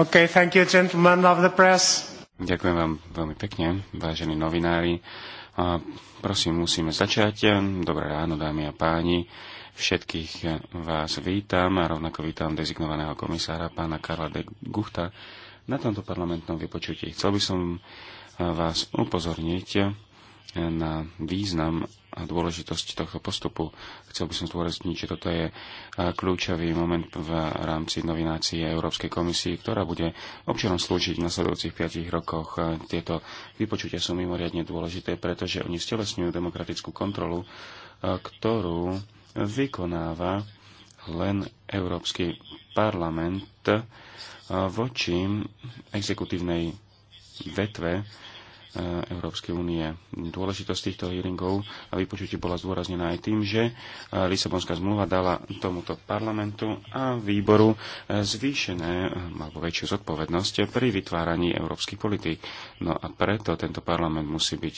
Okay, thank you, gentlemen of the press. Ďakujem vám veľmi pekne, vážení novinári. A prosím, musíme začať. Dobré ráno, dámy a páni. Všetkých vás vítam a rovnako vítam dezignovaného komisára pána Karla de Guchta na tomto parlamentnom vypočutí. Chcel by som vás upozorniť na význam a dôležitosť tohto postupu. Chcel by som zdôrazniť, že toto je kľúčový moment v rámci novinácie Európskej komisii, ktorá bude občanom slúžiť v nasledujúcich 5 rokoch. Tieto vypočutia sú mimoriadne dôležité, pretože oni stelesňujú demokratickú kontrolu, ktorú vykonáva len Európsky parlament voči exekutívnej vetve Eh, Európskej únie. Dôležitosť týchto hearingov a vypočutí bola zdôraznená aj tým, že eh, Lisabonská zmluva dala tomuto parlamentu a výboru eh, zvýšené alebo väčšiu zodpovednosť pri vytváraní európskych politík. No a preto tento parlament musí byť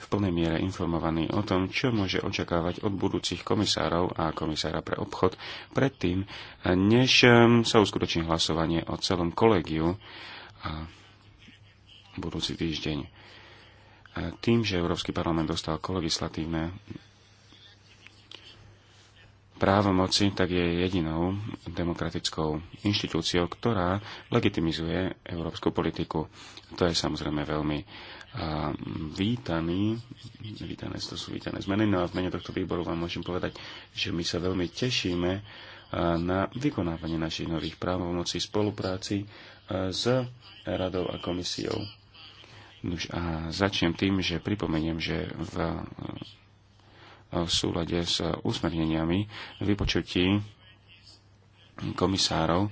v plnej miere informovaný o tom, čo môže očakávať od budúcich komisárov a komisára pre obchod predtým, než sa uskutoční hlasovanie o celom kolegiu. A budúci týždeň. A tým, že Európsky parlament dostal kolegislatívne právomoci, tak je jedinou demokratickou inštitúciou, ktorá legitimizuje európsku politiku. To je samozrejme veľmi a vítaný, vítané, to sú vítané zmeny. No a v mene tohto výboru vám môžem povedať, že my sa veľmi tešíme na vykonávanie našich nových právomocí spolupráci s radou a komisiou. Už a začnem tým, že pripomeniem, že v, e, v súlade s usmerneniami vypočutí komisárov, e,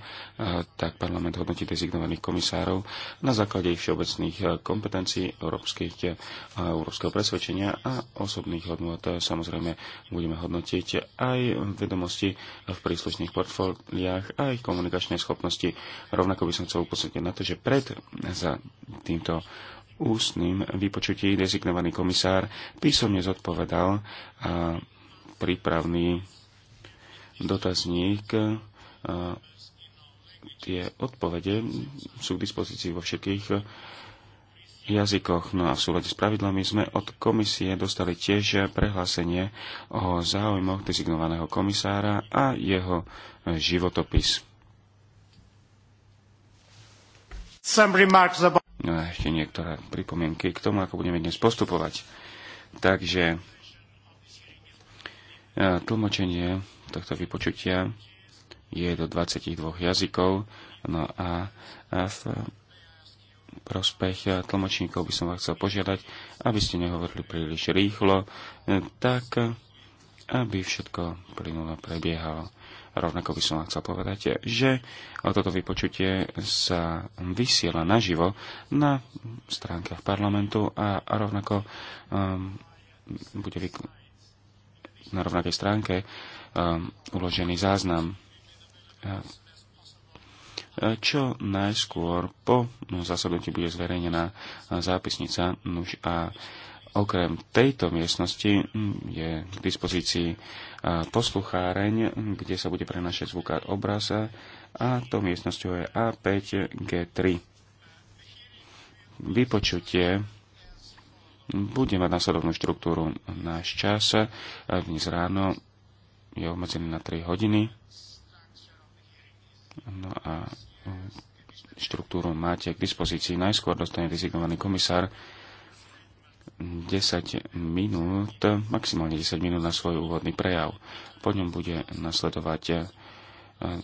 tak parlament hodnotí dezignovaných komisárov na základe ich všeobecných e, kompetencií, európskych, európskeho presvedčenia a osobných hodnot. Samozrejme, budeme hodnotiť aj vedomosti v príslušných portfóliách a ich komunikačné schopnosti. Rovnako by som chcel upozorniť na to, že pred za týmto ústnym vypočutí dezignovaný komisár písomne zodpovedal a prípravný dotazník a tie odpovede sú k dispozícii vo všetkých jazykoch. No a v súlade s pravidlami sme od komisie dostali tiež prehlásenie o záujmoch dezignovaného komisára a jeho životopis. Some remarks about No a ešte niektoré pripomienky k tomu, ako budeme dnes postupovať. Takže e, tlmočenie tohto vypočutia je do 22 jazykov. No a v prospech tlmočníkov by som vás chcel požiadať, aby ste nehovorili príliš rýchlo, e, tak aby všetko plynulo prebiehalo. Rovnako by som vám chcel povedať, že toto vypočutie sa vysiela naživo na stránkach parlamentu a rovnako um, bude vy- na rovnakej stránke um, uložený záznam uh, čo najskôr po zasadnutí bude zverejnená zápisnica. Nuž a Okrem tejto miestnosti mm, je k dispozícii poslucháreň, kde sa bude prenašať zvuk a obraz a to miestnosťou je A5G3. Vypočutie bude mať následovnú štruktúru. Náš čas dnes ráno je obmedzený na 3 hodiny. No a e, štruktúru máte k dispozícii. Najskôr dostane dezignovaný komisár 10 minút, maximálne 10 minút na svoj úvodný prejav. Po ňom bude nasledovať, eh,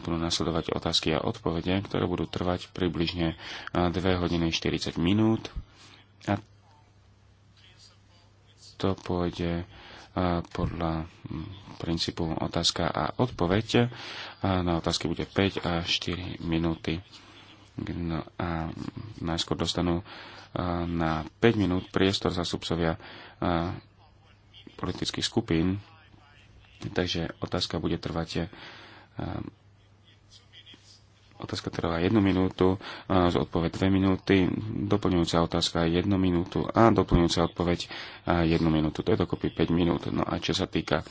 budú nasledovať otázky a odpovede, ktoré budú trvať približne 2 eh, hodiny 40 minút. A to pôjde eh, podľa hm, princípu otázka a odpoveď. na otázky bude 5 a 4 minúty. No a najskôr dostanú na 5 minút priestor za subcovia e, politických skupín. Takže otázka bude trvať e, Otázka trvá jednu minútu, e, odpoveď dve minúty, doplňujúca otázka jednu minútu a doplňujúca odpoveď jednu minútu. To je dokopy 5 minút. No a čo sa týka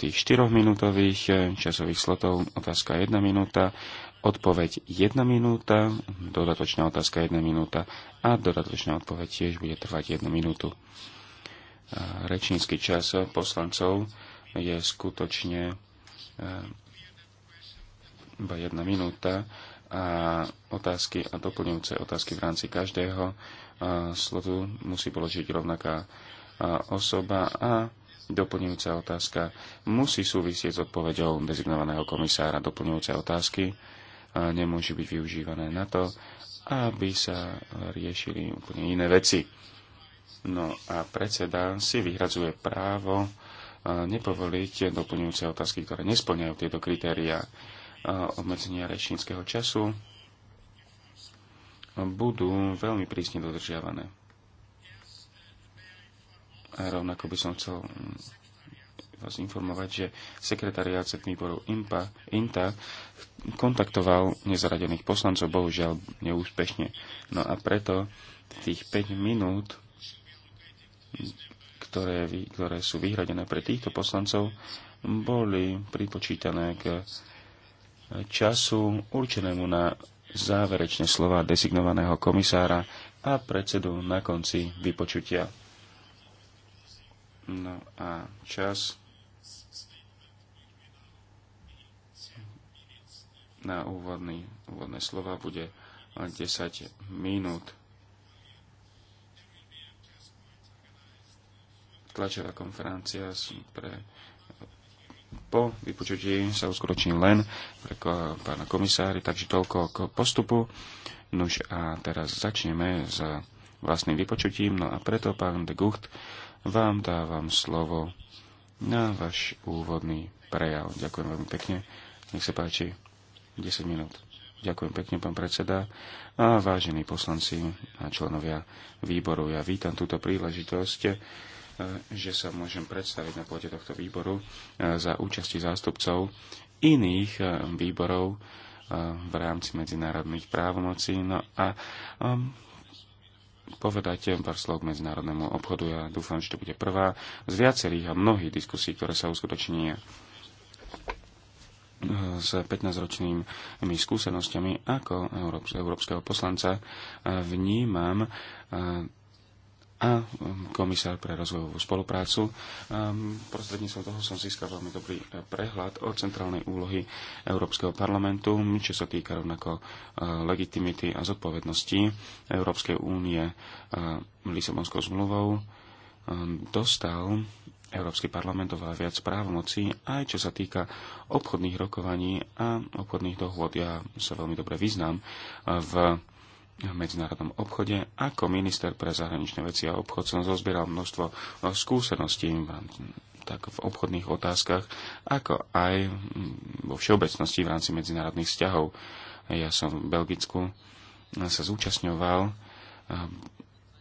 tých 4-minútových časových slotov, otázka jedna minúta, odpoveď 1 minúta, dodatočná otázka 1 minúta a dodatočná odpoveď tiež bude trvať 1 minútu. Rečnícky čas poslancov je skutočne iba 1 minúta a otázky a doplňujúce otázky v rámci každého slotu musí položiť rovnaká osoba a doplňujúca otázka musí súvisieť s odpoveďou dezignovaného komisára. Doplňujúce otázky nemôžu byť využívané na to, aby sa riešili úplne iné veci. No a predseda si vyhradzuje právo nepovoliť doplňujúce otázky, ktoré nesplňajú tieto kritéria obmedzenia rečníckého času budú veľmi prísne dodržiavané. A rovnako by som chcel vás informovať, že sekretariát výboru IMPA, INTA kontaktoval nezaradených poslancov, bohužiaľ neúspešne. No a preto tých 5 minút, ktoré, ktoré sú vyhradené pre týchto poslancov, boli pripočítané k času určenému na záverečné slova designovaného komisára a predsedu na konci vypočutia. No a čas na úvodný, úvodné slova bude len 10 minút. Tlačová konferencia pre po vypočutí sa uskutoční len pre pána komisári, takže toľko k postupu. Nuž a teraz začneme s vlastným vypočutím. No a preto, pán de Gucht, vám dávam slovo na váš úvodný prejav. Ďakujem veľmi pekne. Nech sa páči. 10 minút. Ďakujem pekne, pán predseda. A vážení poslanci a členovia výboru, ja vítam túto príležitosť, e, že sa môžem predstaviť na pôde tohto výboru e, za účasti zástupcov iných e, výborov v rámci medzinárodných právomocí. No a povedať pár slov k medzinárodnému obchodu. Ja dúfam, že to bude prvá z viacerých a mnohých diskusí, ktoré sa uskutočnia s 15-ročnými skúsenostiami ako európskeho poslanca e, vnímam e, a komisár pre rozvojovú spoluprácu. E, prostredníctvom toho som získal veľmi dobrý prehľad o centrálnej úlohy Európskeho parlamentu, čo sa týka rovnako legitimity a zodpovednosti Európskej únie Lisabonskou zmluvou. Dostal Európsky parlament oveľa viac právomocí, aj čo sa týka obchodných rokovaní a obchodných dohôd. Ja sa veľmi dobre vyznám eh, v medzinárodnom obchode. Ako minister pre zahraničné veci a obchod som zozbieral množstvo eh, skúseností tak v obchodných otázkach, ako aj mm, vo všeobecnosti v rámci medzinárodných vzťahov. Ja som v Belgicku eh, sa zúčastňoval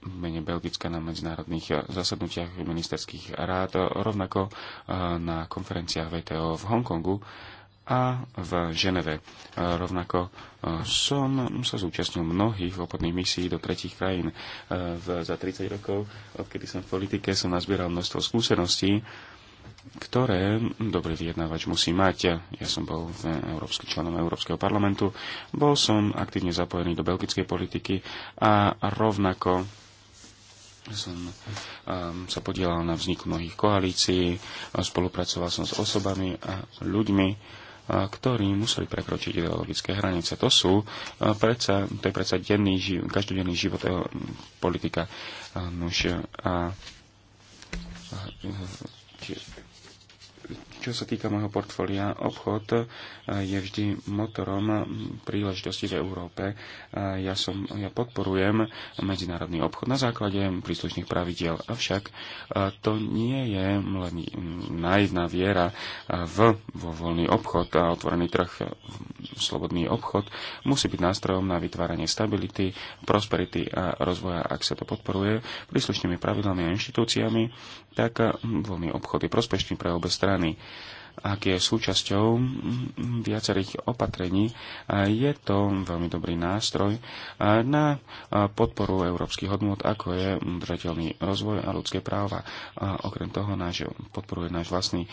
mene Belgicka na medzinárodných eh, zasadnutiach ministerských rád, eh, rovnako eh, na konferenciách VTO v Hongkongu a v Ženeve. Rovnako som sa zúčastnil mnohých obchodných misií do tretich krajín. za 30 rokov, odkedy som v politike, som nazbieral množstvo skúseností, ktoré dobrý vyjednávač musí mať. Ja som bol v Európsky, členom Európskeho parlamentu, bol som aktívne zapojený do belgickej politiky a rovnako som um, sa podielal na vznik mnohých koalícií, spolupracoval som s osobami a ľuďmi, a ktorí museli prekročiť ideologické hranice. To sú predsa, to je predsa denný, živ, každodenný život e- politika. A, a, a, a, čo sa týka môjho portfólia, obchod eh, je vždy motorom príležitosti v Európe. Eh, ja, som, ja podporujem medzinárodný obchod na základe príslušných pravidiel. Avšak eh, to nie je len naivná viera v, vo voľný obchod a otvorený trh. Slobodný obchod musí byť nástrojom na vytváranie stability, prosperity a rozvoja, ak sa to podporuje príslušnými pravidlami a inštitúciami tak voľný obchod je prospešný pre obe strany. Ak je súčasťou viacerých opatrení, je to veľmi dobrý nástroj na podporu európskych hodnot, ako je udržateľný rozvoj a ľudské práva. A okrem toho náš, podporuje náš vlastný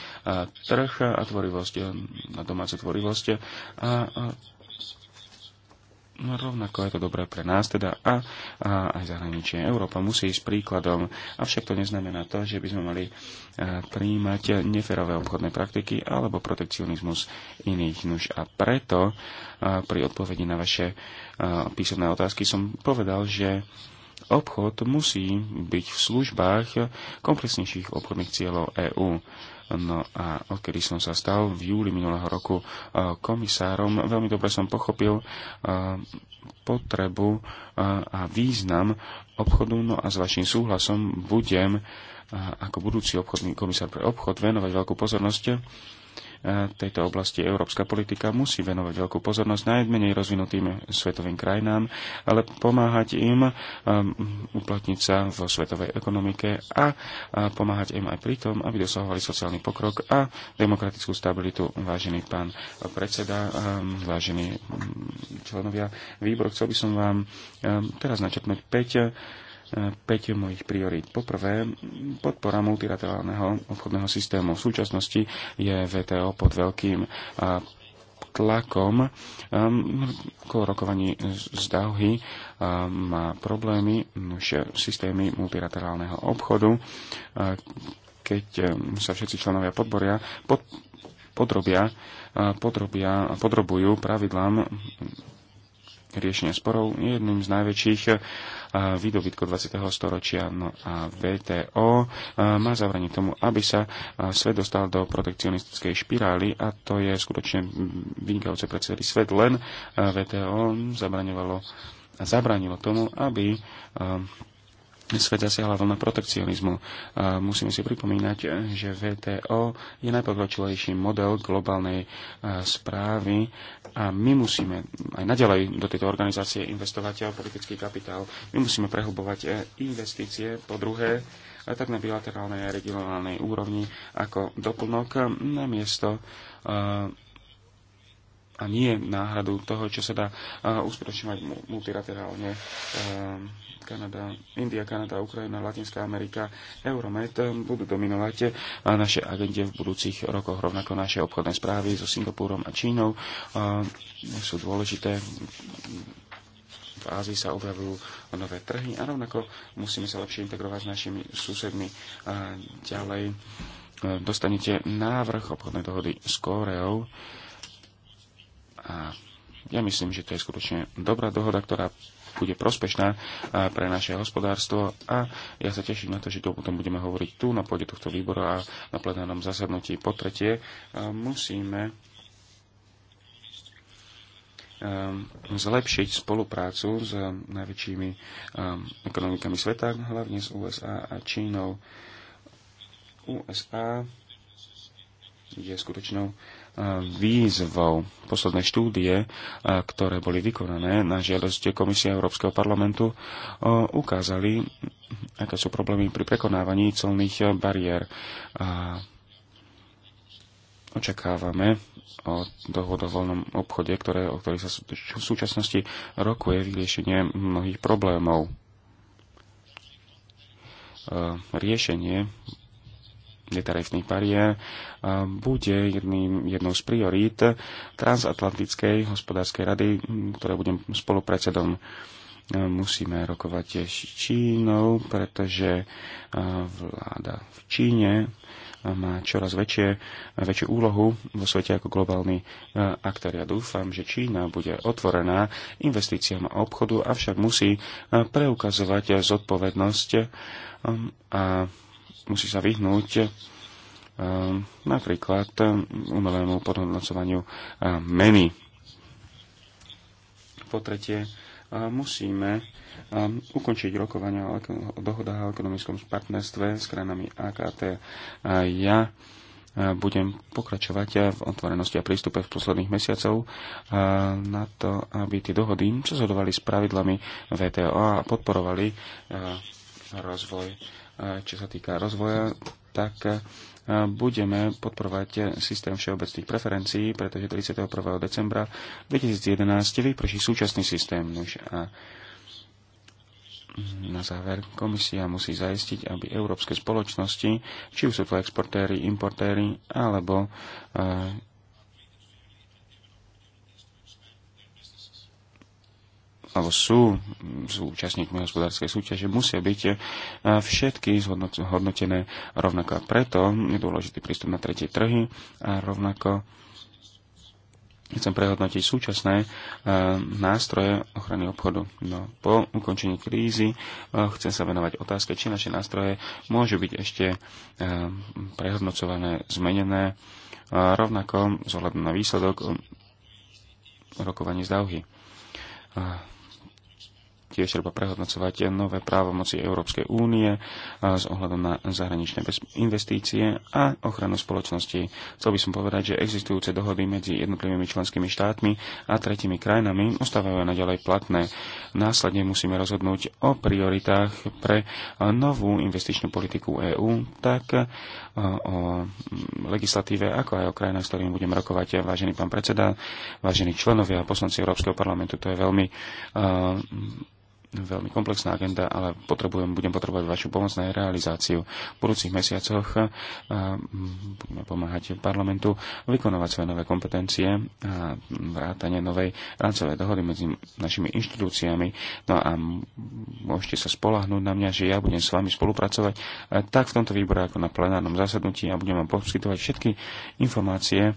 trh a tvorivosť, domáce domácu tvorivosť a No Rovnako je to dobré pre nás teda a, a aj zahraničie. Európa musí ísť príkladom, avšak to neznamená to, že by sme mali e, príjmať neferové obchodné praktiky alebo protekcionizmus iných. Nuž a preto a e, pri odpovedi na vaše a, e, písomné otázky som povedal, že obchod musí byť v službách komplexnejších obchodných cieľov EÚ. No a odkedy som sa stal v júli minulého roku e, komisárom, veľmi dobre som pochopil e, potrebu e, a význam obchodu. No a s vašim súhlasom budem ako budúci obchodný komisár pre obchod venovať veľkú pozornosť tejto oblasti európska politika musí venovať veľkú pozornosť najmenej rozvinutým svetovým krajinám, ale pomáhať im um, uplatniť sa vo svetovej ekonomike a pomáhať im aj pri tom, aby dosahovali sociálny pokrok a demokratickú stabilitu. Vážený pán predseda, um, vážení um, členovia výboru, chcel by som vám teraz načrtnúť 5 5 mojich priorít. Poprvé, podpora multilaterálneho obchodného systému. V súčasnosti je VTO pod veľkým tlakom. Um, ehm, rokovaní z Dauhy má problémy, e, systémy multilaterálneho obchodu, keď e, sa všetci členovia podboria, pod, podrobia, podrobia, podrobujú pravidlám riešenia sporov je jedným z najväčších eh, výdobytkov 20. storočia. No a VTO eh, má zavranie tomu, aby sa eh, svet dostal do protekcionistickej špirály a to je skutočne vynikajúce pre celý svet. Len VTO zabraňovalo a zabránilo tomu, aby svet zasiahla vlna protekcionizmu. Musíme si pripomínať, že VTO je najpokročilejší model globálnej správy a my musíme aj naďalej do tejto organizácie investovať politický kapitál. My musíme prehlbovať e, investície, po druhé, e, tak na bilaterálnej a regionálnej úrovni ako doplnok e, na miesto a nie náhradu toho, čo sa dá uskutočňovať multilaterálne Kanada, India, Kanada, Ukrajina, Latinská Amerika, Euromed eh, budú dominovať a eh, naše agende v budúcich rokoch. Rovnako naše obchodné správy so Singapúrom a Čínou eh, sú dôležité. V Ázii sa objavujú nové trhy a rovnako musíme sa lepšie integrovať s našimi susedmi ďalej. Dostanete návrh obchodnej dohody s Kóreou a ja myslím, že to je skutočne dobrá dohoda, ktorá bude prospešná e, pre naše hospodárstvo a ja sa teším na to, že to potom budeme hovoriť tu na pôde tohto výboru a na plenárnom zasadnutí. Po tretie, e, musíme e, zlepšiť spoluprácu s najväčšími ekonomikami sveta, hlavne s USA a Čínou. USA je skutočnou výzvou. Posledné štúdie, ktoré boli vykonané na žiadosť Komisie Európskeho parlamentu, ukázali, aké sú problémy pri prekonávaní colných bariér. A očakávame o dohod o voľnom obchode, ktoré, o ktorých sa v súčasnosti rokuje vyriešenie mnohých problémov. Riešenie netarifných bariér bude jedným, jednou z priorít transatlantickej hospodárskej rady, ktoré budem spolupredsedom. Musíme rokovať s Čínou, pretože vláda v Číne má čoraz väčšie, väčšiu úlohu vo svete ako globálny aktér. Ja dúfam, že Čína bude otvorená investíciám a obchodu, avšak musí preukazovať zodpovednosť a musí sa vyhnúť eh, napríklad eh, umelému podhodnocovaniu eh, meny. Po tretie, musíme ukončiť rokovania o dohodách o ekonomickom partnerstve s krajinami AKT. Ja budem pokračovať v otvorenosti a prístupe v posledných mesiacov na to, aby tie dohody sa zhodovali s pravidlami VTO a podporovali rozvoj čo sa týka rozvoja, tak e, budeme podporovať systém všeobecných preferencií, pretože 31. decembra 2011 vyprší súčasný systém. A na záver, komisia musí zaistiť, aby európske spoločnosti, či už sú to exportéry, importéry alebo e, alebo sú, sú účastníkmi hospodárskej súťaže, musia byť e, všetky zhodnotené rovnako. A preto je dôležitý prístup na tretie trhy a rovnako chcem prehodnotiť súčasné e, nástroje ochrany obchodu. No, po ukončení krízy e, chcem sa venovať otázke, či naše nástroje môžu byť ešte prehodnocované, zmenené, rovnako vzhľadom na výsledok rokovaní z Dauhy Tiež treba prehodnocovať nové právomoci Európskej únie s ohľadom na zahraničné investície a ochranu spoločnosti. Chcel by som povedať, že existujúce dohody medzi jednotlivými členskými štátmi a tretimi krajinami ostávajú naďalej platné. Následne musíme rozhodnúť o prioritách pre novú investičnú politiku EÚ, tak o mm, legislatíve, ako aj o krajinách, s ktorými budem rokovať. Vážený pán predseda, vážení členovia a poslanci Európskeho parlamentu, to je veľmi veľmi komplexná agenda, ale potrebujem, budem potrebovať vašu pomoc na jej realizáciu. V budúcich mesiacoch eh, budeme pomáhať parlamentu vykonovať svoje nové kompetencie a vrátanie novej rámcovej dohody medzi našimi inštitúciami. No a môžete sa spolahnúť na mňa, že ja budem s vami spolupracovať eh, tak v tomto výbore ako na plenárnom zasadnutí a budem vám poskytovať všetky informácie,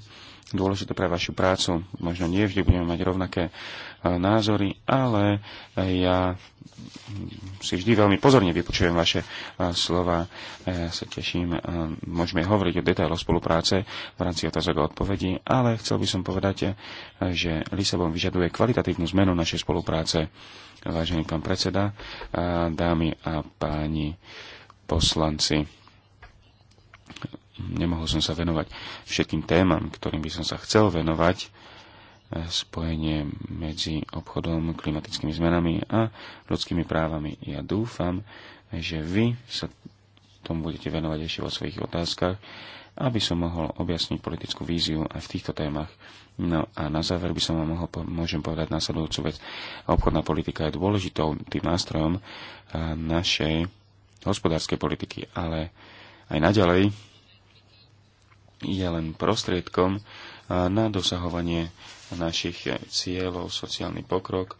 dôležité pre vašu prácu. Možno nie vždy budeme mať rovnaké e, názory, ale ja si vždy veľmi pozorne vypočujem vaše e, slova. E, ja sa teším, môžeme hovoriť o detailoch spolupráce v rámci otázok a odpovedí, ale chcel by som povedať, že Lisabon vyžaduje kvalitatívnu zmenu našej spolupráce. Vážený pán predseda, dámy a páni poslanci nemohol som sa venovať všetkým témam, ktorým by som sa chcel venovať, spojenie medzi obchodom, klimatickými zmenami a ľudskými právami. Ja dúfam, že vy sa tomu budete venovať ešte vo svojich otázkach, aby som mohol objasniť politickú víziu aj v týchto témach. No a na záver by som vám mohol, môžem povedať následujúcu vec. Obchodná politika je dôležitou tým nástrojom našej hospodárskej politiky, ale aj naďalej je len prostriedkom e, na dosahovanie našich cieľov, sociálny pokrok,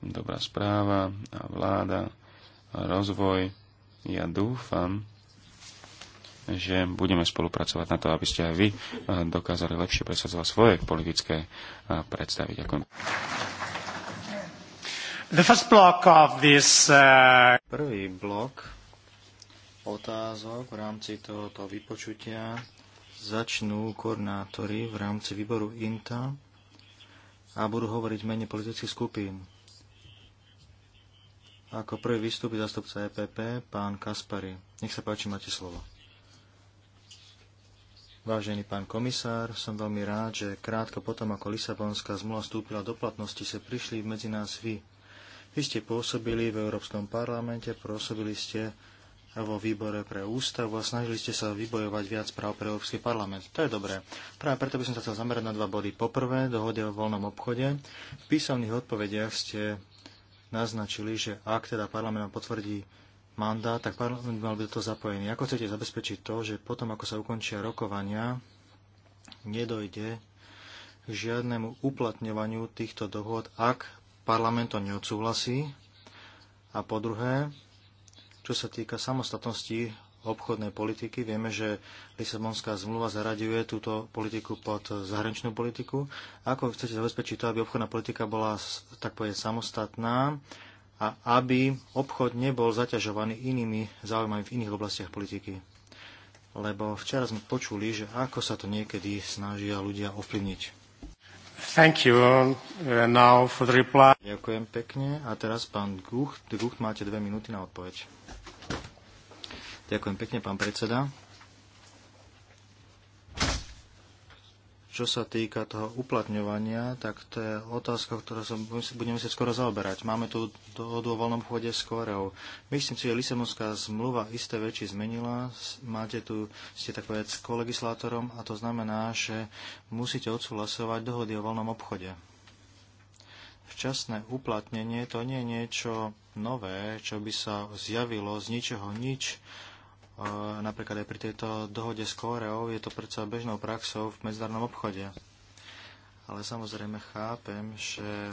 dobrá správa a vláda, rozvoj. Ja dúfam, že budeme spolupracovať na to, aby ste aj vy e, dokázali lepšie presadzovať svoje politické e, predstavy. Ďakujem. The first block of this, uh... Prvý blok otázok v rámci tohoto vypočutia začnú koordinátori v rámci výboru INTA a budú hovoriť mene politických skupín. Ako prvý vystúpi zastupca EPP, pán Kaspari. Nech sa páči, máte slovo. Vážený pán komisár, som veľmi rád, že krátko potom, ako Lisabonská zmluva vstúpila do platnosti, ste prišli medzi nás vy. Vy ste pôsobili v Európskom parlamente, pôsobili ste vo výbore pre ústavu a snažili ste sa vybojovať viac práv pre Európsky parlament. To je dobré. Práve preto by som sa chcel zamerať na dva body. Poprvé, dohode o voľnom obchode. V písomných odpovediach ste naznačili, že ak teda parlament potvrdí mandát, tak parlament mal byť to zapojený. Ako chcete zabezpečiť to, že potom, ako sa ukončia rokovania, nedojde k žiadnemu uplatňovaniu týchto dohod, ak parlament to neodsúhlasí? A po druhé, čo sa týka samostatnosti obchodnej politiky, vieme, že Lisabonská zmluva zaraďuje túto politiku pod zahraničnú politiku. Ako chcete zabezpečiť to, aby obchodná politika bola, tak povedať, samostatná a aby obchod nebol zaťažovaný inými záujmami v iných oblastiach politiky? Lebo včera sme počuli, že ako sa to niekedy snažia ľudia ovplyvniť. Thank you. Uh, now for the reply. Ďakujem pekne. A teraz pán Gucht. Gucht, máte dve minúty na odpoveď. Ďakujem pekne, pán predseda. Čo sa týka toho uplatňovania, tak to je otázka, ktorá sa budeme musieť skoro zaoberať. Máme tu dohodu o voľnom chode s Koreou. Myslím si, že Lisabonská zmluva isté väčši zmenila. Máte tu, ste tak povedať, s kolegislátorom a to znamená, že musíte odsúhlasovať dohody o voľnom obchode. Včasné uplatnenie to nie je niečo nové, čo by sa zjavilo z ničoho nič napríklad aj pri tejto dohode s Kóreou, je to predsa bežnou praxou v medzinárodnom obchode. Ale samozrejme chápem, že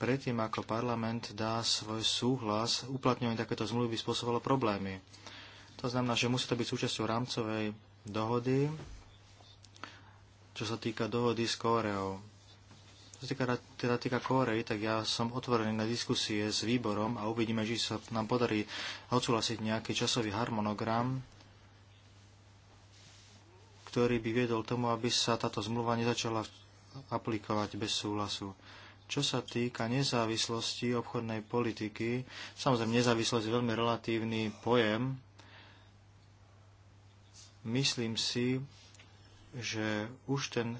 predtým, ako parlament dá svoj súhlas, uplatňovanie takéto zmluvy by spôsobovalo problémy. To znamená, že musí to byť súčasťou rámcovej dohody, čo sa týka dohody s Kóreou. Čo týka, teda týka Kórej, tak ja som otvorený na diskusie s výborom a uvidíme, či sa nám podarí odsúhlasiť nejaký časový harmonogram, ktorý by viedol tomu, aby sa táto zmluva nezačala aplikovať bez súhlasu. Čo sa týka nezávislosti obchodnej politiky, samozrejme nezávislosť je veľmi relatívny pojem. Myslím si, že už ten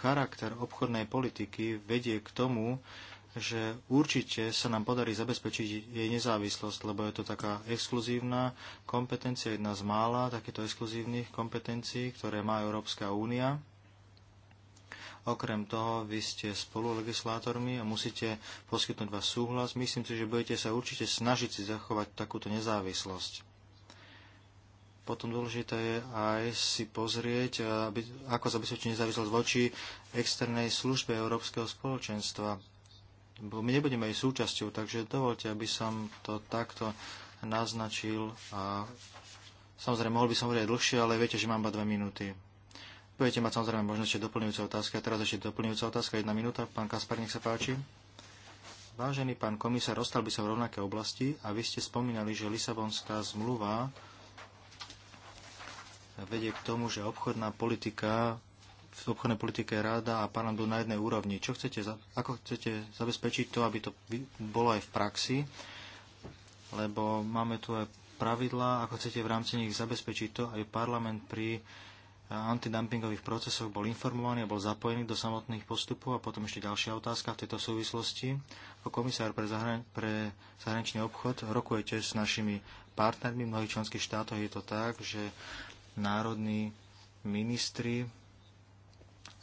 charakter obchodnej politiky vedie k tomu, že určite sa nám podarí zabezpečiť jej nezávislosť, lebo je to taká exkluzívna kompetencia, jedna z mála takýchto exkluzívnych kompetencií, ktoré má Európska únia. Okrem toho, vy ste spolulegislátormi a musíte poskytnúť vás súhlas. Myslím si, že budete sa určite snažiť si zachovať takúto nezávislosť. Potom dôležité je aj si pozrieť, eh, aby, ako zabezpečiť nezávislosť voči externej službe Európskeho spoločenstva. Bo my nebudeme jej súčasťou, takže dovolte, aby som to takto naznačil. A samozrejme, mohol by som hovoriť dlhšie, ale viete, že mám iba dve minúty. Budete mať samozrejme možno ešte doplňujúce otázky. A teraz ešte doplňujúca otázka, jedna minúta. Pán Kaspar, nech sa páči. Vážený pán komisár, ostal by sa v rovnakej oblasti a vy ste spomínali, že Lisabonská zmluva vedie k tomu, že obchodná politika v obchodnej politike ráda a parlament na jednej úrovni. Čo chcete, ako chcete zabezpečiť to, aby to bolo aj v praxi? Lebo máme tu aj pravidlá, ako chcete v rámci nich zabezpečiť to, aby parlament pri eh, antidumpingových procesoch bol informovaný a bol zapojený do samotných postupov. A potom ešte ďalšia otázka v tejto súvislosti. Ako komisár pre, zahrani- pre zahraničný obchod rokujete s našimi partnermi v mnohých členských štátoch. Je to tak, že národní ministri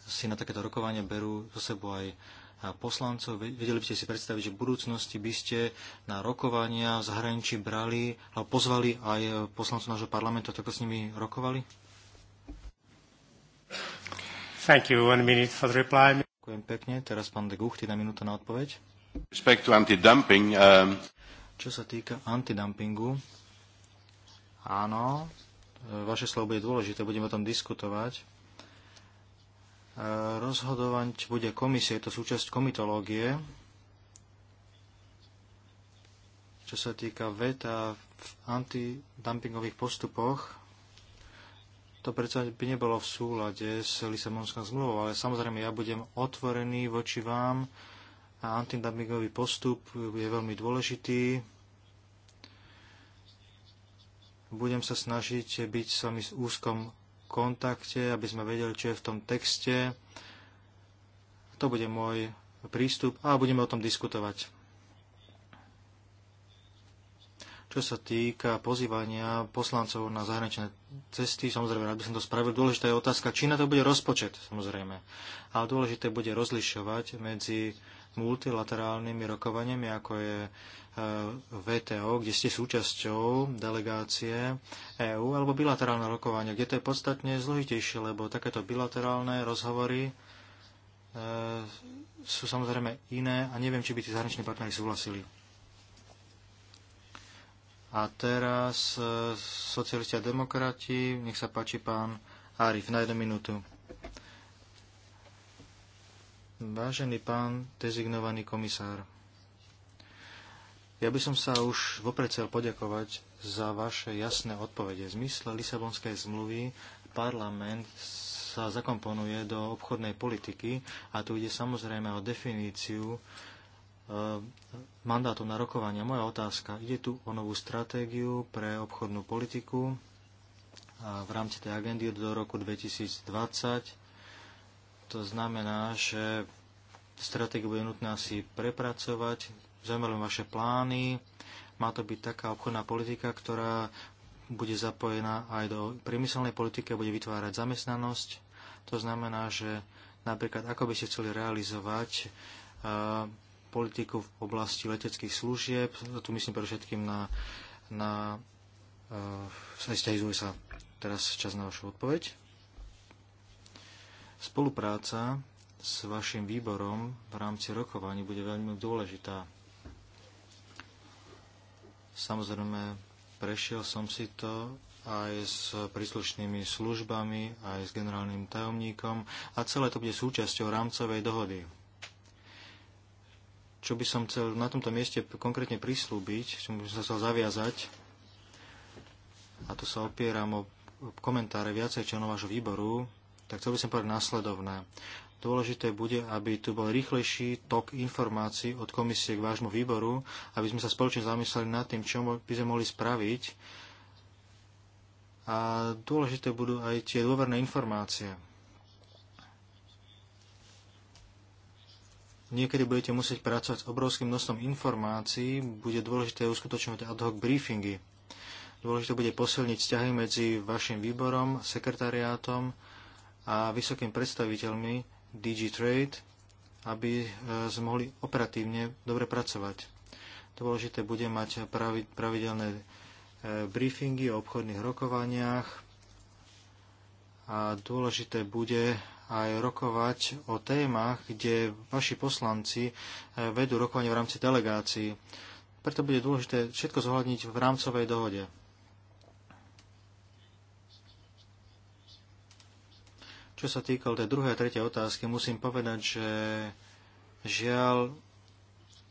si na takéto rokovania berú so sebou aj poslancov. Vedeli by ste si predstaviť, že v budúcnosti by ste na rokovania v zahraničí brali alebo pozvali aj poslancov nášho parlamentu tak s nimi rokovali? Thank you. One minute for the reply. Ďakujem pekne. Teraz pán de Gucht, jedna minúta na odpoveď. Respect to antidumping, um... Čo sa týka antidumpingu, áno, Vaše slovo bude dôležité, budeme o tom diskutovať. Rozhodovať bude komisia, je to súčasť komitológie. Čo sa týka veta v antidumpingových postupoch, to predsa by nebolo v súlade s Lisabonskou zmluvou, ale samozrejme ja budem otvorený voči vám a antidumpingový postup je veľmi dôležitý budem sa snažiť byť s vami v úzkom kontakte, aby sme vedeli, čo je v tom texte. To bude môj prístup a budeme o tom diskutovať. Čo sa týka pozývania poslancov na zahraničné cesty, samozrejme, rád by som to spravil. Dôležitá je otázka, či na to bude rozpočet, samozrejme. Ale dôležité bude rozlišovať medzi multilaterálnymi rokovaniami, ako je VTO, kde ste súčasťou delegácie EÚ, alebo bilaterálne rokovania, kde to je podstatne zložitejšie, lebo takéto bilaterálne rozhovory e, sú samozrejme iné a neviem, či by tí zahraniční partnery súhlasili. A teraz e, socialisti a demokrati, nech sa páči pán Arif, na jednu minútu. Vážený pán dezignovaný komisár, ja by som sa už vopred chcel poďakovať za vaše jasné odpovede. zmysle Lisabonskej zmluvy parlament sa zakomponuje do obchodnej politiky a tu ide samozrejme o definíciu e, mandátu na rokovania. Moja otázka, ide tu o novú stratégiu pre obchodnú politiku a v rámci tej agendy do roku 2020. To znamená, že stratégiu bude nutné asi prepracovať, Zaujímavé vaše plány. Má to byť taká obchodná politika, ktorá bude zapojená aj do priemyselnej politiky a bude vytvárať zamestnanosť. To znamená, že napríklad ako by ste chceli realizovať uh, politiku v oblasti leteckých služieb, tu myslím pre všetkým na, na uh, sa teraz čas na vašu odpoveď. Spolupráca s vašim výborom v rámci rokovaní bude veľmi dôležitá. Samozrejme, prešiel som si to aj s príslušnými službami, aj s generálnym tajomníkom a celé to bude súčasťou rámcovej dohody. Čo by som chcel na tomto mieste konkrétne prislúbiť, čo by som sa chcel zaviazať, a tu sa opieram o komentáre viacej členov vášho výboru, tak chcel by som povedať následovné. Dôležité bude, aby tu bol rýchlejší tok informácií od komisie k vášmu výboru, aby sme sa spoločne zamysleli nad tým, čo by sme mohli spraviť. A dôležité budú aj tie dôverné informácie. Niekedy budete musieť pracovať s obrovským množstvom informácií, bude dôležité uskutočňovať ad hoc briefingy. Dôležité bude posilniť vzťahy medzi vašim výborom, sekretariátom a vysokým predstaviteľmi DigiTrade, aby sme mohli operatívne dobre pracovať. Dôležité bude mať pravidelné e, briefingy o obchodných rokovaniach a dôležité bude aj rokovať o témach, kde vaši poslanci e, vedú rokovanie v rámci delegácií. Preto bude dôležité všetko zohľadniť v rámcovej dohode. Čo sa týkal tej druhej a tretej otázky, musím povedať, že žiaľ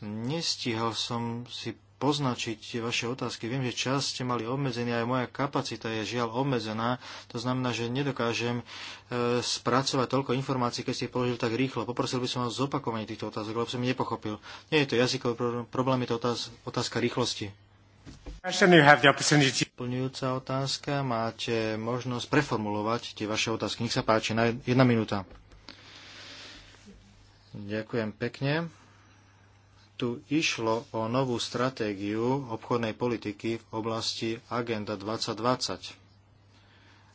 nestihal som si poznačiť vaše otázky. Viem, že čas ste mali obmedzený, aj moja kapacita je žiaľ obmedzená. To znamená, že nedokážem e, spracovať toľko informácií, keď ste ich položili tak rýchlo. Poprosil by som vás zopakovanie týchto otázok, lebo som ich nepochopil. Nie je to jazykový problém, je to otáz, otázka rýchlosti. Plňujúca otázka, máte možnosť preformulovať tie vaše otázky. Nech sa páči, na jedna minúta. Ďakujem pekne. Tu išlo o novú stratégiu obchodnej politiky v oblasti Agenda 2020.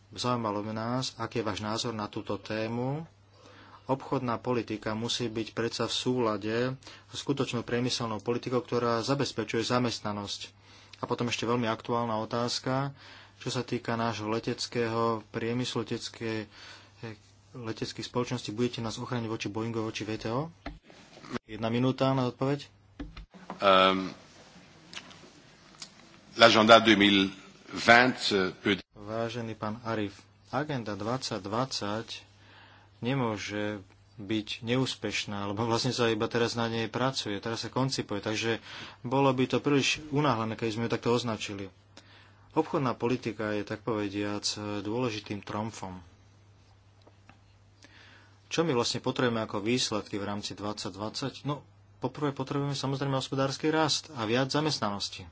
Zaujímalo by nás, aký je váš názor na túto tému. Obchodná politika musí byť predsa v súlade so skutočnou priemyselnou politikou, ktorá zabezpečuje zamestnanosť a potom ešte veľmi aktuálna otázka, čo sa týka nášho leteckého priemyslu, leteckej leteckých spoločností. Budete nás ochrániť voči Boeingu, voči VTO? Jedna minúta na odpoveď. Um, L'agenda 2020 eh, peut... Vážený pán Arif, agenda 2020 nemôže byť neúspešná, lebo vlastne sa iba teraz na nej pracuje, teraz sa koncipuje, takže bolo by to príliš unáhlené, keď sme ju takto označili. Obchodná politika je, tak povediac, dôležitým tromfom. Čo my vlastne potrebujeme ako výsledky v rámci 2020? No, poprvé potrebujeme samozrejme hospodársky rast a viac zamestnanosti.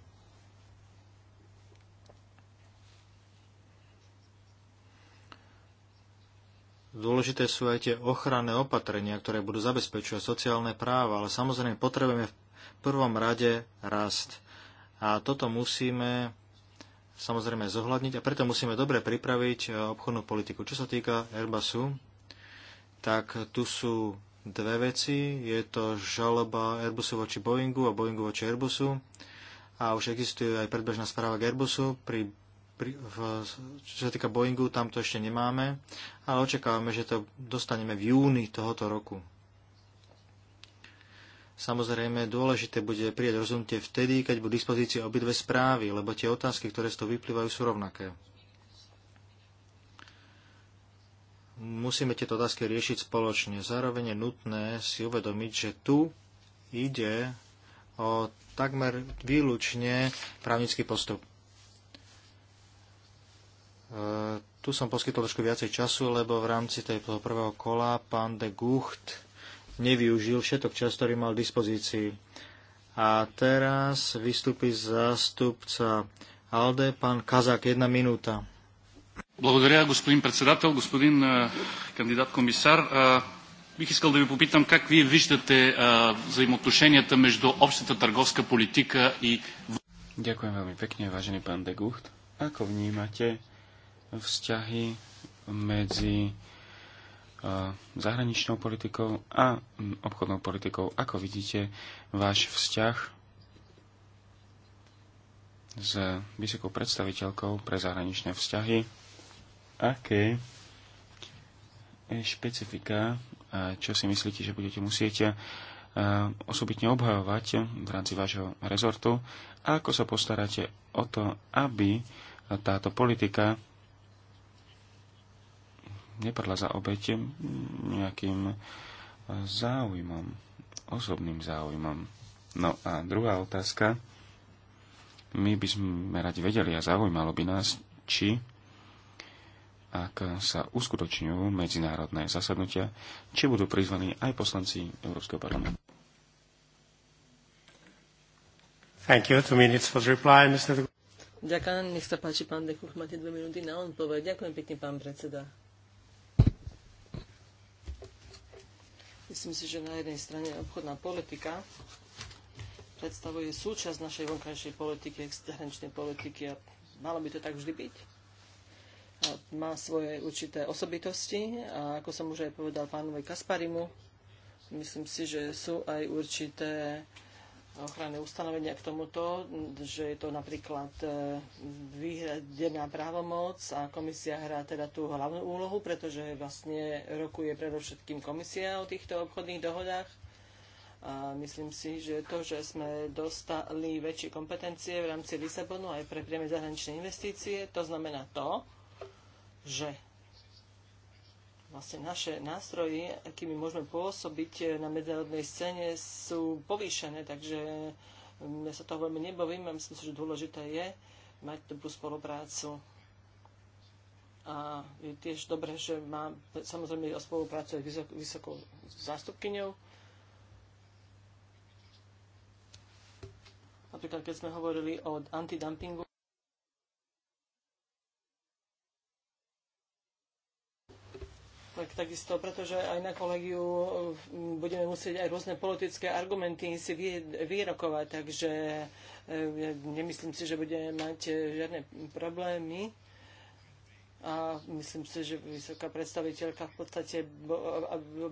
Dôležité sú aj tie ochranné opatrenia, ktoré budú zabezpečovať sociálne práva, ale samozrejme potrebujeme v prvom rade rast. A toto musíme samozrejme zohľadniť a preto musíme dobre pripraviť e, obchodnú politiku. Čo sa týka Airbusu, tak tu sú dve veci. Je to žaloba Airbusu voči Boeingu a Boeingu voči Airbusu. A už existuje aj predbežná správa k Airbusu. Pri v, čo sa týka Boeingu, tam to ešte nemáme, ale očakávame, že to dostaneme v júni tohoto roku. Samozrejme, dôležité bude prijať rozhodnutie vtedy, keď budú dispozícii obidve správy, lebo tie otázky, ktoré z toho vyplývajú, sú rovnaké. Musíme tieto otázky riešiť spoločne. Zároveň je nutné si uvedomiť, že tu ide o takmer výlučne právnický postup. E, tu som poskytol trošku viacej času, lebo v rámci toho prvého kola pán de Gucht nevyužil všetok čas, ktorý mal v dispozícii. A teraz vystúpi zástupca ALDE, pán Kazak, jedna minúta. Благодаря, господин председател, господин кандидат комисар. Бих искал да ви попитам как вие виждате взаимоотношенията между общата търговска политика и... Ďakujem veľmi пекне, vážený пан Дегухт. Ако внимате vzťahy medzi e, zahraničnou politikou a obchodnou politikou. Ako vidíte váš vzťah s vysokou predstaviteľkou pre zahraničné vzťahy? Aké špecifika čo si myslíte, že budete musieť e, osobitne obhajovať v rámci vášho rezortu a ako sa postaráte o to, aby táto politika nepadla za obeť nejakým záujmom, osobným záujmom. No a druhá otázka. My by sme radi vedeli a zaujímalo by nás, či ak sa uskutočňujú medzinárodné zasadnutia, či budú prizvaní aj poslanci Európskeho parlamentu. Thank you. Two minutes for the reply, Mr. Ďakujem, nech sa páči, pán Dekuch, máte dve minúty na odpoveď. Ďakujem pekne, pán predseda. Myslím si, že na jednej strane obchodná politika predstavuje súčasť našej vonkajšej politiky, zahraničnej politiky a malo by to tak vždy byť. A má svoje určité osobitosti a ako som už aj povedal pánovi Kasparimu, myslím si, že sú aj určité ochranné ustanovenia k tomuto, že je to napríklad e, výhradená právomoc a komisia hrá teda tú hlavnú úlohu, pretože vlastne rokuje predovšetkým komisia o týchto obchodných dohodách. A myslím si, že to, že sme dostali väčšie kompetencie v rámci Lisabonu aj pre priame zahraničné investície, to znamená to, že vlastne naše nástroje, akými môžeme pôsobiť na medzinárodnej scéne, sú povýšené, takže mm, ja sa toho veľmi nebovím a myslím si, že dôležité je mať dobrú spoluprácu. A je tiež dobré, že má samozrejme o spoluprácu aj vysok, vysokou zástupkyňou. Napríklad, keď sme hovorili o antidumpingu, takisto, pretože aj na kolegiu mm, budeme musieť aj rôzne politické argumenty si vyrokovať, takže e, ja nemyslím si, že budeme mať žiadne problémy. A myslím si, že vysoká predstaviteľka v podstate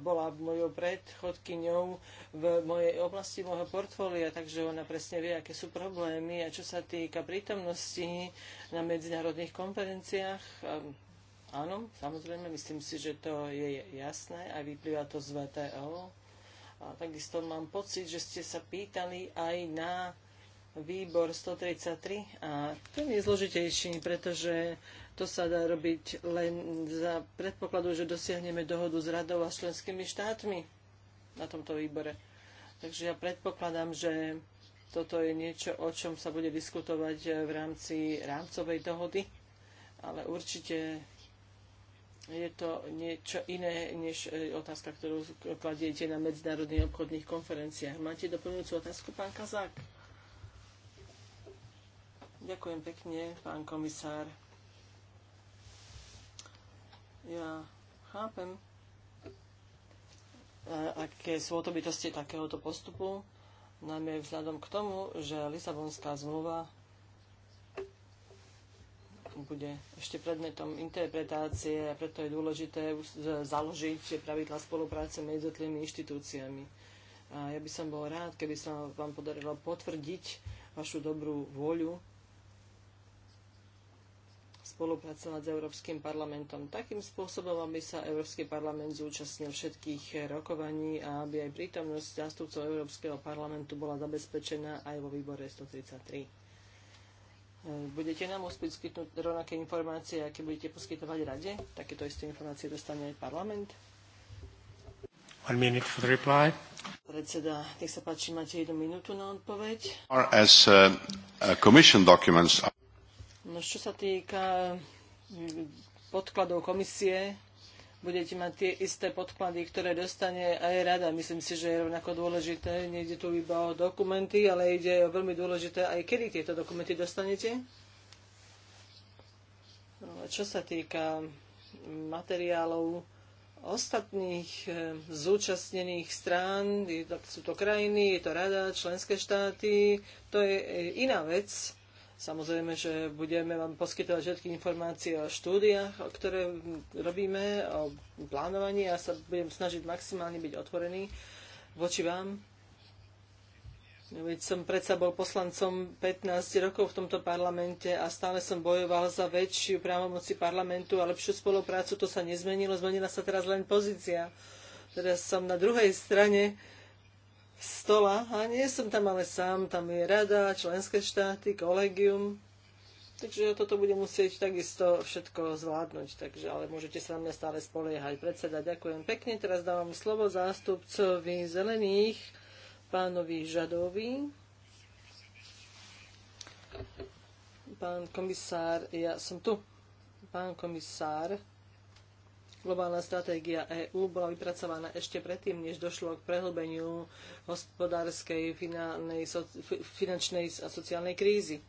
bola mojou predchodkyňou v mojej oblasti môjho portfólia, takže ona presne vie, aké sú problémy. A čo sa týka prítomnosti na medzinárodných konferenciách, Áno, samozrejme, myslím si, že to je jasné a vyplýva to z VTO. A takisto mám pocit, že ste sa pýtali aj na výbor 133 a ten je zložitejší, pretože to sa dá robiť len za predpokladu, že dosiahneme dohodu s radou a členskými štátmi na tomto výbore. Takže ja predpokladám, že toto je niečo, o čom sa bude diskutovať v rámci rámcovej dohody, ale určite je to niečo iné, než e, otázka, ktorú kladiete na medzinárodných obchodných konferenciách. Máte doplňujúcu otázku, pán Kazák? Ďakujem pekne, pán komisár. Ja chápem, e, aké sú osobitosti takéhoto postupu, najmä vzhľadom k tomu, že Lisabonská zmluva bude ešte predmetom interpretácie a preto je dôležité založiť pravidla spolupráce medzi jednotlivými inštitúciami. A ja by som bol rád, keby sa vám podarilo potvrdiť vašu dobrú vôľu spolupracovať s Európskym parlamentom takým spôsobom, aby sa Európsky parlament zúčastnil všetkých rokovaní a aby aj prítomnosť zástupcov Európskeho parlamentu bola zabezpečená aj vo výbore 133. Hm, budete nám môcť poskytnúť rovnaké informácie, aké budete poskytovať rade? Takéto isté informácie dostane aj parlament? One minute for the reply. Predseda, nech sa páči, máte jednu minútu na odpoveď. As, uh, uh, commission documents... No, čo sa týka hm, podkladov komisie, budete mať tie isté podklady, ktoré dostane aj rada. Myslím si, že je rovnako dôležité, nejde tu iba o dokumenty, ale ide o veľmi dôležité aj kedy tieto dokumenty dostanete. No, čo sa týka materiálov ostatných eh, zúčastnených strán, sú to krajiny, je to rada, členské štáty, to je eh, iná vec Samozrejme, že budeme vám poskytovať všetky informácie o štúdiách, o ktoré robíme, o plánovaní. Ja sa budem snažiť maximálne byť otvorený voči vám. Veď som predsa bol poslancom 15 rokov v tomto parlamente a stále som bojoval za väčšiu právomoci parlamentu a lepšiu spoluprácu. To sa nezmenilo, zmenila sa teraz len pozícia. Teraz som na druhej strane stola a nie som tam ale sám, tam je rada, členské štáty, kolegium. Takže toto bude musieť takisto všetko zvládnuť, takže, ale môžete sa na mňa stále spoliehať. Predseda, ďakujem pekne. Teraz dávam slovo zástupcovi zelených, pánovi Žadovi. Pán komisár, ja som tu. Pán komisár, Globálna stratégia EÚ bola vypracovaná ešte predtým, než došlo k prehlbeniu hospodárskej, finálnej, finančnej a sociálnej krízy.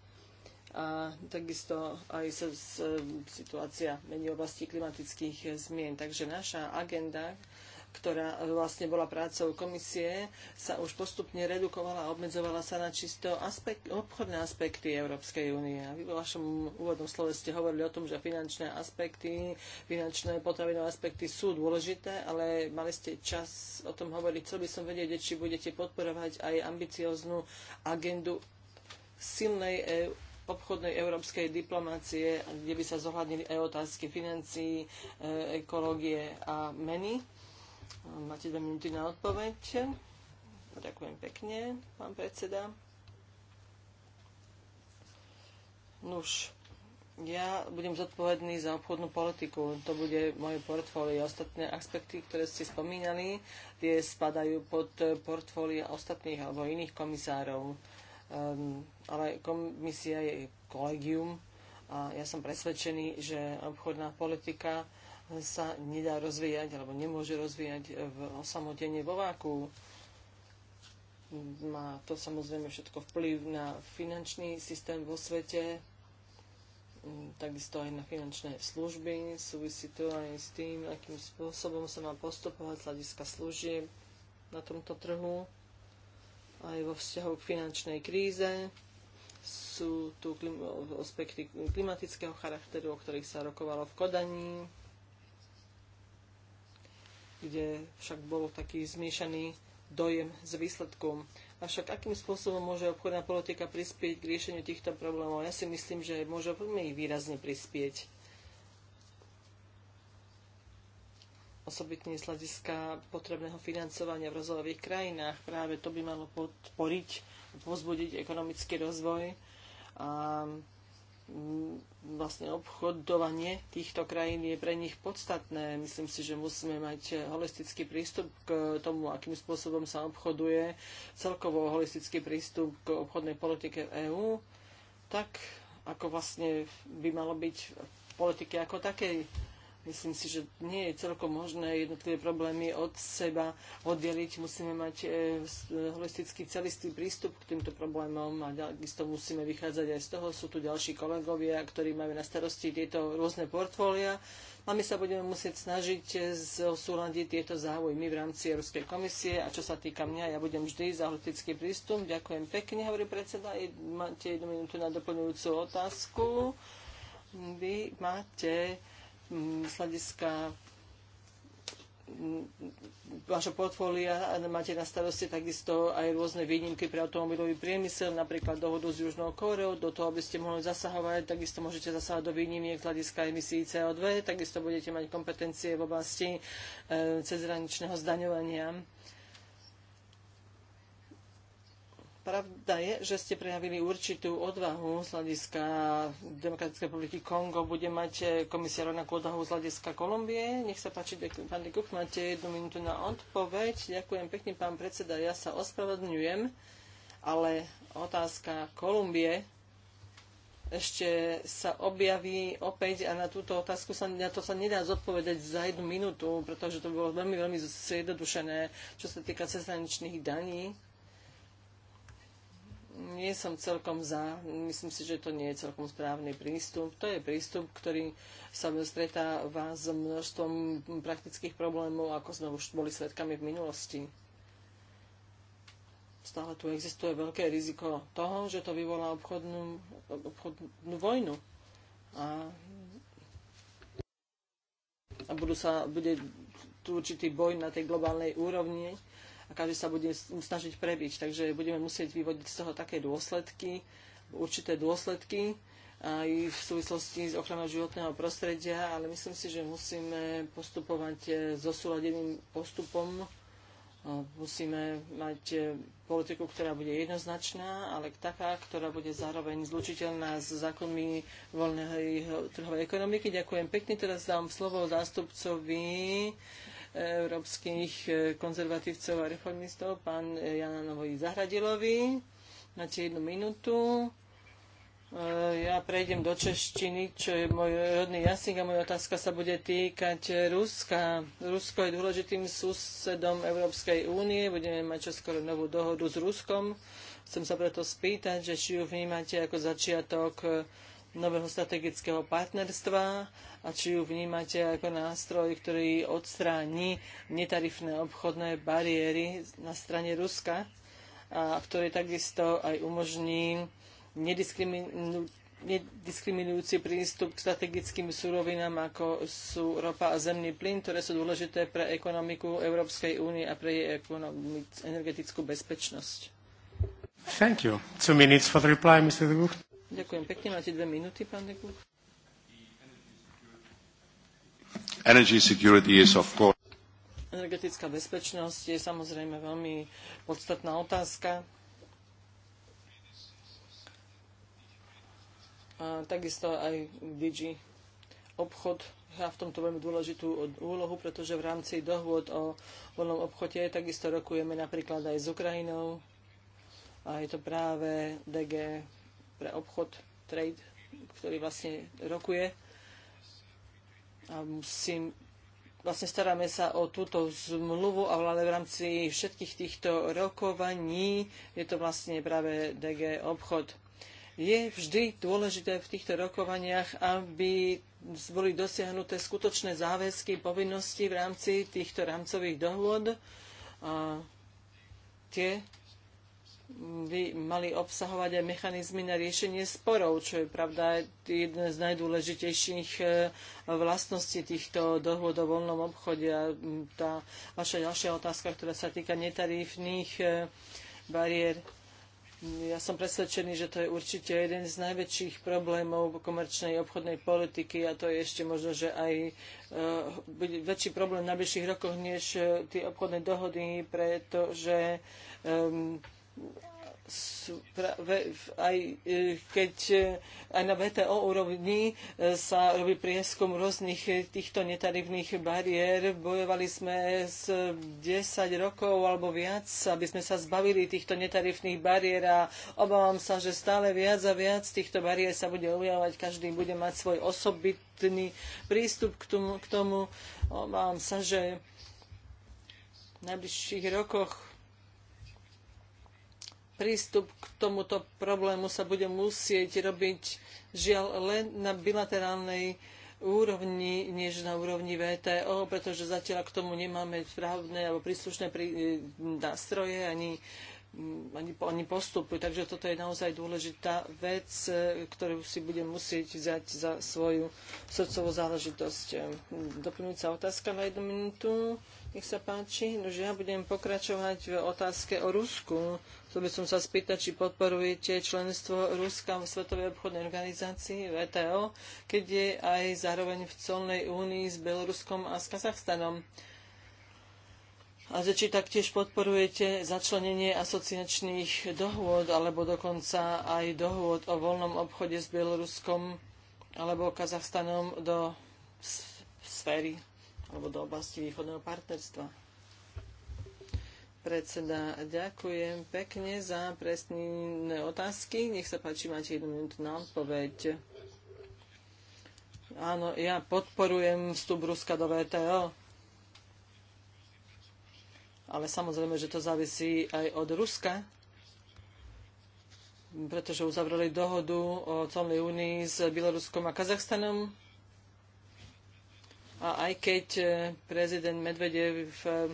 A takisto aj sa e, situácia mení oblasti klimatických zmien. Takže naša agenda ktorá e, vlastne bola prácou komisie, sa už postupne redukovala a obmedzovala sa na čisto aspekt, obchodné aspekty Európskej únie. A vy vo vašom úvodnom slove ste hovorili o tom, že finančné aspekty, finančné potravinové aspekty sú dôležité, ale mali ste čas o tom hovoriť. Chcel by som vedieť, či budete podporovať aj ambicioznú agendu silnej EU obchodnej európskej diplomácie, kde by sa zohľadnili aj e otázky financií, e, ekológie a meny. Máte dve minúty na odpoveď. Ďakujem pekne, pán predseda. Nuž, ja budem zodpovedný za obchodnú politiku. To bude moje portfólio. Ostatné aspekty, ktoré ste spomínali, tie spadajú pod portfólio ostatných alebo iných komisárov. Um, ale komisia je kolegium a ja som presvedčený, že obchodná politika sa nedá rozvíjať alebo nemôže rozvíjať v osamotene vo váku. Má to samozrejme všetko vplyv na finančný systém vo svete, takisto aj na finančné služby. Súvisí to aj s tým, akým spôsobom sa má postupovať z hľadiska služieb na tomto trhu, aj vo vzťahu k finančnej kríze sú tu klim- aspekty klimatického charakteru, o ktorých sa rokovalo v Kodaní kde však bol taký zmiešaný dojem s výsledkom. Avšak akým spôsobom môže obchodná politika prispieť k riešeniu týchto problémov? Ja si myslím, že môže veľmi výrazne prispieť. osobitne z hľadiska potrebného financovania v rozvojových krajinách. Práve to by malo podporiť, pozbudiť ekonomický rozvoj. A vlastne obchodovanie týchto krajín je pre nich podstatné. Myslím si, že musíme mať holistický prístup k tomu, akým spôsobom sa obchoduje, celkovo holistický prístup k obchodnej politike EÚ, tak ako vlastne by malo byť v politike ako takej. Myslím si, že nie je celkom možné jednotlivé problémy od seba oddeliť. Musíme mať e, e, holistický celistý prístup k týmto problémom a takisto musíme vychádzať aj z toho. Sú tu ďalší kolegovia, ktorí majú na starosti tieto rôzne portfólia a my sa budeme musieť snažiť e, súľadiť tieto záujmy v rámci Európskej komisie. A čo sa týka mňa, ja budem vždy za holistický prístup. Ďakujem pekne, hovorí predseda. Máte jednu minútu na doplňujúcu otázku. Vy máte Mm, z hľadiska mm, vašho portfólia máte na starosti takisto aj rôzne výnimky pre automobilový priemysel, napríklad dohodu s Južnou Kóreou, do toho by ste mohli zasahovať, takisto môžete zasahovať do výnimiek hľadiska emisí CO2, takisto budete mať kompetencie v oblasti e, cezhraničného zdaňovania. Pravda je, že ste prejavili určitú odvahu z hľadiska Demokratickej republiky Kongo. Bude mať e, komisia rovnakú odvahu z hľadiska Kolumbie. Nech sa páči, pán Dekuch, máte jednu minútu na odpoveď. Ďakujem pekne, pán predseda. Ja sa ospravedlňujem, ale otázka Kolumbie ešte sa objaví opäť a na túto otázku sa, na to sa nedá zodpovedať za jednu minútu, pretože to bolo veľmi, veľmi zjednodušené, čo sa týka cezhraničných daní nie som celkom za. Myslím si, že to nie je celkom správny prístup. To je prístup, ktorý sa vás s množstvom praktických problémov, ako sme už boli svetkami v minulosti. Stále tu existuje veľké riziko toho, že to vyvolá obchodnú, obchodnú vojnu. A, a budú sa, bude tu určitý boj na tej globálnej úrovni a každý sa bude snažiť prebiť. Takže budeme musieť vyvodiť z toho také dôsledky, určité dôsledky aj v súvislosti s ochranou životného prostredia, ale myslím si, že musíme postupovať eh, so osúladeným postupom. Eh, musíme mať eh, politiku, ktorá bude jednoznačná, ale taká, ktorá bude zároveň zlučiteľná s zákonmi voľnej trhovej ekonomiky. Ďakujem pekne. Teraz dám slovo zástupcovi európskych e, konzervatívcov a reformistov, pán e, Jananovi Zahradilovi. Máte jednu minútu. E, ja prejdem do češtiny, čo je môj rodný jazyk a moja otázka sa bude týkať Ruska. Rusko je dôležitým susedom Európskej únie. Budeme mať čoskoro novú dohodu s Ruskom. Chcem sa preto spýtať, že či ju vnímate ako začiatok nového strategického partnerstva a či ju vnímate ako nástroj, ktorý odstráni netarifné obchodné bariéry na strane Ruska a ktorý takisto aj umožní nediskriminujúci prístup k strategickým surovinám, ako sú ropa a zemný plyn, ktoré sú dôležité pre ekonomiku Európskej únie a pre jej energetickú bezpečnosť. Thank you. Two minutes for the reply, Mr. De Ďakujem pekne. Máte dve minúty, pán Dekuk. Energy security is of course energetická bezpečnosť je samozrejme veľmi podstatná otázka. A takisto aj DG obchod hrá v tomto veľmi dôležitú úlohu, pretože v rámci dohôd o voľnom obchode takisto rokujeme napríklad aj s Ukrajinou a je to práve DG pre obchod, trade, ktorý vlastne rokuje. A musím, vlastne staráme sa o túto zmluvu, ale v rámci všetkých týchto rokovaní je to vlastne práve DG obchod. Je vždy dôležité v týchto rokovaniach, aby boli dosiahnuté skutočné záväzky, povinnosti v rámci týchto rámcových dohôd. A tie by mali obsahovať aj mechanizmy na riešenie sporov, čo je pravda jedna z najdôležitejších e, vlastností týchto dohôd o voľnom obchode. A tá vaša ďalšia otázka, ktorá sa týka netarifných e, bariér. Ja som presvedčený, že to je určite jeden z najväčších problémov komerčnej obchodnej politiky a to je ešte možno, že aj e, bude väčší problém v najbližších rokoch než tie obchodné dohody, pretože um, aj e, keď e, aj na VTO úrovni e, sa robí prieskum rôznych týchto netarifných bariér. Bojovali sme s 10 rokov alebo viac, aby sme sa zbavili týchto netarifných bariér a obávam sa, že stále viac a viac týchto bariér sa bude ujavovať. Každý bude mať svoj osobitný prístup k tomu. K tomu. Obávam sa, že v najbližších rokoch prístup k tomuto problému sa bude musieť robiť žiaľ len na bilaterálnej úrovni, než na úrovni VTO, pretože zatiaľ k tomu nemáme správne alebo príslušné prí, e, nástroje ani, mm, ani, ani postupy. Takže toto je naozaj dôležitá vec, e, ktorú si budem musieť vziať za svoju srdcovú záležitosť. E, doplňujúca otázka na jednu minútu. Nech sa páči. No, že ja budem pokračovať v otázke o Rusku. Chcel by som sa spýtať, či podporujete členstvo Ruska v Svetovej obchodnej organizácii VTO, keď je aj zároveň v colnej únii s Bieloruskom a s Kazachstanom. A že či taktiež podporujete začlenenie asociačných dohôd alebo dokonca aj dohôd o voľnom obchode s Bieloruskom alebo Kazachstanom do sféry alebo do oblasti východného partnerstva. Predseda, ďakujem pekne za presné otázky. Nech sa páči, máte jednu minútu na odpoveď. Áno, ja podporujem vstup Ruska do VTO. Ale samozrejme, že to závisí aj od Ruska, pretože uzavreli dohodu o celnej únii s Bieloruskom a Kazachstanom. A aj keď eh, prezident Medvedev eh,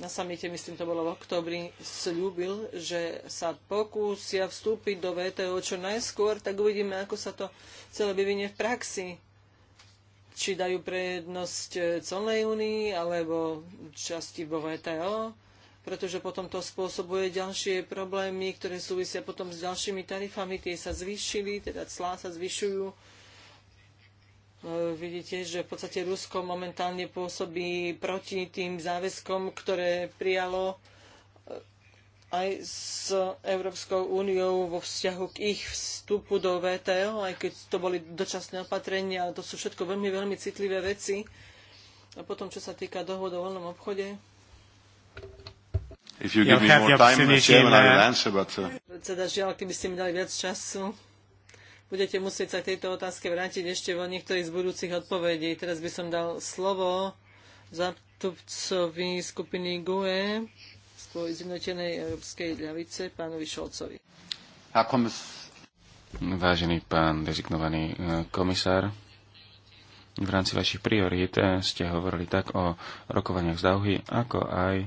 na samite, myslím to bolo v oktobri, slúbil, že sa pokúsia vstúpiť do VTO čo najskôr, tak uvidíme, ako sa to celé vyvinie v praxi. Či dajú prednosť celnej únii alebo časti vo VTO, pretože potom to spôsobuje ďalšie problémy, ktoré súvisia potom s ďalšími tarifami, tie sa zvýšili, teda clá sa zvyšujú E, vidíte, že v podstate Rusko momentálne pôsobí proti tým záväzkom, ktoré prijalo e, aj s Európskou úniou vo vzťahu k ich vstupu do VTO, aj keď to boli dočasné opatrenia, ale to sú všetko veľmi, veľmi citlivé veci. A potom, čo sa týka dohod o voľnom obchode. If you give me more time, Chairman, I will answer, but... Uh, Predseda, žiaľ, keby ste mi dali viac času budete musieť sa tejto otázke vrátiť ešte vo niektorých z budúcich odpovedí. Teraz by som dal slovo zástupcovi skupiny GUE z Zjednotenej Európskej ľavice, pánovi Šolcovi. Vážený pán dezignovaný e, komisár, v rámci vašich priorít e, ste hovorili tak o rokovaniach z Dauhy, ako aj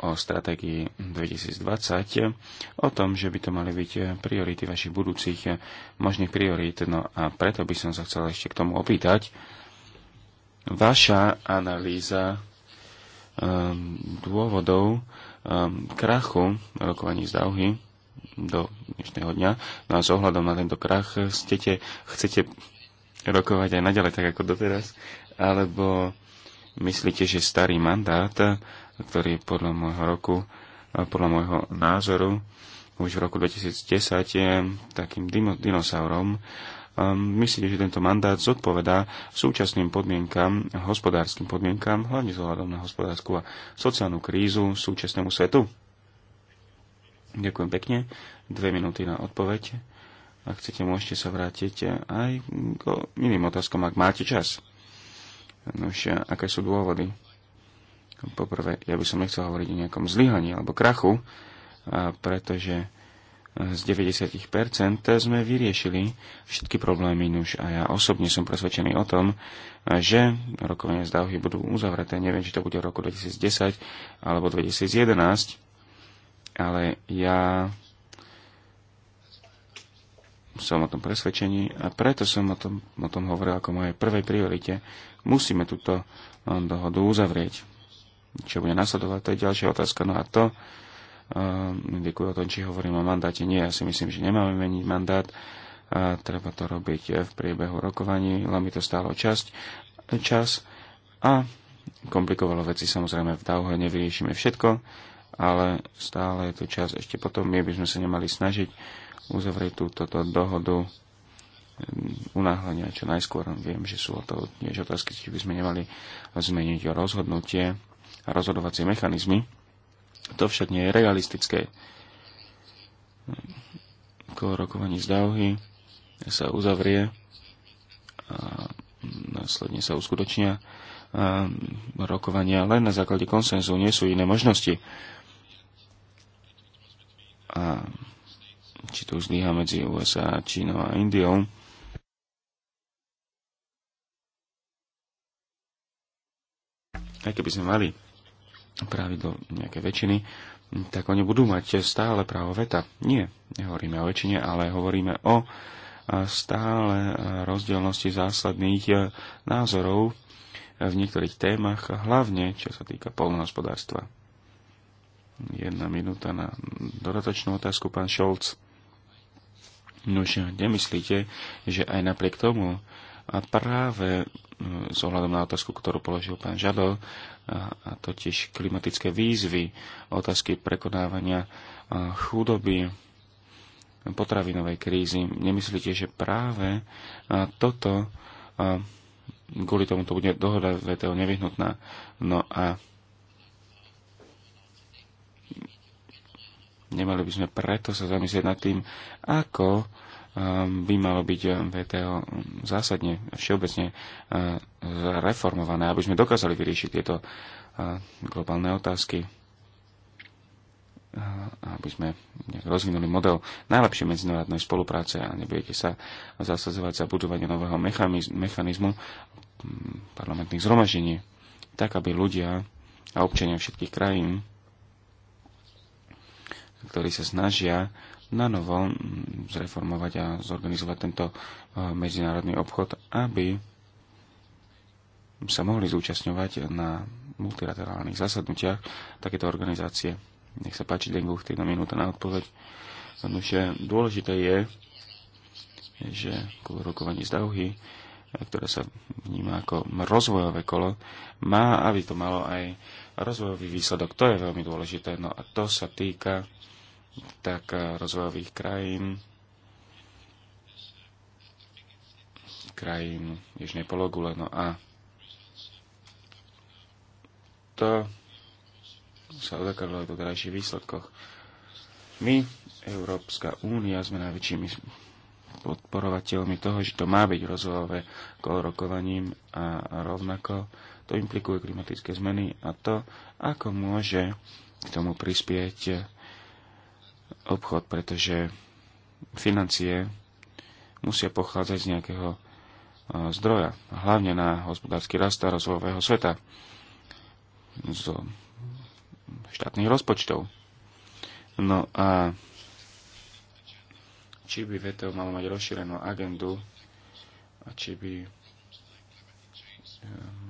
o stratégii 2020, o tom, že by to mali byť priority vašich budúcich možných priorít. No a preto by som sa chcel ešte k tomu opýtať. Vaša analýza ehm, dôvodov ehm, krachu rokovaní z Dauhy do dnešného dňa. No a s ohľadom na tento krach chcete, chcete rokovať aj naďalej tak ako doteraz, alebo myslíte, že starý mandát ktorý podľa môjho roku, podľa môjho názoru, už v roku 2010 je takým dinosaurom. Ehm, myslíte, že tento mandát zodpovedá súčasným podmienkam, hospodárskym podmienkam, hlavne z na hospodárskú a sociálnu krízu súčasnému svetu? Ďakujem pekne. Dve minúty na odpoveď. Ak chcete, môžete sa vrátiť aj k iným otázkom, ak máte čas. Nož, aké sú dôvody? Poprvé, ja by som nechcel hovoriť o nejakom zlyhaní alebo krachu, pretože e, z 90% sme vyriešili všetky problémy nuž a ja osobne som presvedčený o tom, že rokovania z Dauhy budú uzavreté. Neviem, či to bude v roku 2010 alebo 2011, ale ja som o tom presvedčený a preto som o tom, o tom hovoril ako mojej prvej priorite. Musíme túto e, dohodu uzavrieť čo bude nasledovať, to je ďalšia otázka. No a to uh, indikuje o tom, či hovorím o mandáte. Nie, ja si myslím, že nemáme meniť mandát. A treba to robiť v priebehu rokovaní, len by to stálo časť, čas a komplikovalo veci. Samozrejme, v Dauhe nevyriešime všetko, ale stále je tu čas. Ešte potom my by sme sa nemali snažiť uzavrieť túto dohodu mm, unáhlenia čo najskôr. Viem, že sú o to tiež otázky, či by sme nemali zmeniť rozhodnutie a rozhodovacie mechanizmy. To však nie je realistické. Kolo rokovaní z Dauhy sa uzavrie a následne sa uskutočnia rokovania len na základe konsenzu, nie sú iné možnosti. A či to už zlyha medzi USA, Čínou a Indiou, aj keby sme mali pravidlo nejaké väčšiny, tak oni budú mať stále právo veta. Nie, nehovoríme o väčšine, ale hovoríme o stále rozdielnosti zásadných e, názorov e, v niektorých témach, hlavne čo sa týka polnohospodárstva. Jedna minúta na dodatočnú otázku, pán Šolc. Nož, nemyslíte, že aj napriek tomu a práve e, s ohľadom na otázku, ktorú položil pán Žadol, a totiž klimatické výzvy, otázky prekonávania chudoby, potravinovej krízy. Nemyslíte, že práve toto, kvôli tomu to bude dohoda VTO nevyhnutná. No a nemali by sme preto sa zamyslieť nad tým, ako Ehm, by malo byť ehm, VTO zásadne všeobecne ehm, reformované, aby sme dokázali vyriešiť tieto globálne otázky aby sme rozvinuli model najlepšej medzinárodnej spolupráce a nebudete sa zasadzovať za budovanie nového mechanizmu parlamentných zhromaždení, tak aby ľudia a občania všetkých krajín, ktorí sa snažia na novo zreformovať a zorganizovať tento e, medzinárodný obchod, aby sa mohli zúčastňovať na multilaterálnych zasadnutiach takéto organizácie. Nech sa páči, Dengu, jedna minúta na odpoveď. Nože dôležité je, že kolo rokovaní z Dauhy, e, ktoré sa vníma ako rozvojové kolo, má, aby to malo aj rozvojový výsledok. To je veľmi dôležité. No a to sa týka tak eh, rozvojových krajín, krajín Južnej pologule. No a to sa odakrilo aj v doterajších výsledkoch. My, Európska únia, sme najväčšími podporovateľmi toho, že to má byť rozvojové kolorokovaním a rovnako to implikuje klimatické zmeny a to, ako môže k tomu prispieť obchod, pretože financie musia pochádzať z nejakého e, zdroja, hlavne na hospodársky rast a rozvojového sveta, z štátnych rozpočtov. No a či by VTO malo mať rozšírenú agendu a či by e,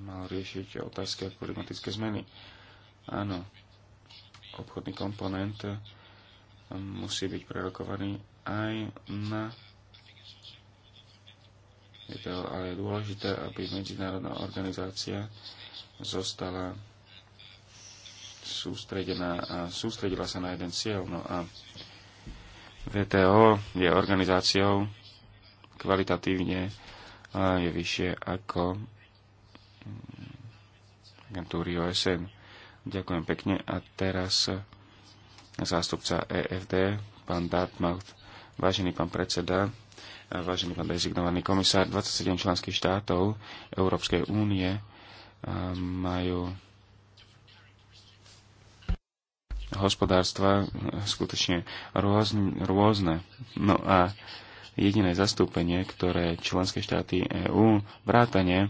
mal riešiť otázky a klimatické zmeny. Áno, obchodný komponent musí byť prerokovaný aj na je to ale je dôležité, aby medzinárodná organizácia zostala sústredená a sústredila sa na jeden cieľ. No a VTO je organizáciou kvalitatívne je vyššie ako agentúry OSN. Ďakujem pekne a teraz zástupca EFD, pán Dartmouth, vážený pán predseda, vážený pán dezignovaný komisár, 27 členských štátov Európskej únie majú hospodárstva skutočne rôzne, rôzne. No a jediné zastúpenie, ktoré členské štáty EÚ, vrátane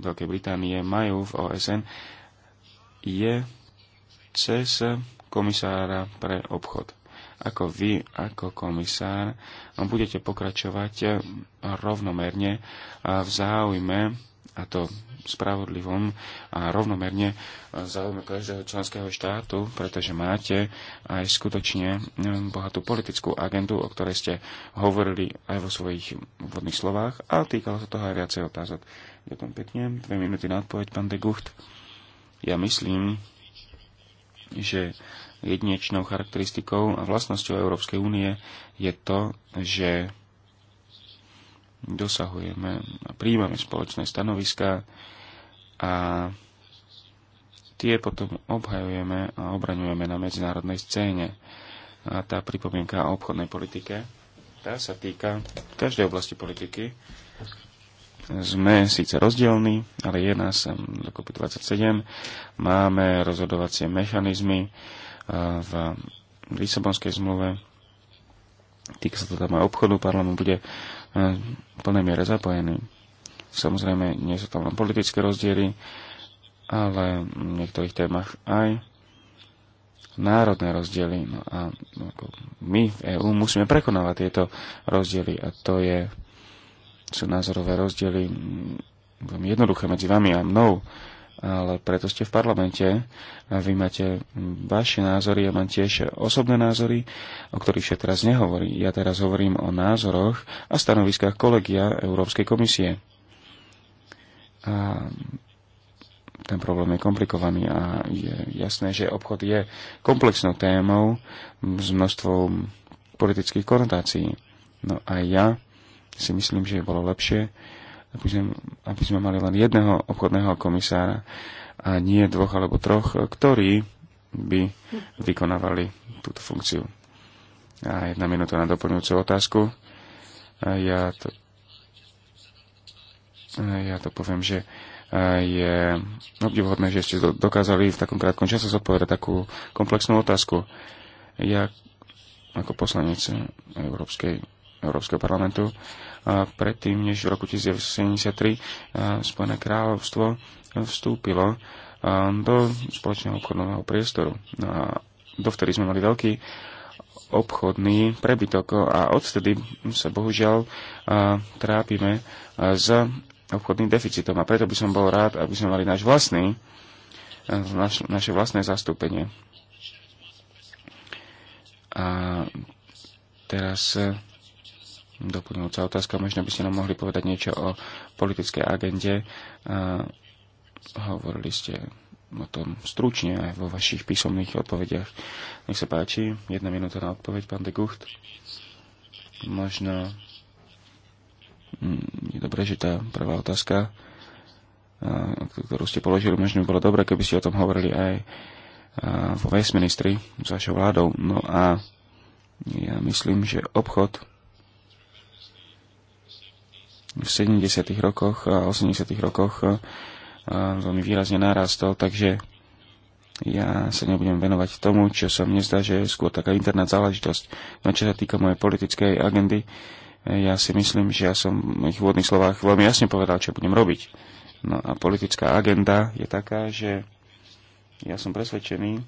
Veľkej Británie majú v OSN, je cez komisára pre obchod. Ako vy, ako komisár, budete pokračovať rovnomerne a v záujme, a to spravodlivom a rovnomerne záujme každého členského štátu, pretože máte aj skutočne um, bohatú politickú agendu, o ktorej ste hovorili aj vo svojich vodných slovách a týkalo sa toho aj viacej otázok. Ďakujem pekne. Dve minúty na odpoveď, pán de Gucht. Ja myslím, že jedinečnou charakteristikou a vlastnosťou Európskej únie je to, že dosahujeme a príjmame spoločné stanoviská a tie potom obhajujeme a obraňujeme na medzinárodnej scéne. A tá pripomienka o obchodnej politike, tá sa týka každej oblasti politiky sme síce rozdielní, ale je nás dokopy 27. Máme rozhodovacie mechanizmy e, v Lisabonskej zmluve. Týka sa to tam aj obchodu, parlament bude e, v plnej miere zapojený. Samozrejme, nie sú tam len politické rozdiely, ale v niektorých témach aj národné rozdiely. No a my v EÚ musíme prekonávať tieto rozdiely a to je sú názorové rozdiely veľmi jednoduché medzi vami a mnou, ale preto ste v parlamente a vy máte vaše názory, a mám tiež osobné názory, o ktorých sa teraz nehovorí. Ja teraz hovorím o názoroch a stanoviskách kolegia Európskej komisie. A ten problém je komplikovaný a je jasné, že obchod je komplexnou témou s množstvom politických konotácií. No a ja si myslím, že bolo lepšie, aby sme, aby sme mali len jedného obchodného komisára a nie dvoch alebo troch, ktorí by vykonávali túto funkciu. A jedna minúta na doplňujúcu otázku. A ja to, ja to poviem, že je obdivhodné, že ste dokázali v takom krátkom čase zodpovedať takú komplexnú otázku. Ja ako poslanec Európskej, Európskeho parlamentu predtým, než v roku 1973 eh, Spojené kráľovstvo vstúpilo eh, do spoločného obchodného priestoru. No a dovtedy sme mali veľký obchodný prebytok a odtedy sa bohužiaľ eh, trápime s obchodným deficitom a preto by som bol rád, aby sme mali náš vlastný, naš, naše vlastné zastúpenie. A teraz doplňujúca otázka. Možno by ste nám mohli povedať niečo o politickej agende. A hovorili ste o tom stručne aj vo vašich písomných odpovediach. Nech sa páči, jedna minúta na odpoveď, pán de Gucht. Možno mm, je dobré, že tá prvá otázka, ktorú ste položili, možno by bolo dobré, keby ste o tom hovorili aj vo Westministri s vašou vládou. No a ja myslím, že obchod v 70. rokoch a 80. rokoch e, veľmi výrazne narastol, takže ja sa nebudem venovať tomu, čo sa mne zdá, že je skôr taká internet záležitosť. No čo sa týka mojej politickej agendy, e, ja si myslím, že ja som v mojich úvodných slovách veľmi jasne povedal, čo budem robiť. No a politická agenda je taká, že ja som presvedčený,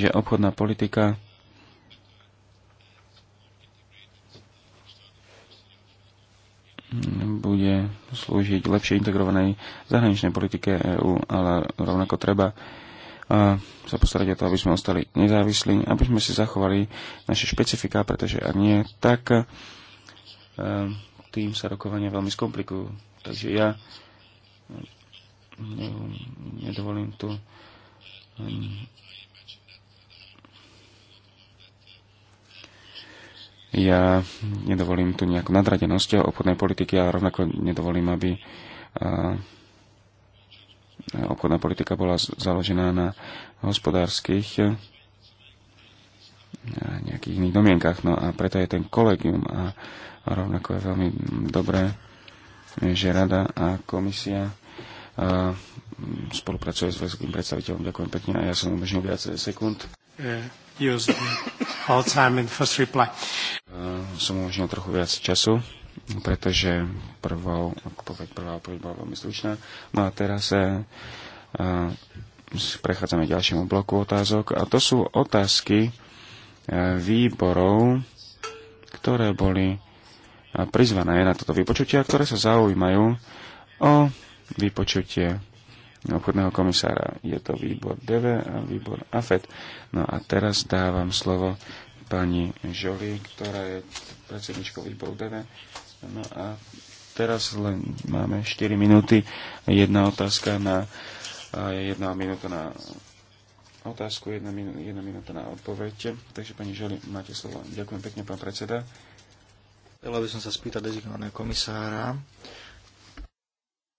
že obchodná politika bude slúžiť lepšie integrovanej zahraničnej politike EÚ, ale rovnako treba sa postarať o to, aby sme ostali nezávislí, aby sme si zachovali naše špecifika, pretože ak nie, tak tým sa rokovania veľmi skomplikujú. Takže ja nedovolím tu um, Ja nedovolím tu nejakú nadradenosť obchodnej politiky a rovnako nedovolím, aby eh, obchodná politika bola založená na hospodárskych eh, nejakých iných domienkach. No a preto je ten kolegium a rovnako je veľmi dobré, že rada a komisia a eh, spolupracuje s veľkým predstaviteľom. Ďakujem pekne a ja som umožnil viac sekúnd. Yeah all time in first reply. Eh, som možno trochu viac času, pretože prvou, odpoveď, prvá odpoveď bola veľmi slušná. No a teraz uh, prechádzame k ďalšiemu bloku otázok. A to sú otázky uh, výborov, ktoré boli uh, prizvané na toto vypočutie a ktoré sa zaujímajú o vypočutie obchodného komisára. Je to výbor DV a výbor AFET. No a teraz dávam slovo pani Žoli, ktorá je predsedničkou výboru DV. No a teraz len máme 4 minúty. Jedna otázka na jedna minúta na otázku, jedna, minú, jedna minúta na odpoveď. Takže pani Žoli, máte slovo. Ďakujem pekne, pán predseda. Chcela by som sa spýtať dezignovaného komisára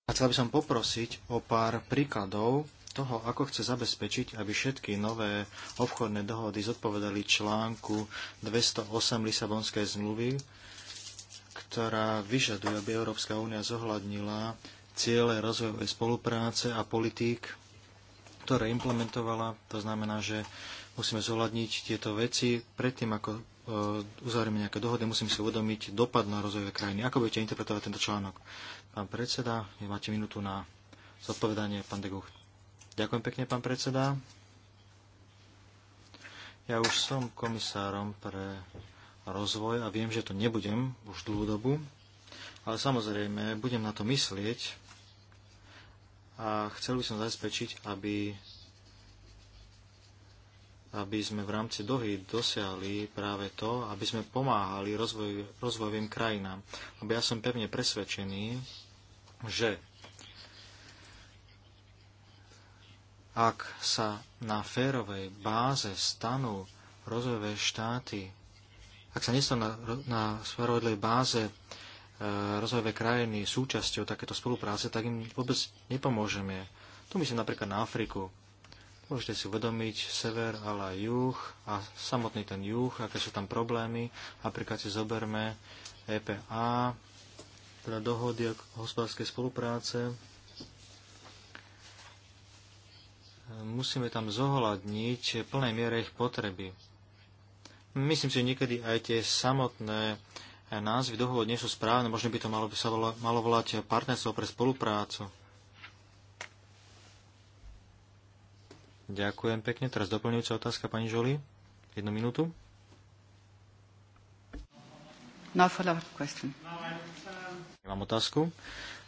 a chcel by som poprosiť o pár príkladov toho, ako chce zabezpečiť, aby všetky nové obchodné dohody zodpovedali článku 208 Lisabonskej zmluvy, ktorá vyžaduje, aby Európska únia zohľadnila ciele rozvojovej spolupráce a politík, ktoré implementovala. To znamená, že musíme zohľadniť tieto veci predtým, ako e, uzavrieme nejaké dohody, musím si uvedomiť dopad na rozvojové krajiny. Ako budete interpretovať tento článok? Pán predseda, máte minútu na zodpovedanie, pán Deguch. Ďakujem pekne, pán predseda. Ja už som komisárom pre rozvoj a viem, že to nebudem už dlhú dobu, ale samozrejme budem na to myslieť a chcel by som zabezpečiť, aby, aby sme v rámci dohy dosiahli práve to, aby sme pomáhali rozvoj, rozvojovým krajinám. Lebo ja som pevne presvedčený, že ak sa na férovej báze stanú rozvojové štáty, ak sa nestanú na, na báze e, rozvojové krajiny súčasťou takéto spolupráce, tak im vôbec nepomôžeme. Tu myslím napríklad na Afriku. Môžete si uvedomiť sever, ale aj juh a samotný ten juh, aké sú tam problémy. Napríklad si zoberme EPA, teda dohody a hospodárske spolupráce. Musíme tam zohľadniť plnej miere ich potreby. Myslím si, že niekedy aj tie samotné názvy dohovod nie sú správne, možno by to malo, by sa vola, malo volať partnerstvo pre spoluprácu. Ďakujem pekne. Teraz doplňujúca otázka pani Žoli. Jednu minútu. Not question. No, Mám otázku.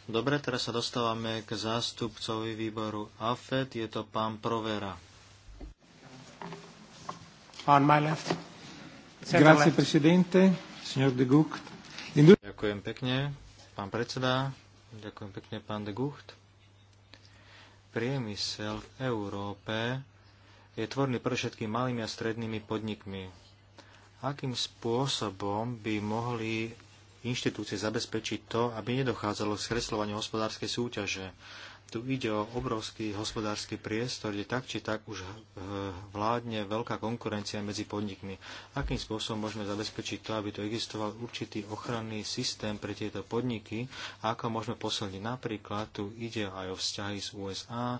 Dobre, teraz sa dostávame k zástupcovi výboru AFED. Je to pán Provera. On my left. Grazie, presidente. Signor de Gucht. Ďakujem pekne, pán predseda. Ďakujem pekne, pán de Gucht. Priemysel v Európe je tvorný pre všetky malými a strednými podnikmi. Akým spôsobom by mohli inštitúcie zabezpečiť to, aby nedochádzalo k skresľovaniu hospodárskej súťaže. Tu ide o obrovský hospodársky priestor, kde tak či tak už eh, vládne veľká konkurencia medzi podnikmi. Akým spôsobom môžeme zabezpečiť to, aby tu existoval určitý ochranný systém pre tieto podniky a ako môžeme posilniť napríklad, tu ide aj o vzťahy z USA,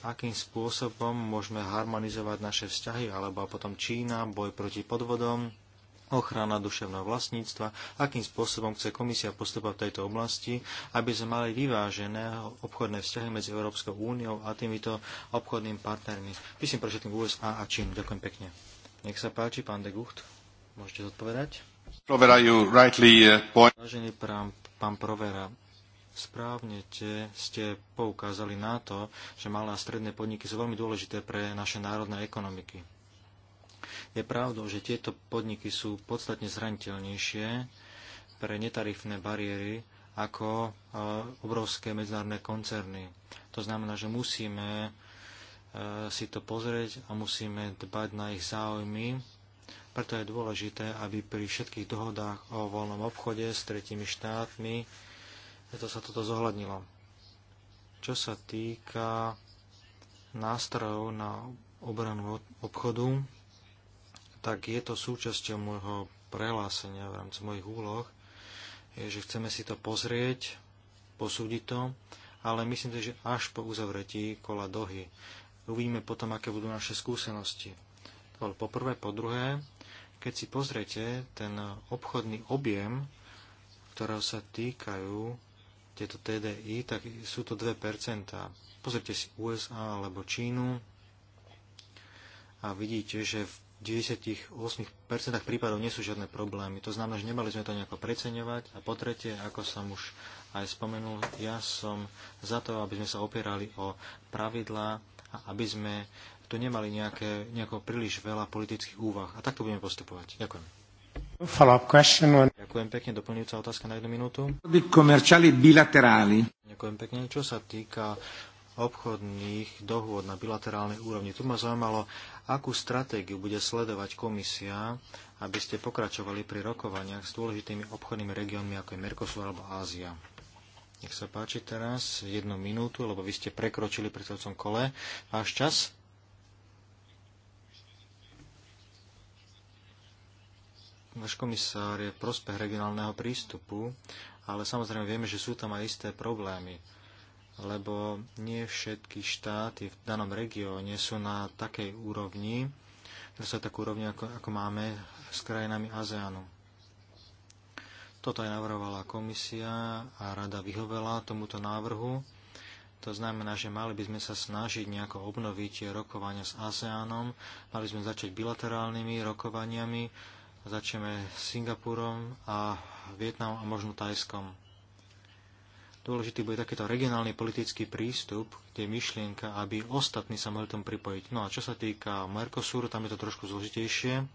akým spôsobom môžeme harmonizovať naše vzťahy, alebo potom Čína, boj proti podvodom, ochrana duševného vlastníctva, akým spôsobom chce komisia postupovať v tejto oblasti, aby sme mali vyvážené obchodné vzťahy medzi Európskou úniou a týmito obchodnými partnermi. Myslím pre všetkým USA a Čínu. Ďakujem pekne. Nech sa páči, pán de Gucht, môžete zodpovedať. Uh, Vážený pán, pán Provera, správne te, ste poukázali na to, že malé a stredné podniky sú veľmi dôležité pre naše národné ekonomiky je pravdou, že tieto podniky sú podstatne zraniteľnejšie pre netarifné bariéry ako e, obrovské medzinárodné koncerny. To znamená, že musíme e, si to pozrieť a musíme dbať na ich záujmy. Preto je dôležité, aby pri všetkých dohodách o voľnom obchode s tretími štátmi to sa toto zohľadnilo. Čo sa týka nástrojov na obranu obchodu, tak je to súčasťou môjho prehlásenia v rámci mojich úloh, je, že chceme si to pozrieť, posúdiť to, ale myslím si, že až po uzavretí kola dohy. Uvidíme potom, aké budú naše skúsenosti. To bol po prvé, po druhé, keď si pozriete ten obchodný objem, ktorého sa týkajú tieto TDI, tak sú to 2%. Pozrite si USA alebo Čínu, a vidíte, že v 98% prípadov nie sú žiadne problémy. To znamená, že nemali sme to nejako preceňovať. A po tretie, ako som už aj spomenul, ja som za to, aby sme sa opierali o pravidlá a aby sme tu nemali nejaké, nejako príliš veľa politických úvah. A takto budeme postupovať. Ďakujem. Ďakujem pekne. Doplňujúca otázka na jednu minútu. Ďakujem pekne. Čo sa týka obchodných dohôd na bilaterálnej úrovni. Tu ma zaujímalo, akú stratégiu bude sledovať komisia, aby ste pokračovali pri rokovaniach s dôležitými obchodnými regiónmi, ako je Mercosur alebo Ázia. Nech sa páči teraz jednu minútu, lebo vy ste prekročili pri celcom kole váš čas. Váš komisár je prospech regionálneho prístupu, ale samozrejme vieme, že sú tam aj isté problémy lebo nie všetky štáty v danom regióne sú na takej úrovni, sa takú, úrovni, ako, ako máme s krajinami ASEANu. Toto aj navrhovala komisia a rada vyhovela tomuto návrhu. To znamená, že mali by sme sa snažiť nejako obnoviť rokovania s ASEANom, mali by sme začať bilaterálnymi rokovaniami, začneme s Singapurom a Vietnamom a možno Tajskom. Dôležitý bude takýto regionálny politický prístup, kde je myšlienka, aby ostatní sa mohli tomu pripojiť. No a čo sa týka Mercosuru, tam je to trošku zložitejšie. E,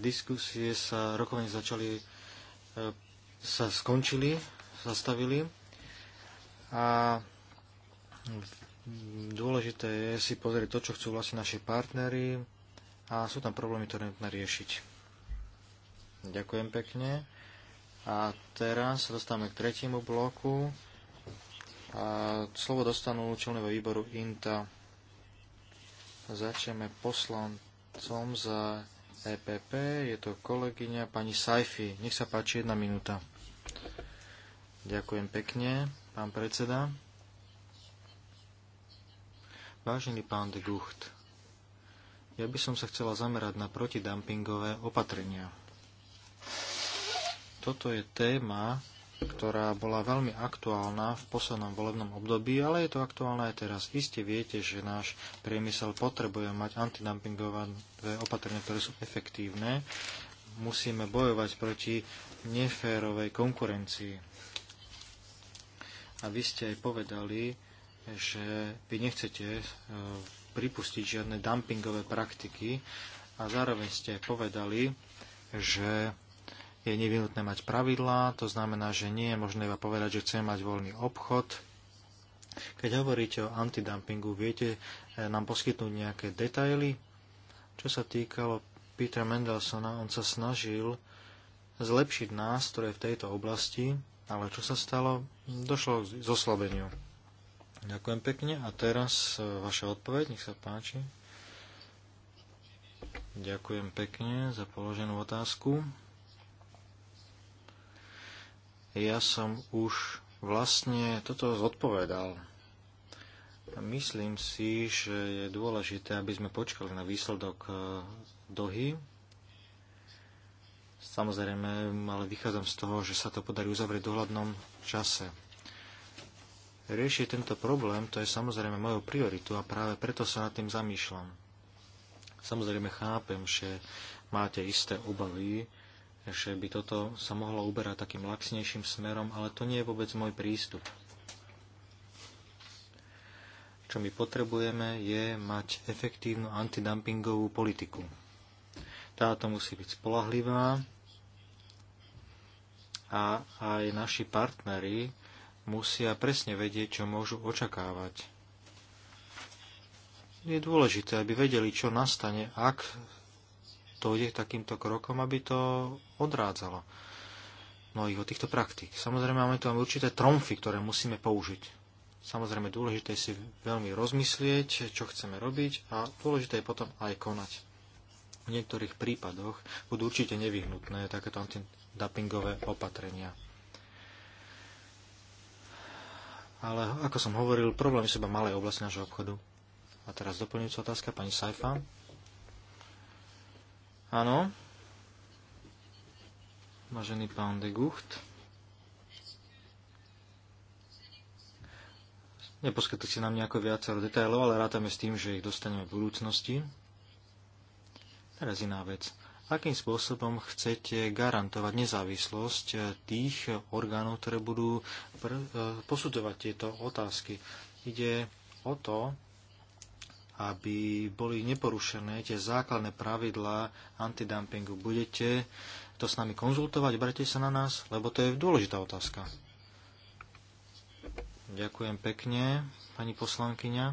diskusie sa rokovane začali, e, sa skončili, zastavili a dôležité je si pozrieť to, čo chcú vlastne naši partnery a sú tam problémy, ktoré nutné riešiť. Ďakujem pekne. A teraz sa dostávame k tretiemu bloku. A slovo dostanú členové výboru INTA. Začneme poslancom za EPP. Je to kolegyňa pani Saifi. Nech sa páči, jedna minúta. Ďakujem pekne, pán predseda. Vážený pán de Gucht, ja by som sa chcela zamerať na protidumpingové opatrenia toto je téma, ktorá bola veľmi aktuálna v poslednom volebnom období, ale je to aktuálne aj teraz. Iste viete, že náš priemysel potrebuje mať antidumpingové opatrenia, ktoré sú efektívne. Musíme bojovať proti neférovej konkurencii. A vy ste aj povedali, že vy nechcete e, pripustiť žiadne dumpingové praktiky a zároveň ste aj povedali, že je nevyhnutné mať pravidlá, to znamená, že nie je možné iba povedať, že chceme mať voľný obchod. Keď hovoríte o antidumpingu, viete eh, nám poskytnúť nejaké detaily? Čo sa týkalo Petra Mendelsona, on sa snažil zlepšiť nástroje v tejto oblasti, ale čo sa stalo? Došlo k zoslabeniu. Ďakujem pekne a teraz eh, vaša odpoveď, nech sa páči. Ďakujem pekne za položenú otázku. Ja som už vlastne toto zodpovedal. Myslím si, že je dôležité, aby sme počkali na výsledok e, dohy. Samozrejme, ale vychádzam z toho, že sa to podarí uzavrieť v dohľadnom čase. Riešiť tento problém, to je samozrejme mojou prioritu a práve preto sa nad tým zamýšľam. Samozrejme chápem, že máte isté obavy že by toto sa mohlo uberať takým laxnejším smerom, ale to nie je vôbec môj prístup. Čo my potrebujeme, je mať efektívnu antidumpingovú politiku. Táto musí byť spolahlivá a aj naši partnery musia presne vedieť, čo môžu očakávať. Je dôležité, aby vedeli, čo nastane, ak dojde k takýmto krokom, aby to odrádzalo mnohých od týchto praktík. Samozrejme, máme tu aj určité tromfy, ktoré musíme použiť. Samozrejme, dôležité je si veľmi rozmyslieť, čo chceme robiť a dôležité je potom aj konať. V niektorých prípadoch budú určite nevyhnutné takéto antidumpingové opatrenia. Ale ako som hovoril, problém je seba malej oblasti nášho obchodu. A teraz doplňujúca otázka, pani Saifa. Áno. Vážený pán de Gucht. Neposkytli nám nejako viacero detailov, ale rátame s tým, že ich dostaneme v budúcnosti. Teraz iná vec. Akým spôsobom chcete garantovať nezávislosť tých orgánov, ktoré budú e, posudzovať tieto otázky? Ide o to, aby boli neporušené tie základné pravidlá antidumpingu. Budete to s nami konzultovať, brate sa na nás, lebo to je dôležitá otázka. Ďakujem pekne, pani poslankyňa.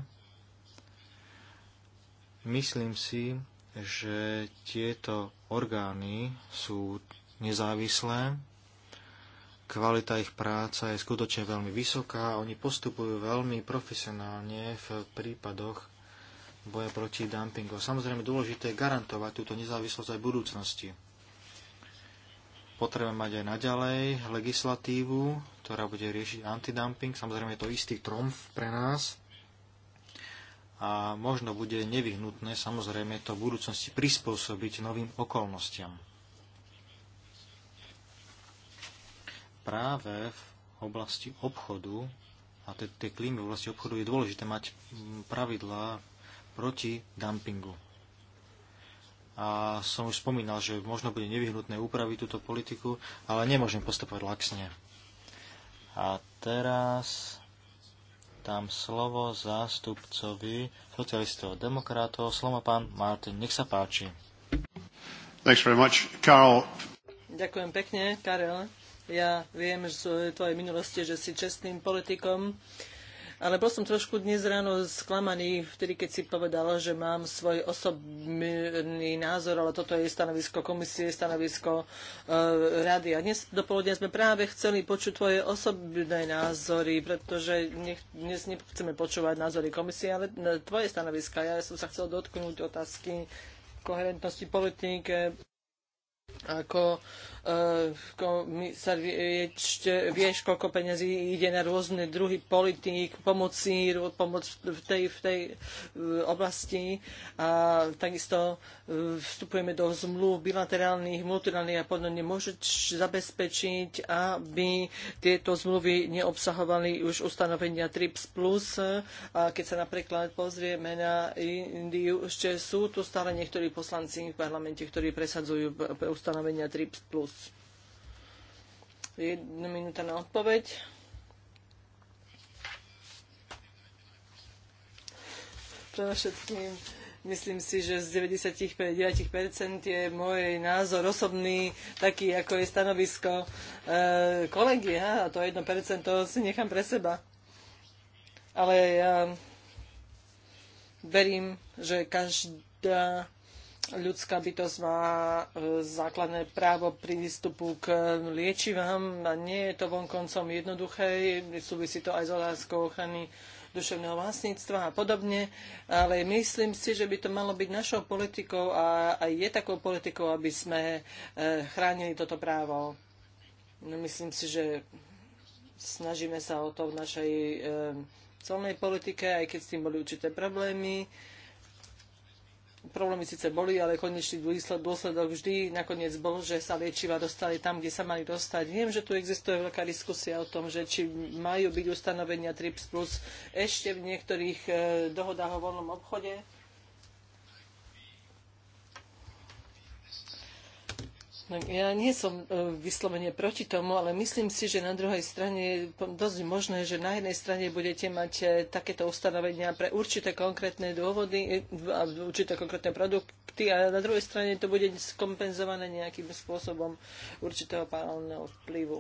Myslím si, že tieto orgány sú nezávislé, kvalita ich práca je skutočne veľmi vysoká, oni postupujú veľmi profesionálne v prípadoch boja proti dumpingu. Samozrejme, dôležité je garantovať túto nezávislosť aj v budúcnosti. Potrebujeme mať aj naďalej legislatívu, ktorá bude riešiť antidumping. Samozrejme, je to istý tromf pre nás. A možno bude nevyhnutné, samozrejme, to v budúcnosti prispôsobiť novým okolnostiam. Práve v oblasti obchodu a tej klímy v oblasti obchodu je dôležité mať pravidlá proti dumpingu. A som už spomínal, že možno bude nevyhnutné upraviť túto politiku, ale nemôžem postupovať laxne. A teraz dám slovo zástupcovi socialistov a demokratov. Slovo pán Martin, nech sa páči. Thanks very much, Karol. Ďakujem pekne, Karel. Ja viem z tvojej minulosti, že si čestným politikom ale bol som trošku dnes ráno sklamaný, vtedy keď si povedala, že mám svoj osobný názor, ale toto je stanovisko komisie, stanovisko e, rady. A dnes dopoludne sme práve chceli počuť tvoje osobné názory, pretože nech, dnes nechceme počúvať názory komisie, ale e, tvoje stanoviska. Ja som sa chcel dotknúť otázky koherentnosti politiky ako eh, ešte vieš, koľko peňazí ide na rôzne druhy politík, pomoci, pomoc v tej, v tej eh, oblasti a takisto eh, vstupujeme do zmluv bilaterálnych, multilaterálnych a podobne. Môžeš zabezpečiť, aby tieto zmluvy neobsahovali už ustanovenia TRIPS+, plus. a keď sa napríklad pozrieme na Indiu, ešte sú tu stále niektorí poslanci v parlamente, ktorí presadzujú ustanovenia TRIPS+. Jedna minúta na odpoveď. všetkým, myslím si, že z 99% je môj názor osobný, taký ako je stanovisko e, kolegia a to 1% to si nechám pre seba. Ale ja verím, že každá ľudská bytosť má e, základné právo prístupu k liečivám a nie je to vonkoncom jednoduché, súvisí to aj s otázkou ochrany duševného vlastníctva a podobne, ale myslím si, že by to malo byť našou politikou a aj je takou politikou, aby sme e, chránili toto právo. No, myslím si, že snažíme sa o to v našej e, celnej politike, aj keď s tým boli určité problémy problémy síce boli, ale konečný dôsledok vždy nakoniec bol, že sa liečiva dostali tam, kde sa mali dostať. Viem, že tu existuje veľká diskusia o tom, že či majú byť ustanovenia TRIPS plus ešte v niektorých eh, dohodách o voľnom obchode, No, ja nie som e, vyslovene proti tomu, ale myslím si, že na druhej strane je dosť možné, že na jednej strane budete mať e, takéto ustanovenia pre určité konkrétne dôvody e, a určité konkrétne produkty a na druhej strane to bude skompenzované nejakým spôsobom určitého paralelného vplyvu.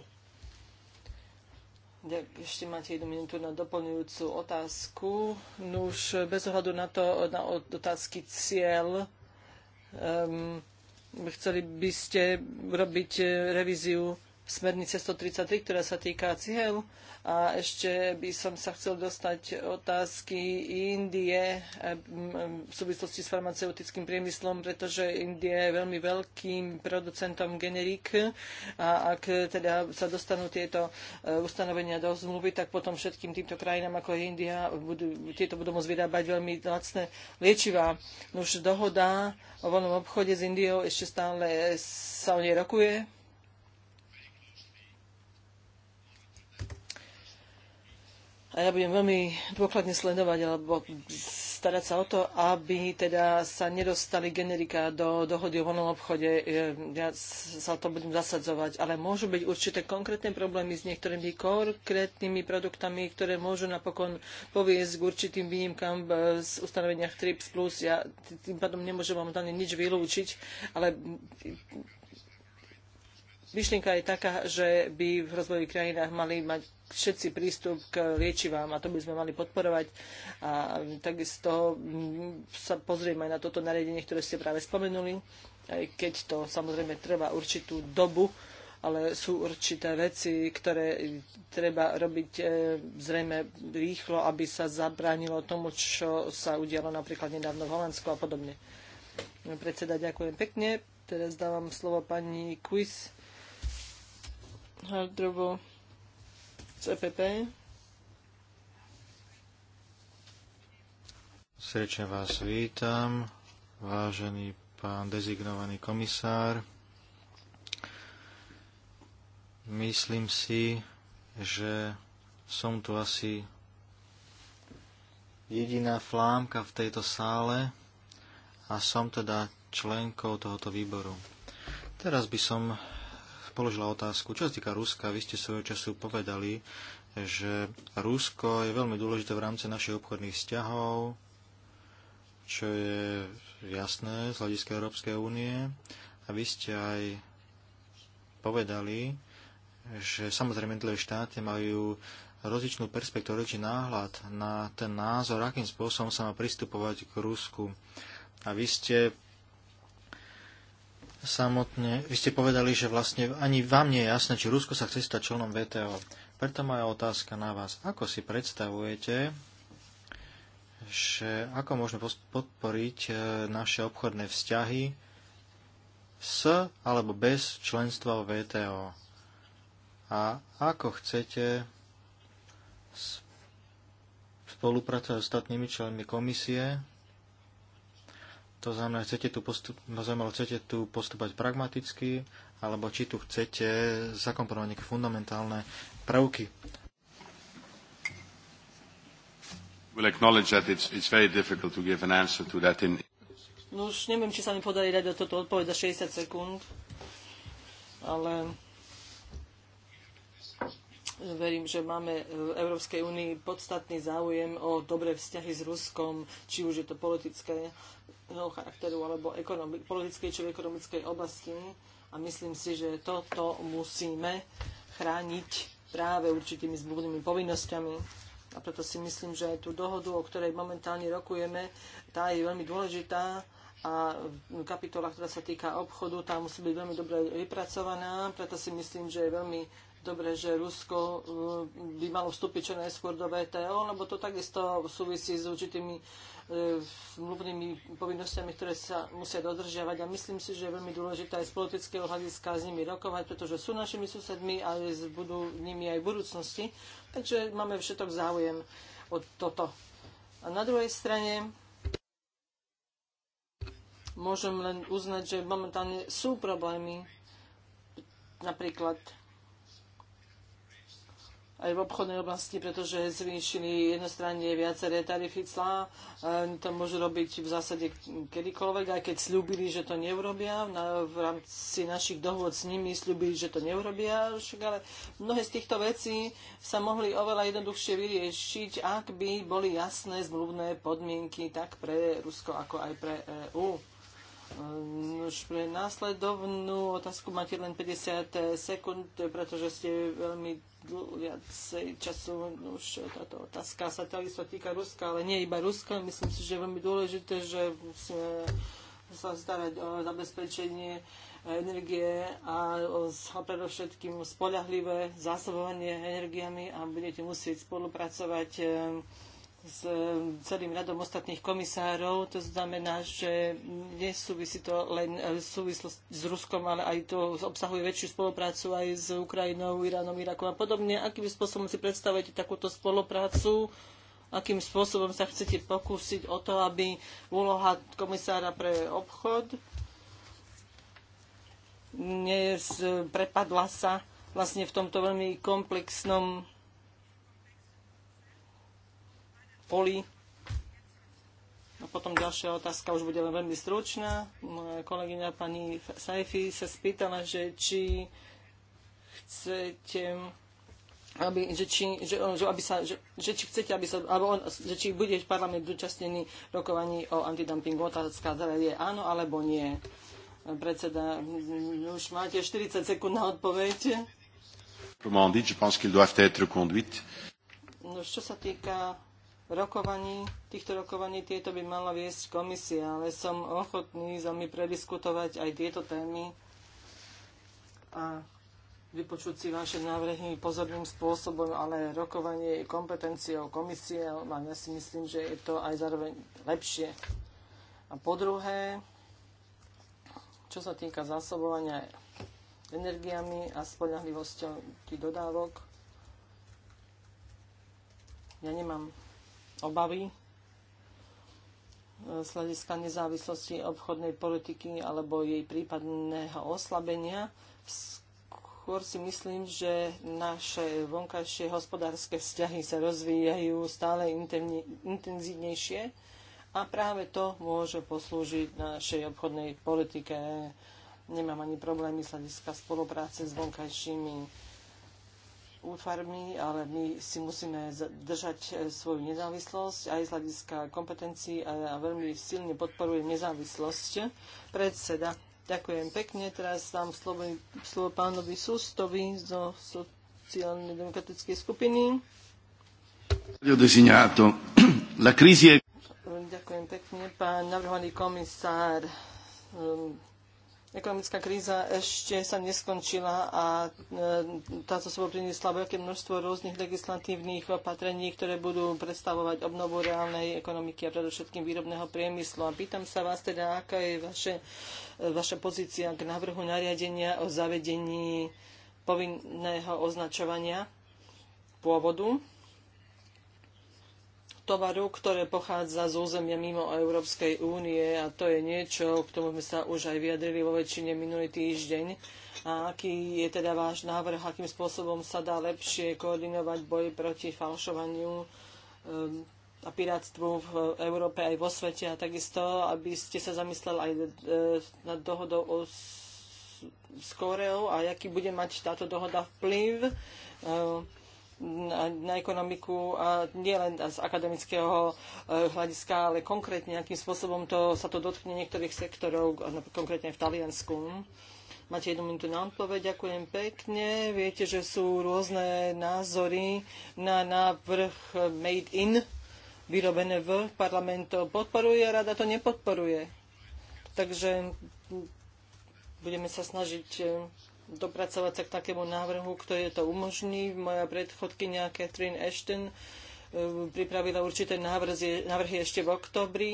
Ešte máte jednu minútu na doplňujúcu otázku. No už bez ohľadu na to, na otázky cieľ, um, Chceli by ste robiť eh, revíziu smernice 133, ktorá sa týka cieľ. A ešte by som sa chcel dostať otázky Indie v súvislosti s farmaceutickým priemyslom, pretože Indie je veľmi veľkým producentom generík a ak teda sa dostanú tieto e, ustanovenia do zmluvy, tak potom všetkým týmto krajinám, ako je India, budú, tieto budú môcť vyrábať veľmi lacné liečivá. Už dohoda o voľnom obchode s Indiou ešte stále sa o nej rokuje a ja budem veľmi dôkladne sledovať alebo starať sa o to, aby teda sa nedostali generika do dohody o voľnom obchode. Ja sa o to budem zasadzovať, ale môžu byť určité konkrétne problémy s niektorými konkrétnymi produktami, ktoré môžu napokon poviesť k určitým výnimkám e, z ustanoveniach TRIPS+. Ja tým pádom nemôžem vám nič vylúčiť, ale myšlienka je taká, že by v rozvojových krajinách mali mať všetci prístup k liečivám a to by sme mali podporovať. A takisto sa pozrieme aj na toto nariadenie, ktoré ste práve spomenuli, aj keď to samozrejme trvá určitú dobu, ale sú určité veci, ktoré treba robiť e, zrejme rýchlo, aby sa zabránilo tomu, čo sa udialo napríklad nedávno v Holandsku a podobne. Predseda, ďakujem pekne. Teraz dávam slovo pani Kuis Hardrovo CPP. E Srečne vás vítam, vážený pán dezignovaný komisár. Myslím si, že som tu asi jediná flámka v tejto sále a som teda členkou tohoto výboru. Teraz by som položila otázku. Čo sa týka Ruska, vy ste svojho času povedali, že Rusko je veľmi dôležité v rámci našich obchodných vzťahov, čo je jasné z hľadiska Európskej únie. A vy ste aj povedali, že samozrejme tie štáty majú rozličnú perspektívu, či náhľad na ten názor, akým spôsobom sa má pristupovať k Rusku. A vy ste samotne, vy ste povedali, že vlastne ani vám nie je jasné, či Rusko sa chce stať členom VTO. Preto moja otázka na vás. Ako si predstavujete, že ako môžeme podporiť e, naše obchodné vzťahy s alebo bez členstva v VTO? A ako chcete spolupracovať s ostatnými členmi komisie to znamená, chcete tu, postup, no znamená, chcete tu postupať pragmaticky, alebo či tu chcete zakomponovať nejaké fundamentálne prvky. We'll acknowledge that it's, it's very difficult to give an answer to that in... No už neviem, či sa mi podarí dať do toto odpoveď za 60 sekúnd, ale verím, že máme v Európskej únii podstatný záujem o dobré vzťahy s Ruskom, či už je to politického charakteru alebo politickej či ekonomickej oblasti. A myslím si, že toto musíme chrániť práve určitými zmluvnými povinnosťami. A preto si myslím, že tú dohodu, o ktorej momentálne rokujeme, tá je veľmi dôležitá a kapitola, ktorá sa týka obchodu, tá musí byť veľmi dobre vypracovaná, preto si myslím, že je veľmi dobre, že Rusko eh, by malo vstúpiť čo najskôr do VTO, lebo to takisto súvisí s určitými eh, mluvnými povinnosťami, ktoré sa musia dodržiavať. A myslím si, že je veľmi dôležité aj z politického hľadiska s nimi rokovať, pretože sú našimi susedmi a budú nimi aj v budúcnosti. Takže máme všetok záujem o toto. A na druhej strane môžem len uznať, že momentálne sú problémy. Napríklad aj v obchodnej oblasti, pretože zvýšili jednostranne viaceré tarify clá. To môžu robiť v zásade kedykoľvek, aj keď slúbili, že to neurobia. V rámci našich dohôd s nimi slúbili, že to neurobia. Ale mnohé z týchto vecí sa mohli oveľa jednoduchšie vyriešiť, ak by boli jasné zmluvné podmienky tak pre Rusko, ako aj pre EÚ Ehm, už pre následovnú otázku máte len 50 eh, sekúnd, pretože ste veľmi viacej času, no už eh, táto otázka sa takisto týka Ruska, ale nie iba Ruska. Myslím si, že je veľmi dôležité, že musíme sa starať o zabezpečenie eh, energie a predovšetkým spolahlivé zásobovanie energiami a budete musieť spolupracovať ehm, s e, celým radom ostatných komisárov. To znamená, že nesúvisí to len e, súvislosť s Ruskom, ale aj to obsahuje väčšiu spoluprácu aj s Ukrajinou, Iránom, Irakom a podobne. Akým spôsobom si predstavujete takúto spoluprácu? Akým spôsobom sa chcete pokúsiť o to, aby úloha komisára pre obchod prepadla sa vlastne v tomto veľmi komplexnom poli. A no potom ďalšia otázka už bude len veľmi stručná. Moja kolegyňa pani Saifi sa spýtala, že či chcete aby, že, či, že, že, aby sa, že, že či chcete, aby sa, alebo on, že či bude parlament zúčastnený rokovaní o antidumpingu. Otázka teda je áno alebo nie. Predseda, už máte 40 sekúnd na odpoveď. Proprement dit, je No, čo sa týka rokovaní, týchto rokovaní tieto by mala viesť komisia, ale som ochotný za mi prediskutovať aj tieto témy a vypočuť si vaše návrhy pozorným spôsobom, ale rokovanie je kompetenciou komisie a ja si myslím, že je to aj zároveň lepšie. A po druhé, čo sa týka zásobovania energiami a spoľahlivosťou dodávok, ja nemám obavy e, z hľadiska nezávislosti obchodnej politiky alebo jej prípadného oslabenia. Skôr si myslím, že naše vonkajšie hospodárske vzťahy sa rozvíjajú stále intenzívnejšie a práve to môže poslúžiť našej obchodnej politike. Nemám ani problémy z hľadiska spolupráce s vonkajšími útvarmi, ale my si musíme držať e, svoju nezávislosť aj z hľadiska kompetencií a veľmi silne podporujem nezávislosť predseda. Ďakujem pekne. Teraz dám slovo, slovo pánovi Sustovi zo sociálnej demokratickej skupiny. Ďakujem pekne, pán navrhovaný komisár. Ehm, ekonomická kríza ešte sa neskončila a e, tá zo sebou priniesla veľké množstvo rôznych legislatívnych opatrení, ktoré budú predstavovať obnovu reálnej ekonomiky a predovšetkým výrobného priemyslu. A pýtam sa vás teda, aká je vaše, e, vaša pozícia k návrhu nariadenia o zavedení povinného označovania pôvodu tovaru, ktoré pochádza z územia mimo Európskej únie a to je niečo, k tomu sme sa už aj vyjadrili vo väčšine minulý týždeň. A aký je teda váš návrh, akým spôsobom sa dá lepšie koordinovať boj proti falšovaniu ehm, a pirátstvu v Európe aj vo svete a takisto, aby ste sa zamysleli aj eh, nad dohodou o s Koreou a aký bude mať táto dohoda vplyv eh, na, na ekonomiku a nie len z akademického e, hľadiska, ale konkrétne, akým spôsobom to, sa to dotkne niektorých sektorov, konkrétne v Taliansku. Máte jednu minútu na odpoveď, ďakujem pekne. Viete, že sú rôzne názory na návrh Made in, vyrobené v parlamento. Podporuje, rada to nepodporuje. Takže budeme sa snažiť e, dopracovať sa k takému návrhu, ktorý to umožní. Moja predchodkynia Catherine Ashton e, pripravila určité návrhy, návrhy ešte v oktobri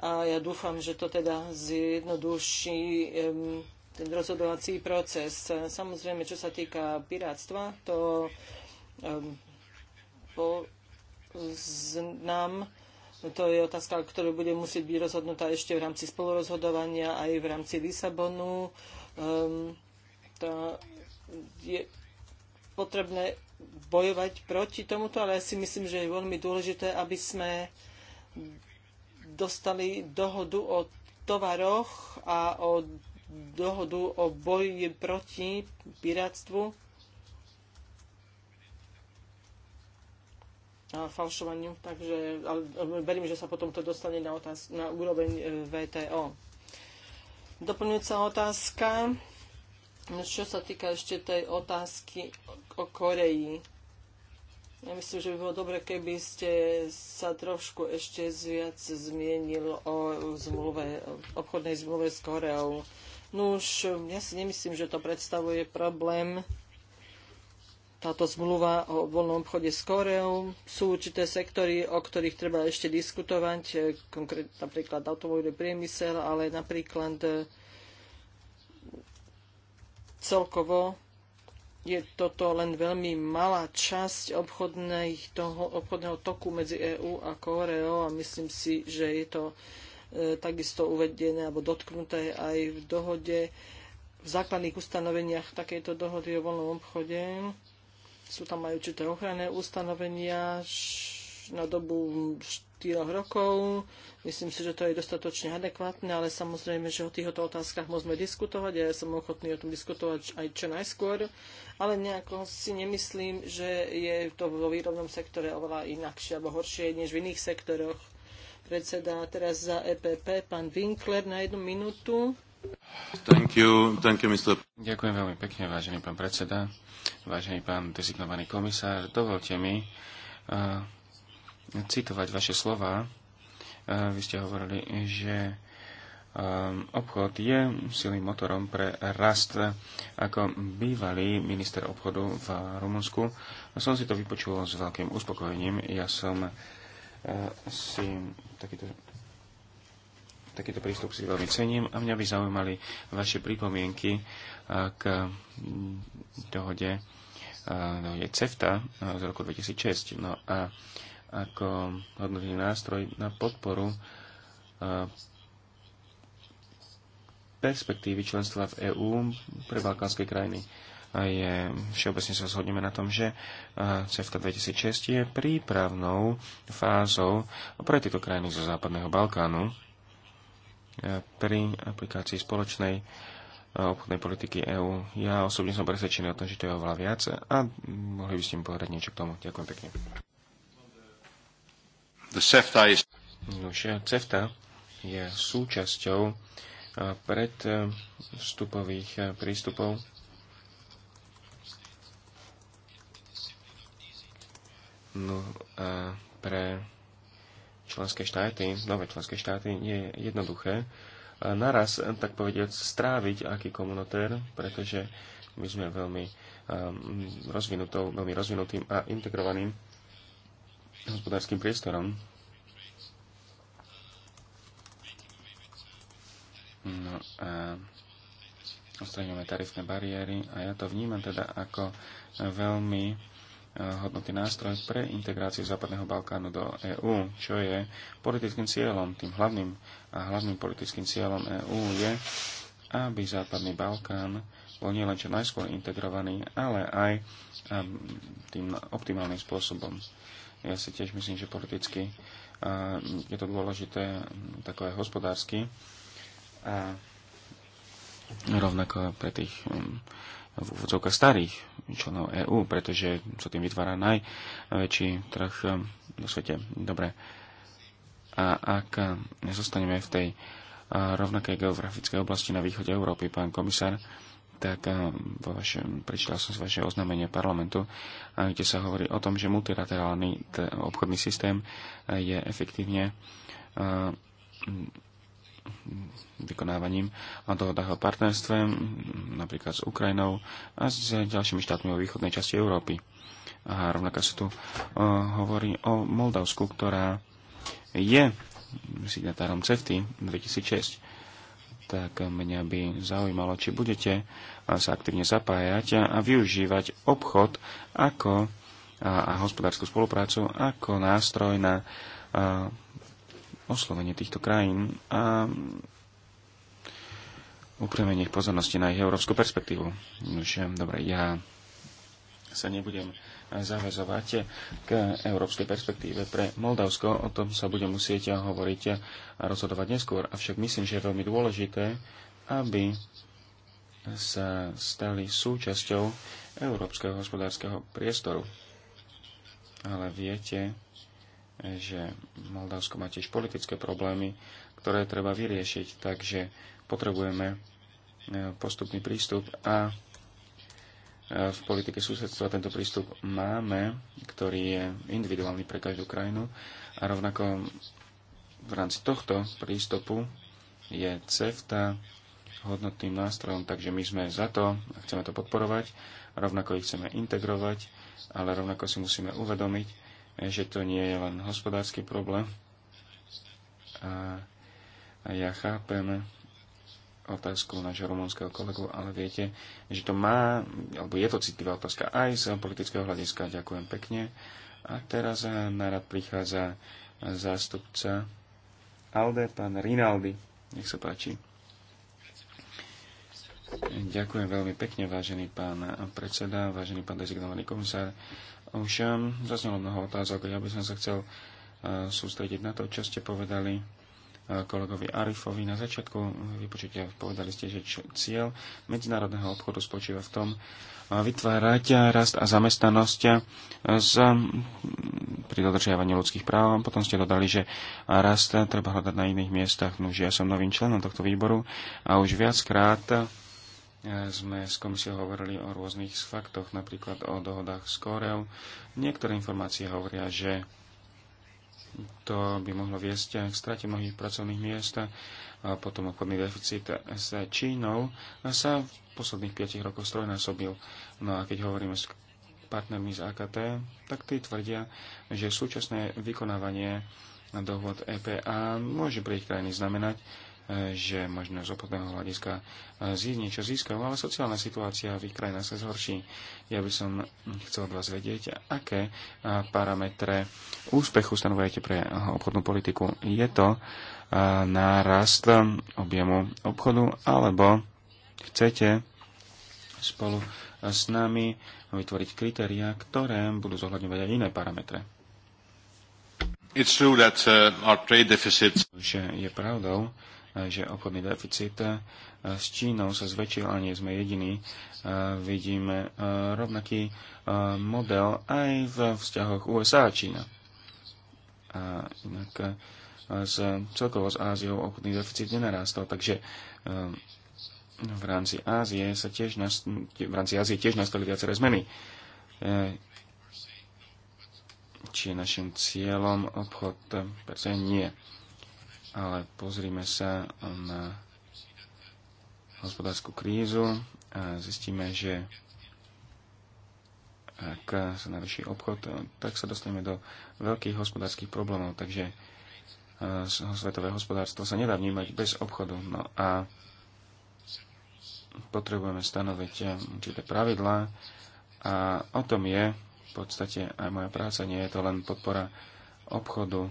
a ja dúfam, že to teda zjednoduší ten rozhodovací proces. Samozrejme, čo sa týka pirátstva, to poznám. To je otázka, ktorá bude musieť byť rozhodnutá ešte v rámci spolurozhodovania aj v rámci Lisabonu. Um, to je potrebné bojovať proti tomuto, ale ja si myslím, že je veľmi dôležité, aby sme dostali dohodu o tovaroch a o dohodu o boji proti pirátstvu a falšovaniu, takže ale verím, že sa potom to dostane na, otáz- na úroveň e, VTO. Doplňujúca otázka čo sa týka ešte tej otázky o Koreji, ja myslím, že by bolo dobre, keby ste sa trošku ešte viac zmienil o zmluve, obchodnej zmluve s Koreou. No už ja si nemyslím, že to predstavuje problém. Táto zmluva o voľnom obchode s Koreou sú určité sektory, o ktorých treba ešte diskutovať, konkrétne napríklad automobilový priemysel, ale napríklad celkovo je toto len veľmi malá časť toho, obchodného toku medzi EÚ a Koreou a myslím si, že je to e, takisto uvedené alebo dotknuté aj v dohode v základných ustanoveniach takejto dohody o voľnom obchode. Sú tam aj určité ochranné ustanovenia na dobu 4 rokov. Myslím si, že to je dostatočne adekvátne, ale samozrejme, že o týchto otázkach môžeme diskutovať a ja som ochotný o tom diskutovať aj čo najskôr, ale nejako si nemyslím, že je to vo výrobnom sektore oveľa inakšie alebo horšie než v iných sektoroch. Predseda teraz za EPP, pán Winkler, na jednu minútu. Thank you. Thank you, Ďakujem veľmi pekne, vážený pán predseda, vážený pán dezignovaný komisár. Dovolte mi uh, citovať vaše slova. E, vy ste hovorili, že e, obchod je silným motorom pre rast. Ako bývalý minister obchodu v Rumunsku som si to vypočul s veľkým uspokojením. Ja som e, si takýto takýto prístup si veľmi cením a mňa by zaujímali vaše pripomienky k dohode, dohode CEFTA z roku 2006. No a ako hodnotný nástroj na podporu perspektívy členstva v EÚ pre balkánske krajiny. A je, všeobecne sa zhodneme na tom, že CEFTA 2006 je prípravnou fázou pre tieto krajiny zo Západného Balkánu pri aplikácii spoločnej obchodnej politiky EÚ. Ja osobne som presvedčený o tom, že to je oveľa viac a mohli by ste mi povedať niečo k tomu. Ďakujem pekne. Nože, CEFTA je súčasťou predvstupových prístupov. No a pre členské štáty, nové členské štáty, nie je jednoduché naraz, tak povediať, stráviť aký komunotér, pretože my sme veľmi um, rozvinutou, veľmi rozvinutým a integrovaným hospodárským priestorom. No a odstraňujeme tarifné bariéry a ja to vnímam teda ako veľmi e, hodnotný nástroj pre integráciu Západného Balkánu do EÚ, čo je politickým cieľom, tým hlavným a hlavným politickým cieľom EÚ je, aby Západný Balkán bol nielen čo najskôr integrovaný, ale aj tým optimálnym spôsobom. Ja si tiež myslím, že politicky je to dôležité, takové hospodársky. A rovnako pre tých um, v úvodzovkách starých členov EÚ, pretože sa tým vytvára najväčší trh na um, svete. Dobre. A ak nezostaneme um, v tej uh, rovnakej geografickej oblasti na východe Európy, pán komisár, tak eh, vo vašem, prečítal som z vaše oznámenie parlamentu, eh, kde sa hovorí o tom, že multilaterálny obchodný systém eh, je efektívne vykonávaním a dohodách o partnerstve, napríklad s Ukrajinou a s ďalšími štátmi o východnej časti Európy. A rovnako sa tu hovorí o Moldavsku, ktorá je signatárom CEFTY 2006 tak mňa by zaujímalo, či budete sa aktívne zapájať a využívať obchod ako, a, a hospodárskú spoluprácu ako nástroj na a, oslovenie týchto krajín a upremenie ich pozornosti na ich európsku perspektívu. dobre, ja sa nebudem zavezovať k európskej perspektíve pre Moldavsko. O tom sa bude musieť hovoriť a rozhodovať neskôr. Avšak myslím, že je veľmi dôležité, aby sa stali súčasťou európskeho hospodárskeho priestoru. Ale viete, že Moldavsko má tiež politické problémy, ktoré treba vyriešiť, takže potrebujeme postupný prístup a v politike susedstva tento prístup máme, ktorý je individuálny pre každú krajinu a rovnako v rámci tohto prístupu je CEFTA hodnotným nástrojom, takže my sme za to a chceme to podporovať, rovnako ich chceme integrovať, ale rovnako si musíme uvedomiť, že to nie je len hospodársky problém. A, ja chápem otázku nášho rumúnskeho kolegu, ale viete, že to má, alebo je to citlivá otázka aj z politického hľadiska. Ďakujem pekne. A teraz na rad prichádza zástupca Alde, pán Rinaldi. Nech sa páči. Ďakujem veľmi pekne, vážený pán predseda, vážený pán dezignovaný komisár. Už ehm, zaznelo mnoho otázok, ja by som sa chcel ehm, sústrediť na to, čo ste povedali kolegovi Arifovi na začiatku vypočutia. Povedali ste, že cieľ medzinárodného obchodu spočíva v tom vytvárať rast a zamestnanosť z, pri dodržiavaní ľudských práv. Potom ste dodali, že rast treba hľadať na iných miestach. No, ja som novým členom tohto výboru a už viackrát sme s komisiou hovorili o rôznych faktoch, napríklad o dohodách s Koreou. Niektoré informácie hovoria, že to by mohlo viesť k strate mnohých pracovných miest. A potom obchodný deficit s Čínou sa v posledných 5 rokoch strojnásobil. No a keď hovoríme s partnermi z AKT, tak tí tvrdia, že súčasné vykonávanie dohod EPA môže pre ich krajiny znamenať, že možno z obchodného hľadiska eh, niečo získajú, ale sociálna situácia v ich krajinách sa zhorší. Ja by som chcel od vás vedieť, aké eh, parametre úspechu stanovujete pre obchodnú politiku. Je to eh, nárast objemu obchodu, alebo chcete spolu s nami vytvoriť kritériá, ktoré budú zohľadňovať aj iné parametre. It's true that, uh, our trade deficits... Že je pravdou, že obchodný deficit eh, s Čínou sa zväčšil a nie sme jediní. Eh, vidíme eh, rovnaký model aj v vzťahoch USA a Čína. A inak z, celkovo s Áziou obchodný deficit nenarástol, takže v rámci Ázie sa tiež, v rámci Ázie tiež nastali viaceré zmeny či je našim cieľom obchod, percent nie ale pozrime sa na hospodárskú krízu a zistíme, že ak sa naruší obchod, tak sa dostaneme do veľkých hospodárskych problémov. Takže e, svetové hospodárstvo sa nedá vnímať bez obchodu. No a potrebujeme stanoviť určité pravidlá a o tom je v podstate aj moja práca. Nie je to len podpora obchodu,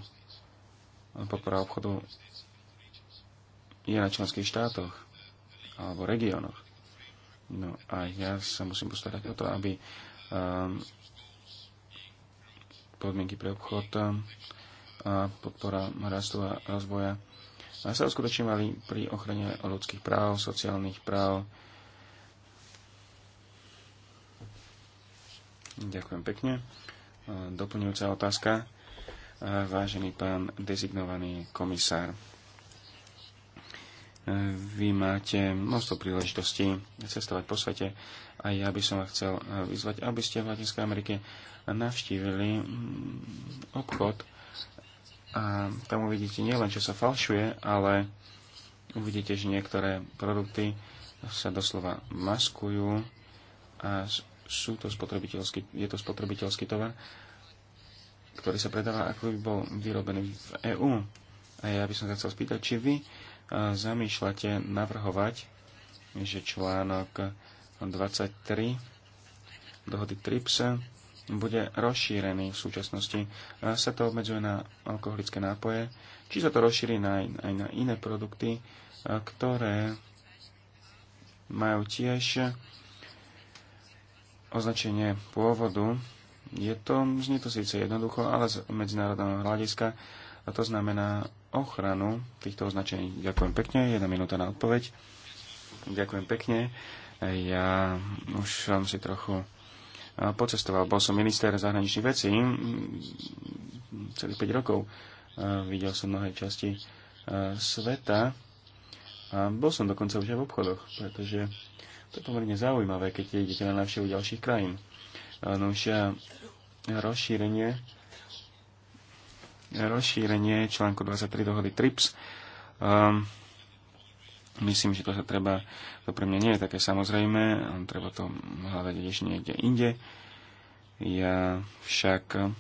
podpora obchodu je na členských štátoch alebo regiónoch. No a ja sa musím postarať o to, aby um, podmienky pre obchod ehm, a podpora rastu a rozvoja a sa uskutočňovali pri ochrane ľudských práv, sociálnych práv. Ďakujem pekne. Ehm, doplňujúca otázka vážený pán dezignovaný komisár. Vy máte množstvo príležitostí cestovať po svete a ja by som vás chcel vyzvať, aby ste v Latinskej Amerike navštívili mm, obchod a tam uvidíte nielen, čo sa falšuje, ale uvidíte, že niektoré produkty sa doslova maskujú a sú to spotrebiteľský, je to spotrebiteľský tovar ktorý sa predáva, ako by bol vyrobený v EÚ. A ja by som sa chcel spýtať, či vy zamýšľate navrhovať, že článok 23 dohody TRIPS bude rozšírený v súčasnosti. Sa to obmedzuje na alkoholické nápoje, či sa to rozšíri na, aj na iné produkty, ktoré majú tiež označenie pôvodu je to, znie to síce jednoducho, ale z medzinárodného hľadiska a to znamená ochranu týchto označení. Ďakujem pekne, jedna minúta na odpoveď. Ďakujem pekne. Ja už som si trochu pocestoval. Bol som minister zahraničných vecí celých 5 rokov. Videl som mnohé časti sveta. A bol som dokonca už aj v obchodoch, pretože to je pomerne zaujímavé, keď idete na návštevu ďalších krajín. Nož eh, rozšírenie rozšírenie článku 23 dohody TRIPS. Um, myslím, že to sa treba, to pre mňa nie je také samozrejme, treba to hľadať ešte niekde inde. Ja však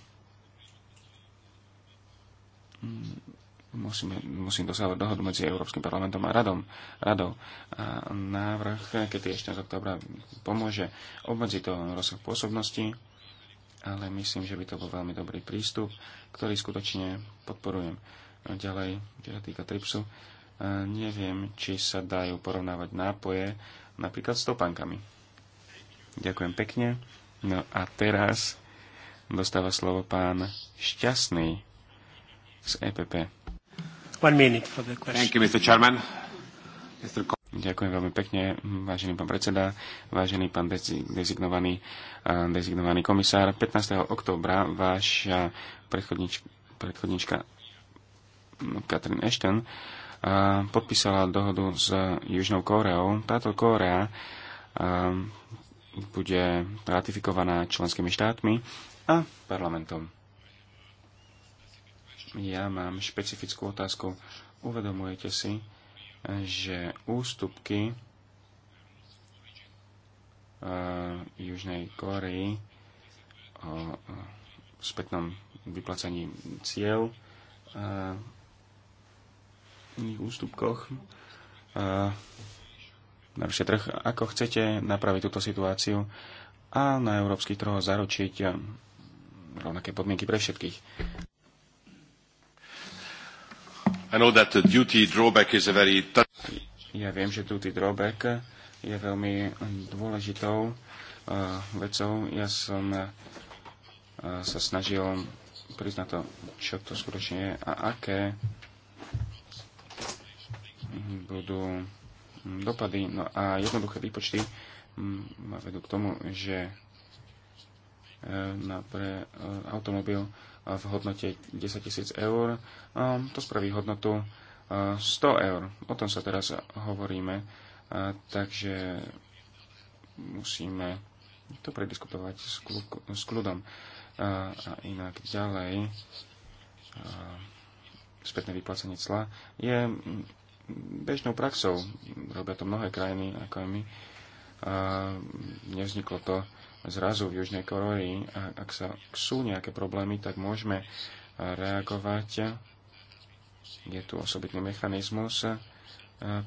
musíme, musím dosávať dohodu medzi Európskym parlamentom a radom, radou. A návrh, keď ešte z oktobra pomôže obmedziť to rozsah pôsobnosti, ale myslím, že by to bol veľmi dobrý prístup, ktorý skutočne podporujem. Ďalej, čo sa týka TRIPSu, e, neviem, či sa dajú porovnávať nápoje napríklad s topankami. Ďakujem pekne. No a teraz dostáva slovo pán Šťastný z EPP. One minute for the question. Thank you, Mr. Chairman. Ďakujem veľmi pekne, vážený pán predseda, vážený pán dezignovaný, dezignovaný komisár. 15. októbra váša predchodníčka predchodnička mm, Katrin Ashton podpísala dohodu s Južnou Kóreou. Táto Kórea bude ratifikovaná členskými štátmi a parlamentom. Ja mám špecifickú otázku. Uvedomujete si, že ústupky uh, Južnej Koreji o, spätnom vyplacaní cieľ uh, iných ústupkoch uh, narušia trh. Ako chcete napraviť túto situáciu a na európsky trhoch zaručiť rovnaké podmienky pre všetkých? I know that the duty drawback is a very... Ja viem, že duty drawback je veľmi dôležitou uh, vecou. Ja som uh, sa snažil priznať to, čo to skutočne je a aké budú dopady. No a jednoduché výpočty mm, ma vedú k tomu, že eh, na pre automobil v hodnote 10 tisíc eur, to spraví hodnotu 100 e, eur. O tom sa teraz hovoríme, e, takže musíme to prediskutovať s kľudom. E, a inak ďalej spätné vyplacenie cla je bežnou praxou. Robia to mnohé krajiny, ako aj my. Nevzniklo to zrazu v Južnej Koreji. ak sa ak sú nejaké problémy, tak môžeme reagovať. Je tu osobitný mechanizmus,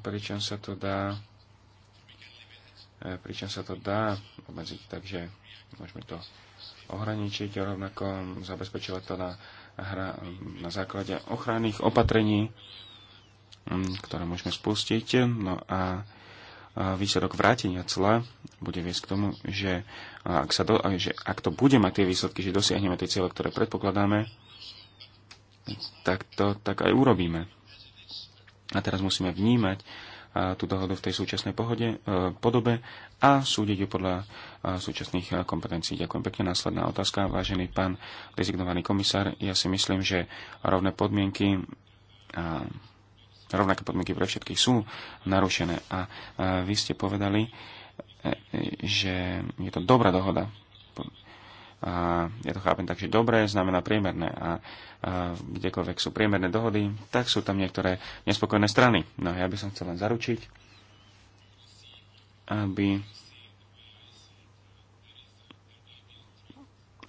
pričom sa to dá pričom sa to dá obmedziť, takže môžeme to ohraničiť a rovnako zabezpečovať to na, hra, na základe ochranných opatrení, ktoré môžeme spustiť. No a výsledok vrátenia cla bude viesť k tomu, že ak, sa do, že ak to bude mať tie výsledky, že dosiahneme tie cieľe, ktoré predpokladáme, tak to tak aj urobíme. A teraz musíme vnímať tú dohodu v tej súčasnej pohode, e, podobe a súdiť ju podľa súčasných kompetencií. Ďakujem pekne. Následná otázka. Vážený pán dezignovaný komisár, ja si myslím, že rovné podmienky a rovnaké podmienky pre všetkých sú narušené. A e, vy ste povedali, e, že je to dobrá dohoda. A ja to chápem tak, že dobré znamená priemerné a, a kdekoľvek sú priemerné dohody, tak sú tam niektoré nespokojné strany. No ja by som chcel len zaručiť, aby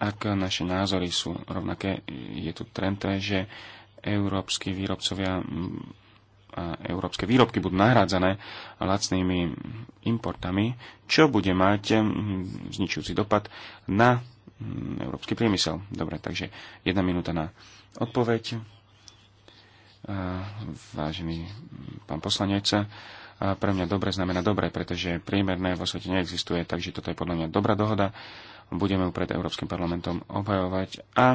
ak naše názory sú rovnaké, je tu trend, že európsky výrobcovia a európske výrobky budú nahrádzané lacnými importami, čo bude mať mm, zničujúci dopad na mm, európsky priemysel. Dobre, takže jedna minúta na odpoveď. Vážený pán poslanec, pre mňa dobre znamená dobre, pretože priemerné vo svete neexistuje, takže toto je podľa mňa dobrá dohoda. Budeme ju pred Európskym parlamentom obhajovať a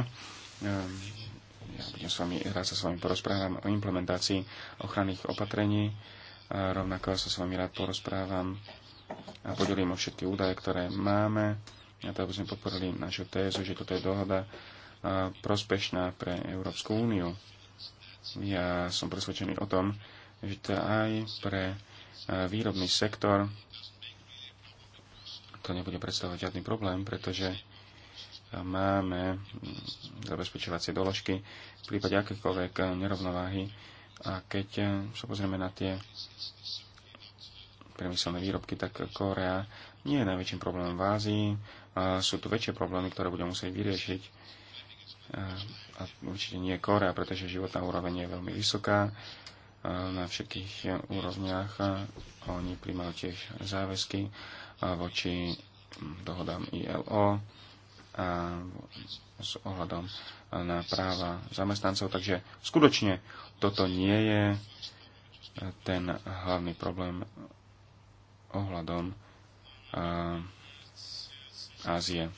ja budem s vami, rád sa s vami porozprávam o implementácii ochranných opatrení, a rovnako sa s vami rád porozprávam a podelím o všetky údaje, ktoré máme, A to, aby sme podporili našu tézu, že toto je dohoda prospešná pre Európsku úniu. Ja som presvedčený o tom, že to aj pre výrobný sektor to nebude predstavovať žiadny problém, pretože máme zabezpečovacie doložky v prípade akékoľvek nerovnováhy. A keď sa pozrieme na tie priemyselné výrobky, tak Korea nie je najväčším problémom v Ázii. A sú tu väčšie problémy, ktoré budeme musieť vyriešiť. A určite nie Korea, pretože životná úroveň je veľmi vysoká na všetkých úrovniach. Oni príjmajú tiež záväzky voči dohodám ILO s ohľadom na práva zamestnancov. Takže skutočne toto nie je ten hlavný problém ohľadom Ázie.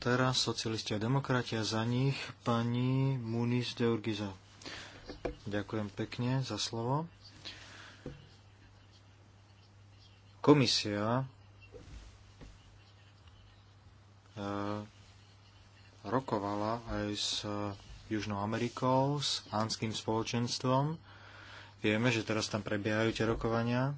Teraz socialisti a demokratia za nich pani Muniz de Urgiza. Ďakujem pekne za slovo. Komisia E, rokovala aj s Južnou Amerikou, s Anským spoločenstvom. Vieme, že teraz tam prebiehajú tie rokovania,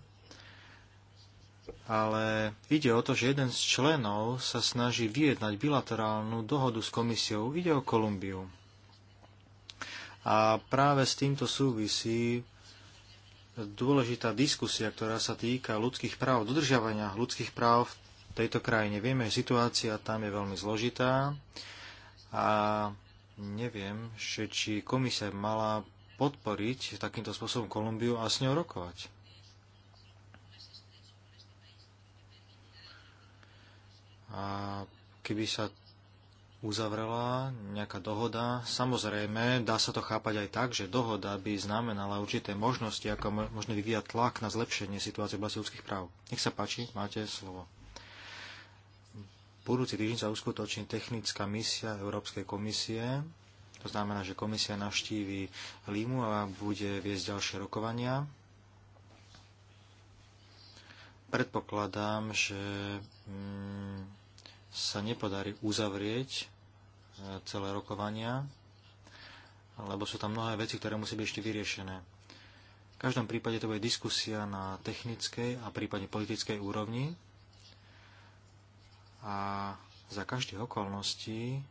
ale ide o to, že jeden z členov sa snaží vyjednať bilaterálnu dohodu s komisiou. Ide o Kolumbiu. A práve s týmto súvisí dôležitá diskusia, ktorá sa týka ľudských práv, dodržiavania ľudských práv v tejto krajine. Vieme, že situácia tam je veľmi zložitá a neviem, že či komisia mala podporiť takýmto spôsobom Kolumbiu a s ňou rokovať. A keby sa uzavrela nejaká dohoda. Samozrejme, dá sa to chápať aj tak, že dohoda by znamenala určité možnosti, ako možno vyvíjať tlak na zlepšenie situácie v oblasti ľudských práv. Nech sa páči, máte slovo budúci týždeň sa uskutoční technická misia Európskej komisie. To znamená, že komisia navštíví Límu a bude viesť ďalšie rokovania. Predpokladám, že mm, sa nepodarí uzavrieť e, celé rokovania, lebo sú tam mnohé veci, ktoré musí byť ešte vyriešené. V každom prípade to bude diskusia na technickej a prípadne politickej úrovni a za každých okolností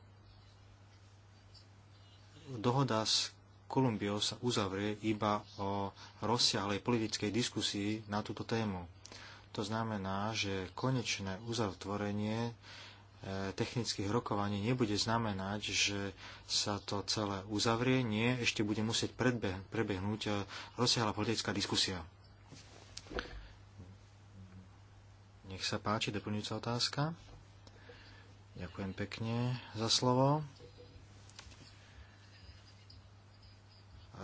dohoda s Kolumbiou sa uzavrie iba o rozsiahlej politickej diskusii na túto tému. To znamená, že konečné uzatvorenie e, technických rokovaní nebude znamenať, že sa to celé uzavrie. Nie, ešte bude musieť prebehnúť e, rozsiahla politická diskusia. Nech sa páči, doplňujúca otázka. Ďakujem pekne za slovo.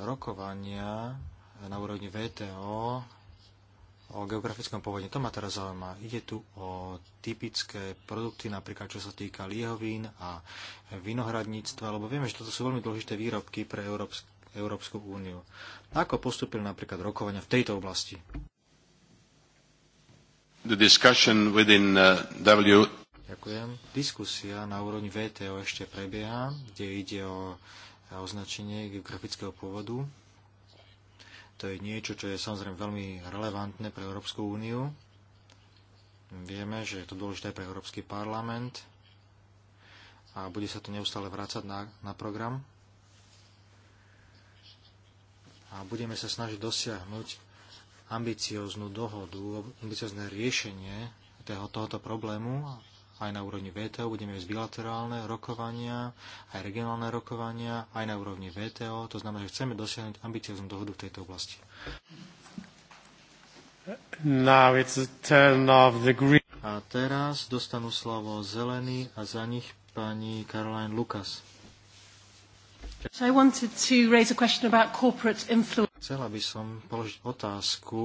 Rokovania na úrovni VTO o geografickom pôvodne. To ma teraz zaujíma. Ide tu o typické produkty, napríklad čo sa týka liehovín a vinohradníctva, lebo vieme, že toto sú veľmi dôležité výrobky pre Európs- Európsku úniu. Ako postupili napríklad rokovania v tejto oblasti? The discussion within uh, w Ďakujem. Diskusia na úrovni VTO ešte prebieha, kde ide o označenie geografického pôvodu. To je niečo, čo je samozrejme veľmi relevantné pre Európsku úniu. Vieme, že je to dôležité pre Európsky parlament a bude sa to neustále vrácať na, na program. A budeme sa snažiť dosiahnuť ambicióznu dohodu, ambiciozne riešenie tohoto problému aj na úrovni VTO, budeme viesť bilaterálne rokovania, aj regionálne rokovania, aj na úrovni VTO. To znamená, že chceme dosiahnuť ambicioznú dohodu v tejto oblasti. A teraz dostanú slovo zelený a za nich pani Caroline Lucas. Chcela by som položiť otázku,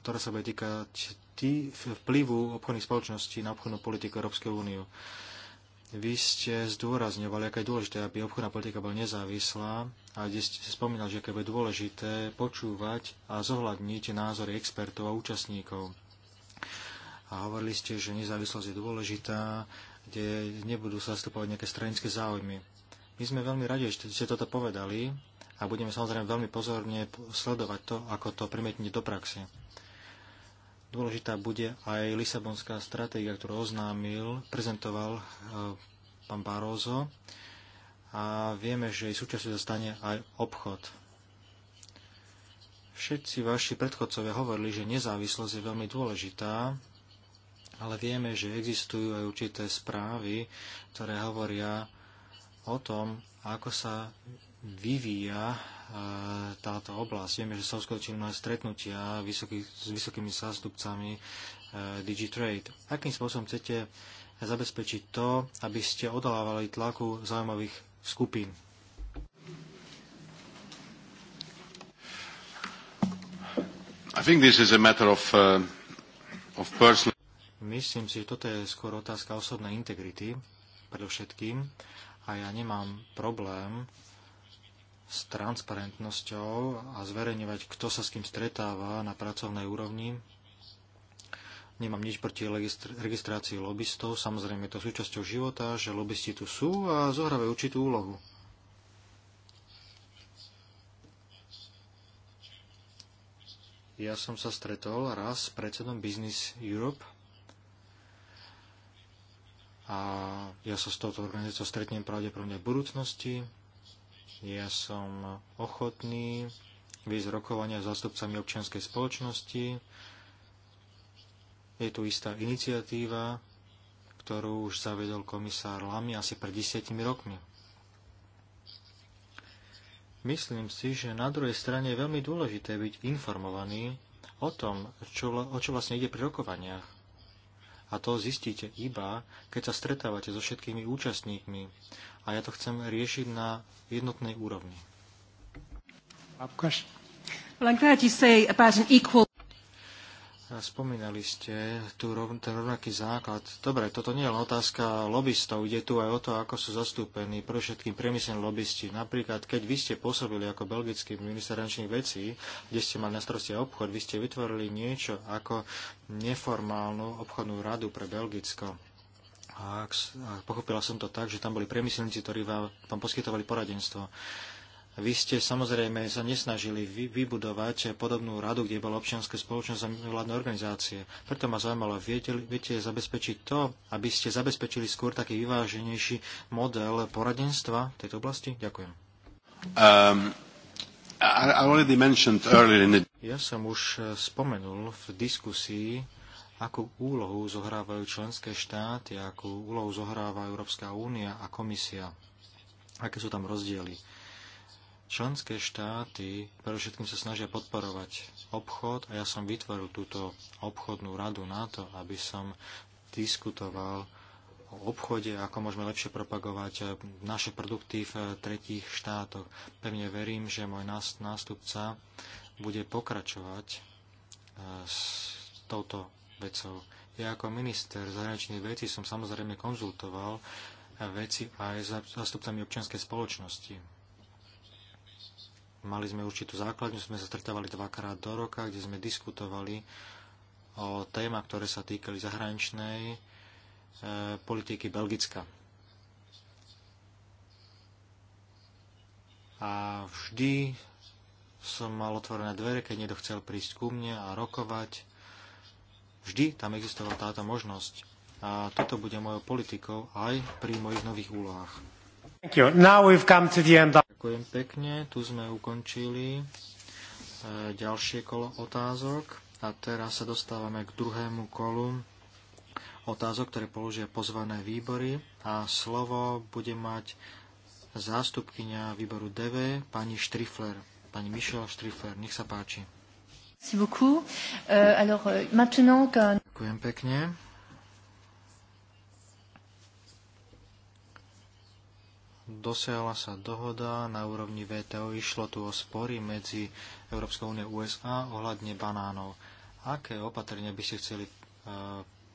ktorá sa bude týkať vplyvu obchodných spoločností na obchodnú politiku Európskej úniu. Vy ste zdôrazňovali, aké je dôležité, aby obchodná politika bola nezávislá a kde ste spomínali, že aké je dôležité počúvať a zohľadniť názory expertov a účastníkov. A hovorili ste, že nezávislosť je dôležitá, kde nebudú sa zastupovať nejaké stranické záujmy. My sme veľmi radi, že ste toto povedali a budeme samozrejme veľmi pozorne sledovať to, ako to primetniť do praxe dôležitá bude aj Lisabonská stratégia, ktorú oznámil, prezentoval e, pán Barózo a vieme, že jej súčasťou sa stane aj obchod. Všetci vaši predchodcovia hovorili, že nezávislosť je veľmi dôležitá, ale vieme, že existujú aj určité správy, ktoré hovoria o tom, ako sa vyvíja e, táto oblasť. Vieme, že sa uskutočili mnohé stretnutia vysoký, s vysokými zástupcami e, Digitrade. Akým spôsobom chcete zabezpečiť to, aby ste odolávali tlaku zaujímavých skupín? I think this is a matter of, uh, of personal... Myslím si, že toto je skôr otázka osobnej integrity, predovšetkým, a ja nemám problém s transparentnosťou a zverejňovať, kto sa s kým stretáva na pracovnej úrovni. Nemám nič proti registrácii lobbystov, samozrejme je to súčasťou života, že lobbysti tu sú a zohrávajú určitú úlohu. Ja som sa stretol raz s predsedom Business Europe a ja sa s touto organizáciou stretnem pravdepodobne v budúcnosti ja som ochotný viesť rokovania s zástupcami občianskej spoločnosti. Je tu istá iniciatíva, ktorú už zavedol komisár Lamy asi pred desiatimi rokmi. Myslím si, že na druhej strane je veľmi dôležité byť informovaný o tom, čo, o čo vlastne ide pri rokovaniach. A to zistíte iba, keď sa stretávate so všetkými účastníkmi. A ja to chcem riešiť na jednotnej úrovni. an equal spomínali ste tu rovn, ten rovnaký základ. Dobre, toto nie je len otázka lobbystov, ide tu aj o to, ako sú zastúpení pre všetkým priemyselní lobbysti. Napríklad, keď vy ste pôsobili ako belgický minister rančných vecí, kde ste mali na starosti obchod, vy ste vytvorili niečo ako neformálnu obchodnú radu pre Belgicko. A, ak, a pochopila som to tak, že tam boli priemyselníci, ktorí vám, vám poskytovali poradenstvo. Vy ste samozrejme sa nesnažili vybudovať podobnú radu, kde bola občianská spoločnosť a vládne organizácie. Preto ma zaujímalo, viete, viete zabezpečiť to, aby ste zabezpečili skôr taký vyváženejší model poradenstva v tejto oblasti? Ďakujem. Um, Ja som už eh, spomenul v diskusii, akú úlohu zohrávajú členské štáty, akú úlohu zohráva Európska únia a komisia. Aké sú tam rozdiely? Členské štáty predovšetkým sa snažia podporovať obchod a ja som vytvoril túto obchodnú radu na to, aby som diskutoval o obchode, ako môžeme lepšie propagovať eh, naše produkty v eh, tretích štátoch. Pevne verím, že môj nástupca bude pokračovať eh, s touto vecou. Ja ako minister zahraničných vecí som samozrejme konzultoval veci aj s zástupcami občianskej spoločnosti. Mali sme určitú základňu, sme sa stretávali dvakrát do roka, kde sme diskutovali o témach, ktoré sa týkali zahraničnej e, politiky Belgicka. A vždy som mal otvorené dvere, keď niekto chcel prísť ku mne a rokovať. Vždy tam existovala táto možnosť. A toto bude mojou politikou aj pri mojich nových úlohách. Ďakujem pekne, tu sme ukončili e, ďalšie kolo otázok a teraz sa dostávame k druhému kolu otázok, ktoré položia pozvané výbory a slovo bude mať zástupkynia výboru DV, pani Štrifler, pani Michelle Štrifler, nech sa páči. Euh, euh, Ďakujem pekne. dosiahla sa dohoda na úrovni VTO. Išlo tu o spory medzi Európskou úniou a USA ohľadne banánov. Aké opatrenia by ste chceli e,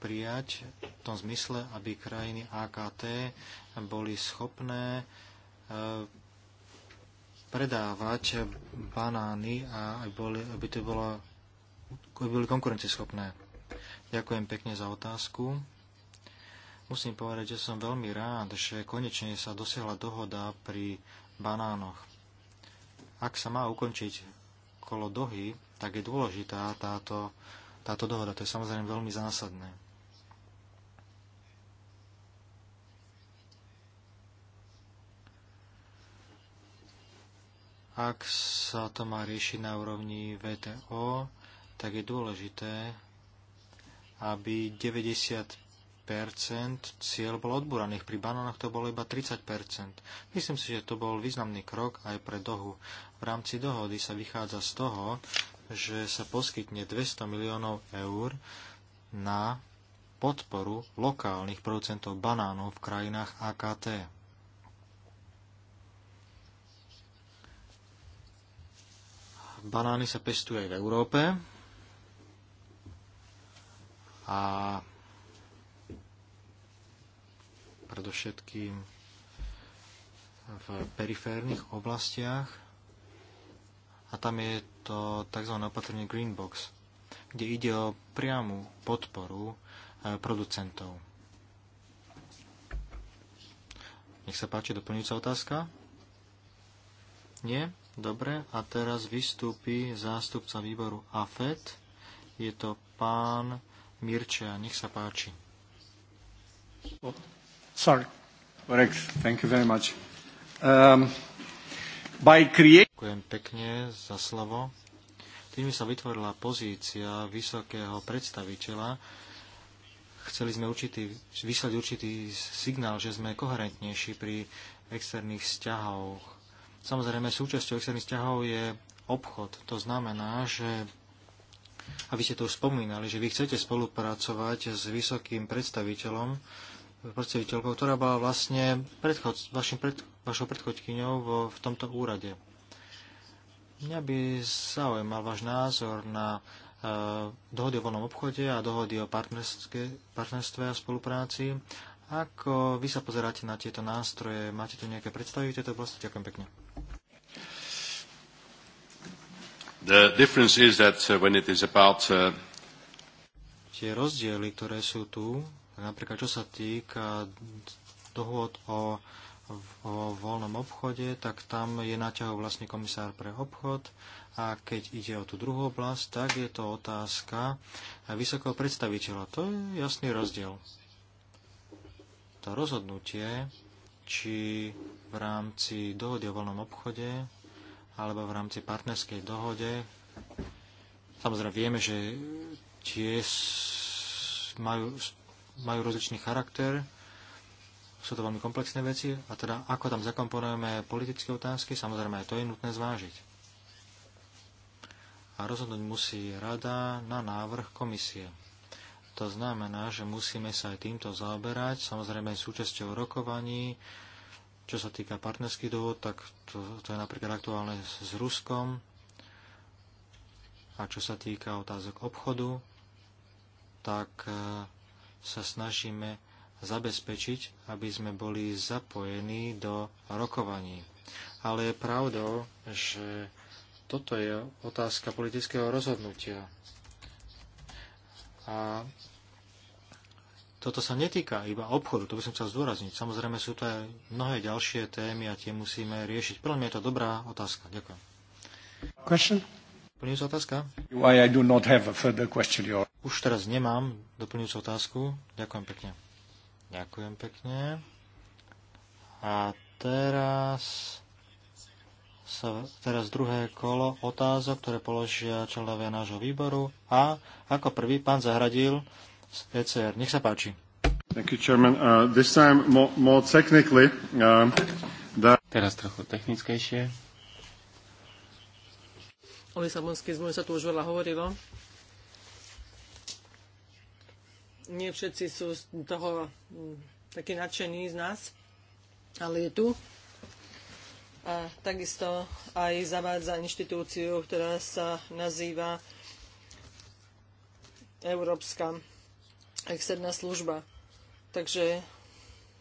prijať v tom zmysle, aby krajiny AKT boli schopné e, predávať banány a aby, aby to bolo aby boli konkurencieschopné. Ďakujem pekne za otázku. Musím povedať, že som veľmi rád, že konečne sa dosiahla dohoda pri banánoch. Ak sa má ukončiť kolo dohy, tak je dôležitá táto, táto dohoda. To je samozrejme veľmi zásadné. Ak sa to má riešiť na úrovni VTO, tak je dôležité, aby cieľ bol odburaných, pri banánoch to bolo iba 30 Myslím si, že to bol významný krok aj pre dohu. V rámci dohody sa vychádza z toho, že sa poskytne 200 miliónov eur na podporu lokálnych producentov banánov v krajinách AKT. Banány sa pestujú aj v Európe a predovšetkým v periférnych oblastiach a tam je to tzv. opatrenie Green Box, kde ide o priamu podporu e, producentov. Nech sa páči, doplňujúca otázka? Nie? Dobre, a teraz vystúpi zástupca výboru AFET. Je to pán Mirče, nech sa páči. Sorry. Correct. Thank you very much. Um, by Ďakujem pekne za slovo. Tým sa vytvorila pozícia vysokého predstaviteľa. Chceli sme určitý, vyslať určitý signál, že sme koherentnejší pri externých vzťahoch. Samozrejme, súčasťou externých vzťahov je obchod. To znamená, že a vy ste to už spomínali, že vy chcete spolupracovať s vysokým predstaviteľom predstaviteľkou, ktorá bola vlastne predchod, vašim pred, vašou predchodkyňou vo, v tomto úrade. Mňa by zaujímal váš názor na uh, dohody o voľnom obchode a dohody o partnerstve a spolupráci. Ako vy sa pozeráte na tieto nástroje? Máte tu nejaké predstavy v tejto oblasti? Ďakujem pekne. The difference is that eh, when it is about, uh... Tie rozdiely, ktoré sú tu Napríklad, čo sa týka dohôd o, o voľnom obchode, tak tam je na ťahu vlastne komisár pre obchod a keď ide o tú druhú oblasť, tak je to otázka vysokého predstaviteľa. To je jasný rozdiel. To rozhodnutie, či v rámci dohody o voľnom obchode alebo v rámci partnerskej dohode, samozrejme vieme, že tie majú majú rozličný charakter, sú to veľmi komplexné veci a teda ako tam zakomponujeme politické otázky, samozrejme aj to je nutné zvážiť. A rozhodnúť musí rada na návrh komisie. To znamená, že musíme sa aj týmto zaoberať, samozrejme aj súčasťou rokovaní, čo sa týka partnerských dohod, tak to, to je napríklad aktuálne s Ruskom. A čo sa týka otázok obchodu, tak eh, sa snažíme zabezpečiť, aby sme boli zapojení do rokovaní. Ale je pravdou, že toto je otázka politického rozhodnutia. A toto sa netýka iba obchodu, to by som chcel zdôrazniť. Samozrejme sú to aj mnohé ďalšie témy a tie musíme riešiť. Prvom mňa je to dobrá otázka. Ďakujem. Question? Doplňujúca otázka? Why I do not have a further question, your... Už teraz nemám doplňujúcu otázku. Ďakujem pekne. Ďakujem pekne. A teraz sa teraz druhé kolo otázok, ktoré položia členovia nášho výboru. A ako prvý pán Zahradil z ECR. Nech sa páči. Thank you, Chairman. Uh, this time more, more technically, uh, that... Teraz trochu technickejšie O Lisabonskej zmluve sa tu už veľa hovorilo. Nie všetci sú z toho mm, takí nadšení z nás, ale je tu. A takisto aj zavádza inštitúciu, ktorá sa nazýva Európska externá služba. Takže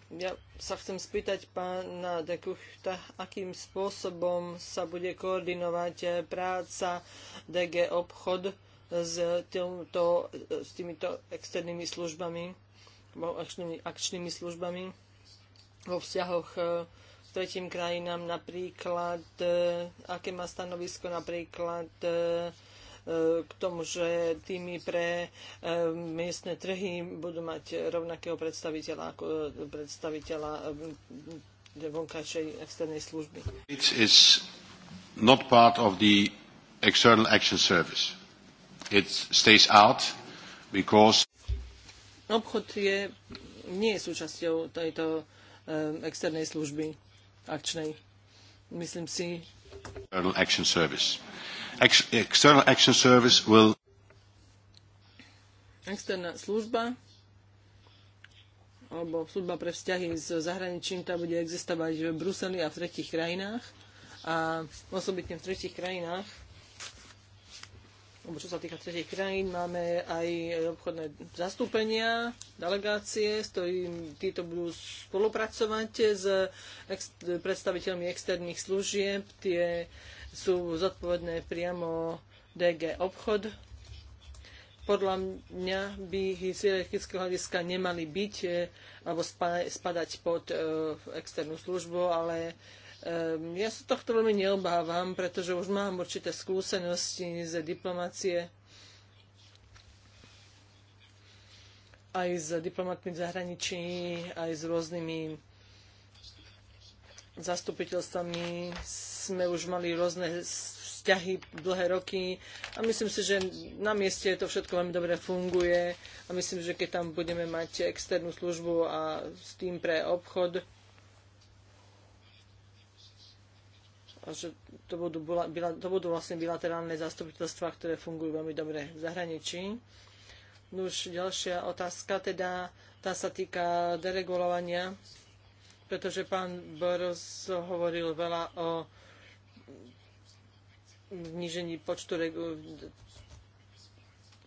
ja sa chcem spýtať pána Dekuchta, akým spôsobom sa bude koordinovať práca DG obchod s, týmto, s týmito externými službami, akčnými, akčnými službami vo vzťahoch e, s tretím krajinám, napríklad, e, aké má stanovisko napríklad e, k tomu, že týmy pre e, miestne trhy budú mať rovnakého predstaviteľa ako e, predstaviteľa e, vonkajšej externej služby. not part of the external action service. It stays out because Obchod je, nie je súčasťou tejto um, externej služby akčnej. Myslím si. External action service. External Action Service will Externá služba alebo služba pre vzťahy s zahraničím, tá bude existovať v Bruseli a v tretich krajinách a osobitne v tretich krajinách lebo čo sa týka tretich krajín, máme aj obchodné zastúpenia, delegácie, s ktorým títo budú spolupracovať s ex- predstaviteľmi externých služieb. Tie sú zodpovedné priamo DG obchod. Podľa mňa by z hierarchického hľadiska nemali byť e, alebo spadať pod e, externú službu, ale e, ja sa tohto veľmi neobávam, pretože už mám určité skúsenosti z diplomácie aj s diplomatmi v zahraničí, aj s rôznymi zastupiteľstvami sme už mali rôzne vzťahy dlhé roky a myslím si, že na mieste to všetko veľmi dobre funguje a myslím, že keď tam budeme mať externú službu a s tým pre obchod a že to budú, to budú vlastne bilaterálne zastupiteľstva, ktoré fungujú veľmi dobre v zahraničí. No už ďalšia otázka, teda tá sa týka deregulovania pretože pán Boros hovoril veľa o znižení počtu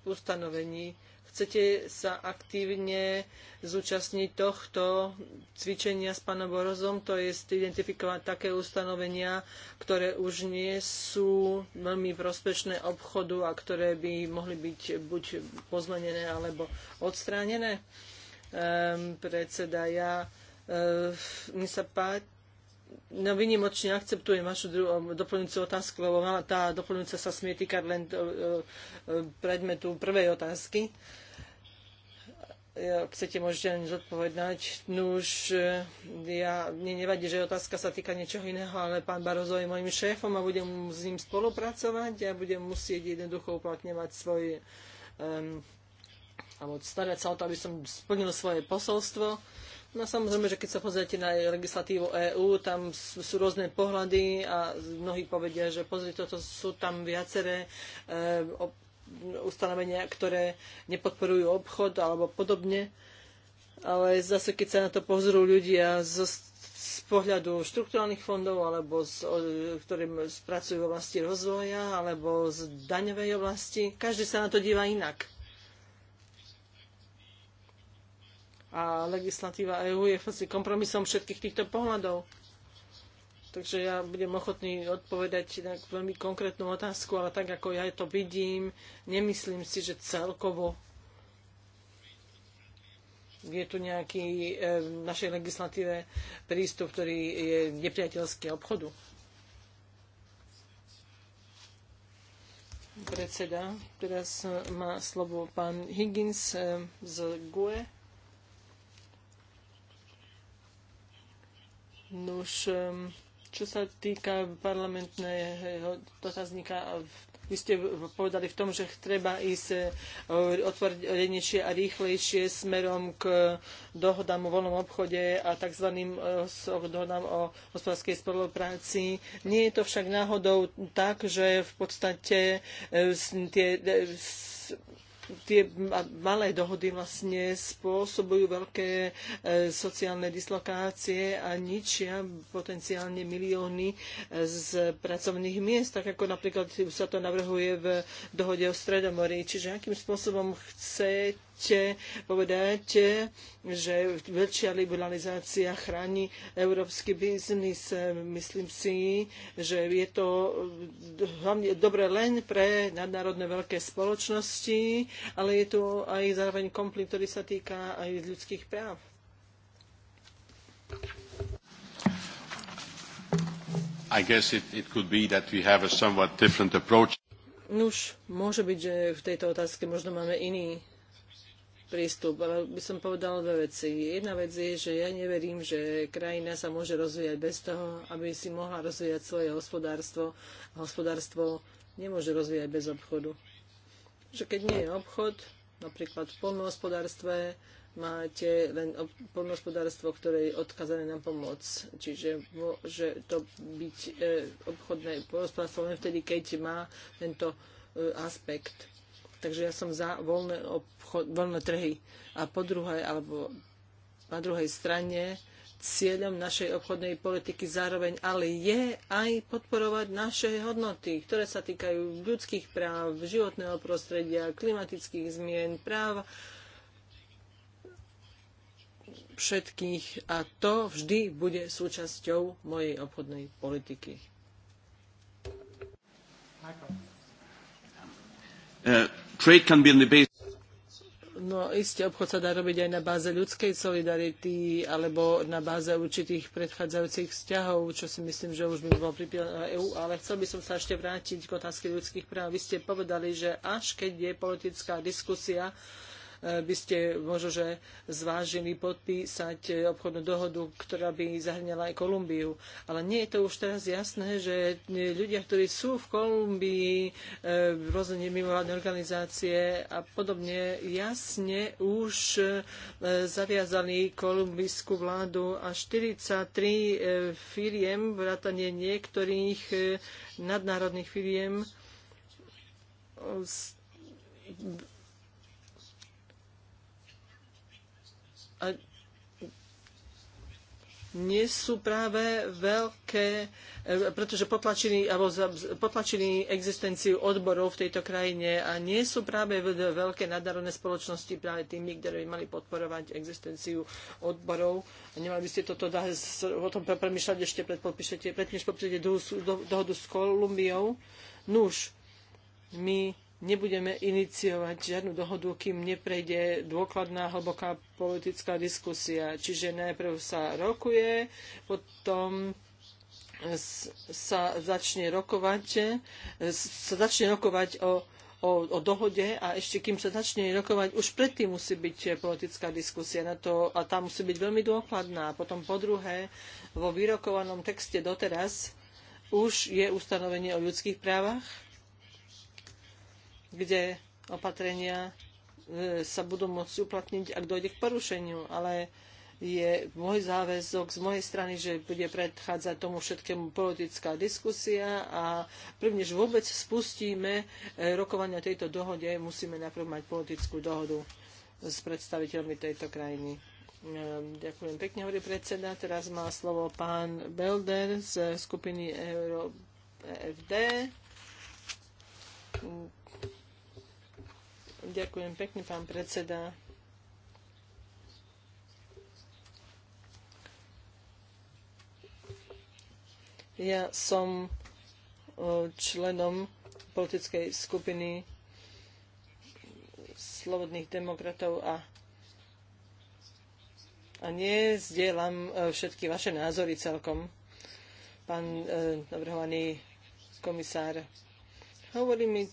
ustanovení. Chcete sa aktívne zúčastniť tohto cvičenia s pánom Borozom, to je identifikovať také ustanovenia, ktoré už nie sú veľmi prospešné obchodu a ktoré by mohli byť buď pozmenené alebo odstránené? Um, predseda, ja Eh, mi sa páči, no vynimočne akceptujem vašu eh, doplňujúcu otázku, lebo tá doplňujúca sa smie týkať len eh, predmetu prvej otázky. Ak chcete, môžete len zodpovedať. No už ja, mne nevadí, že otázka sa týka niečoho iného, ale pán Barozo je môjim šéfom a budem s ním spolupracovať a budem musieť jednoducho uplatňovať svoj um, alebo starať sa o to, aby som splnil svoje posolstvo No samozrejme, že keď sa pozriete na legislatívu EÚ, tam sú rôzne pohľady a mnohí povedia, že pozrite, toto sú tam viaceré e, ob, ustanovenia, ktoré nepodporujú obchod alebo podobne. Ale zase, keď sa na to pozrú ľudia z, z pohľadu štrukturálnych fondov alebo z, o, ktorým pracujú v oblasti rozvoja alebo z daňovej oblasti, každý sa na to díva inak. a legislatíva EÚ je vlastne kompromisom všetkých týchto pohľadov. Takže ja budem ochotný odpovedať na veľmi konkrétnu otázku, ale tak ako ja to vidím, nemyslím si, že celkovo je tu nejaký e, v našej legislatíve prístup, ktorý je nepriateľský obchodu. Predseda, teraz má slovo pán Higgins e, z GUE. Nuž, čo sa týka parlamentného dotazníka, vy ste povedali v tom, že treba ísť e, otvorenejšie a rýchlejšie smerom k dohodám o voľnom obchode a tzv. E, dohodám o hospodárskej spolupráci. Nie je to však náhodou tak, že v podstate e, tie tie malé dohody vlastne spôsobujú veľké e, sociálne dislokácie a ničia potenciálne milióny e, z pracovných miest, tak ako napríklad sa to navrhuje v dohode o Stredomorí. Čiže akým spôsobom chcete chcete povedať, že väčšia liberalizácia chráni európsky biznis. Myslím si, že je to hlavne dobre len pre nadnárodné veľké spoločnosti, ale je tu aj zároveň konflikt, ktorý sa týka aj ľudských práv. I guess it, it could be that we have a somewhat different approach. Nuž, môže byť, že v tejto otázke možno máme iný prístup, ale by som povedala dve veci. Jedna vec je, že ja neverím, že krajina sa môže rozvíjať bez toho, aby si mohla rozvíjať svoje hospodárstvo. A hospodárstvo nemôže rozvíjať bez obchodu. Že keď nie je obchod, napríklad v polnohospodárstve, máte len poľnohospodárstvo, ktoré je odkazané na pomoc. Čiže môže to byť e, obchodné polnohospodárstvo len vtedy, keď má tento e, aspekt. Takže ja som za voľné, obchod, voľné trhy. A po druhej, alebo na druhej strane, cieľom našej obchodnej politiky zároveň, ale je aj podporovať naše hodnoty, ktoré sa týkajú ľudských práv, životného prostredia, klimatických zmien, práv všetkých a to vždy bude súčasťou mojej obchodnej politiky. Michael. Uh. Trade can be on the basis No isté, obchod sa dá robiť aj na báze ľudskej solidarity alebo na báze určitých predchádzajúcich vzťahov, čo si myslím, že už by bolo na EÚ. Ale chcel by som sa ešte vrátiť k otázke ľudských práv. Vy ste povedali, že až keď je politická diskusia, by ste možno, že zvážili podpísať eh, obchodnú dohodu, ktorá by zahrňala aj Kolumbiu. Ale nie je to už teraz jasné, že eh, ľudia, ktorí sú v Kolumbii, eh, rôzne mimovládne organizácie a podobne, jasne už zaviazali kolumbijskú vládu a 43 firiem, vrátanie niektorých nadnárodných firiem, nie sú práve veľké, e, pretože potlačili, alebo potlačili existenciu odborov v tejto krajine a nie sú práve veľké nadárodné spoločnosti práve tými, ktoré by mali podporovať existenciu odborov. A nemali by ste toto dá, o tom premyšľať ešte pred, podpíšete, pred než podpíšete dohodu s Kolumbiou. Nuž, my nebudeme iniciovať žiadnu dohodu, kým neprejde dôkladná, hlboká politická diskusia. Čiže najprv sa rokuje, potom sa začne rokovať, sa začne rokovať o, o, o dohode a ešte kým sa začne rokovať, už predtým musí byť politická diskusia na to a tá musí byť veľmi dôkladná. Potom po druhé, vo vyrokovanom texte doteraz už je ustanovenie o ľudských právach, kde opatrenia e, sa budú môcť uplatniť, ak dojde k porušeniu, ale je môj záväzok z mojej strany, že bude predchádzať tomu všetkému politická diskusia a prvnež vôbec spustíme e, rokovania tejto dohode, musíme najprv mať politickú dohodu s predstaviteľmi tejto krajiny. E, ďakujem pekne, hovorí predseda. Teraz má slovo pán Belder z skupiny Euro EFD. Ďakujem pekne, pán predseda. Ja som e, členom politickej skupiny slobodných demokratov a, a nezdielam e, všetky vaše názory celkom, pán e, navrhovaný komisár. Hovorí mi,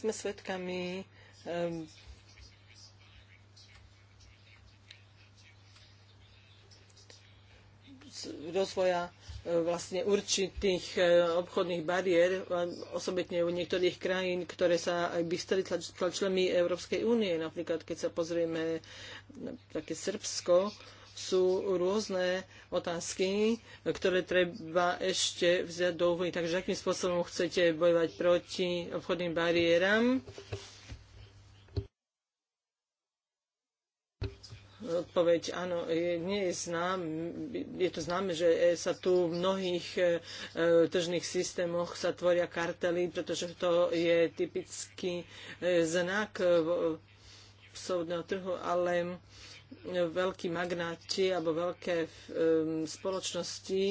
sme svedkami um, rozvoja e, vlastne určitých e, obchodných bariér, osobitne u niektorých krajín, ktoré sa aj by stali členmi Európskej únie. Napríklad, keď sa pozrieme na také Srbsko, sú rôzne otázky, ktoré treba ešte vziať do úvahy. Takže akým spôsobom chcete bojovať proti obchodným bariéram? Odpoveď áno, je, nie je znám, je to známe, že sa tu v mnohých e, tržných systémoch sa tvoria kartely, pretože to je typický e, znak e, v, v trhu, ale veľkí magnáti alebo veľké um, spoločnosti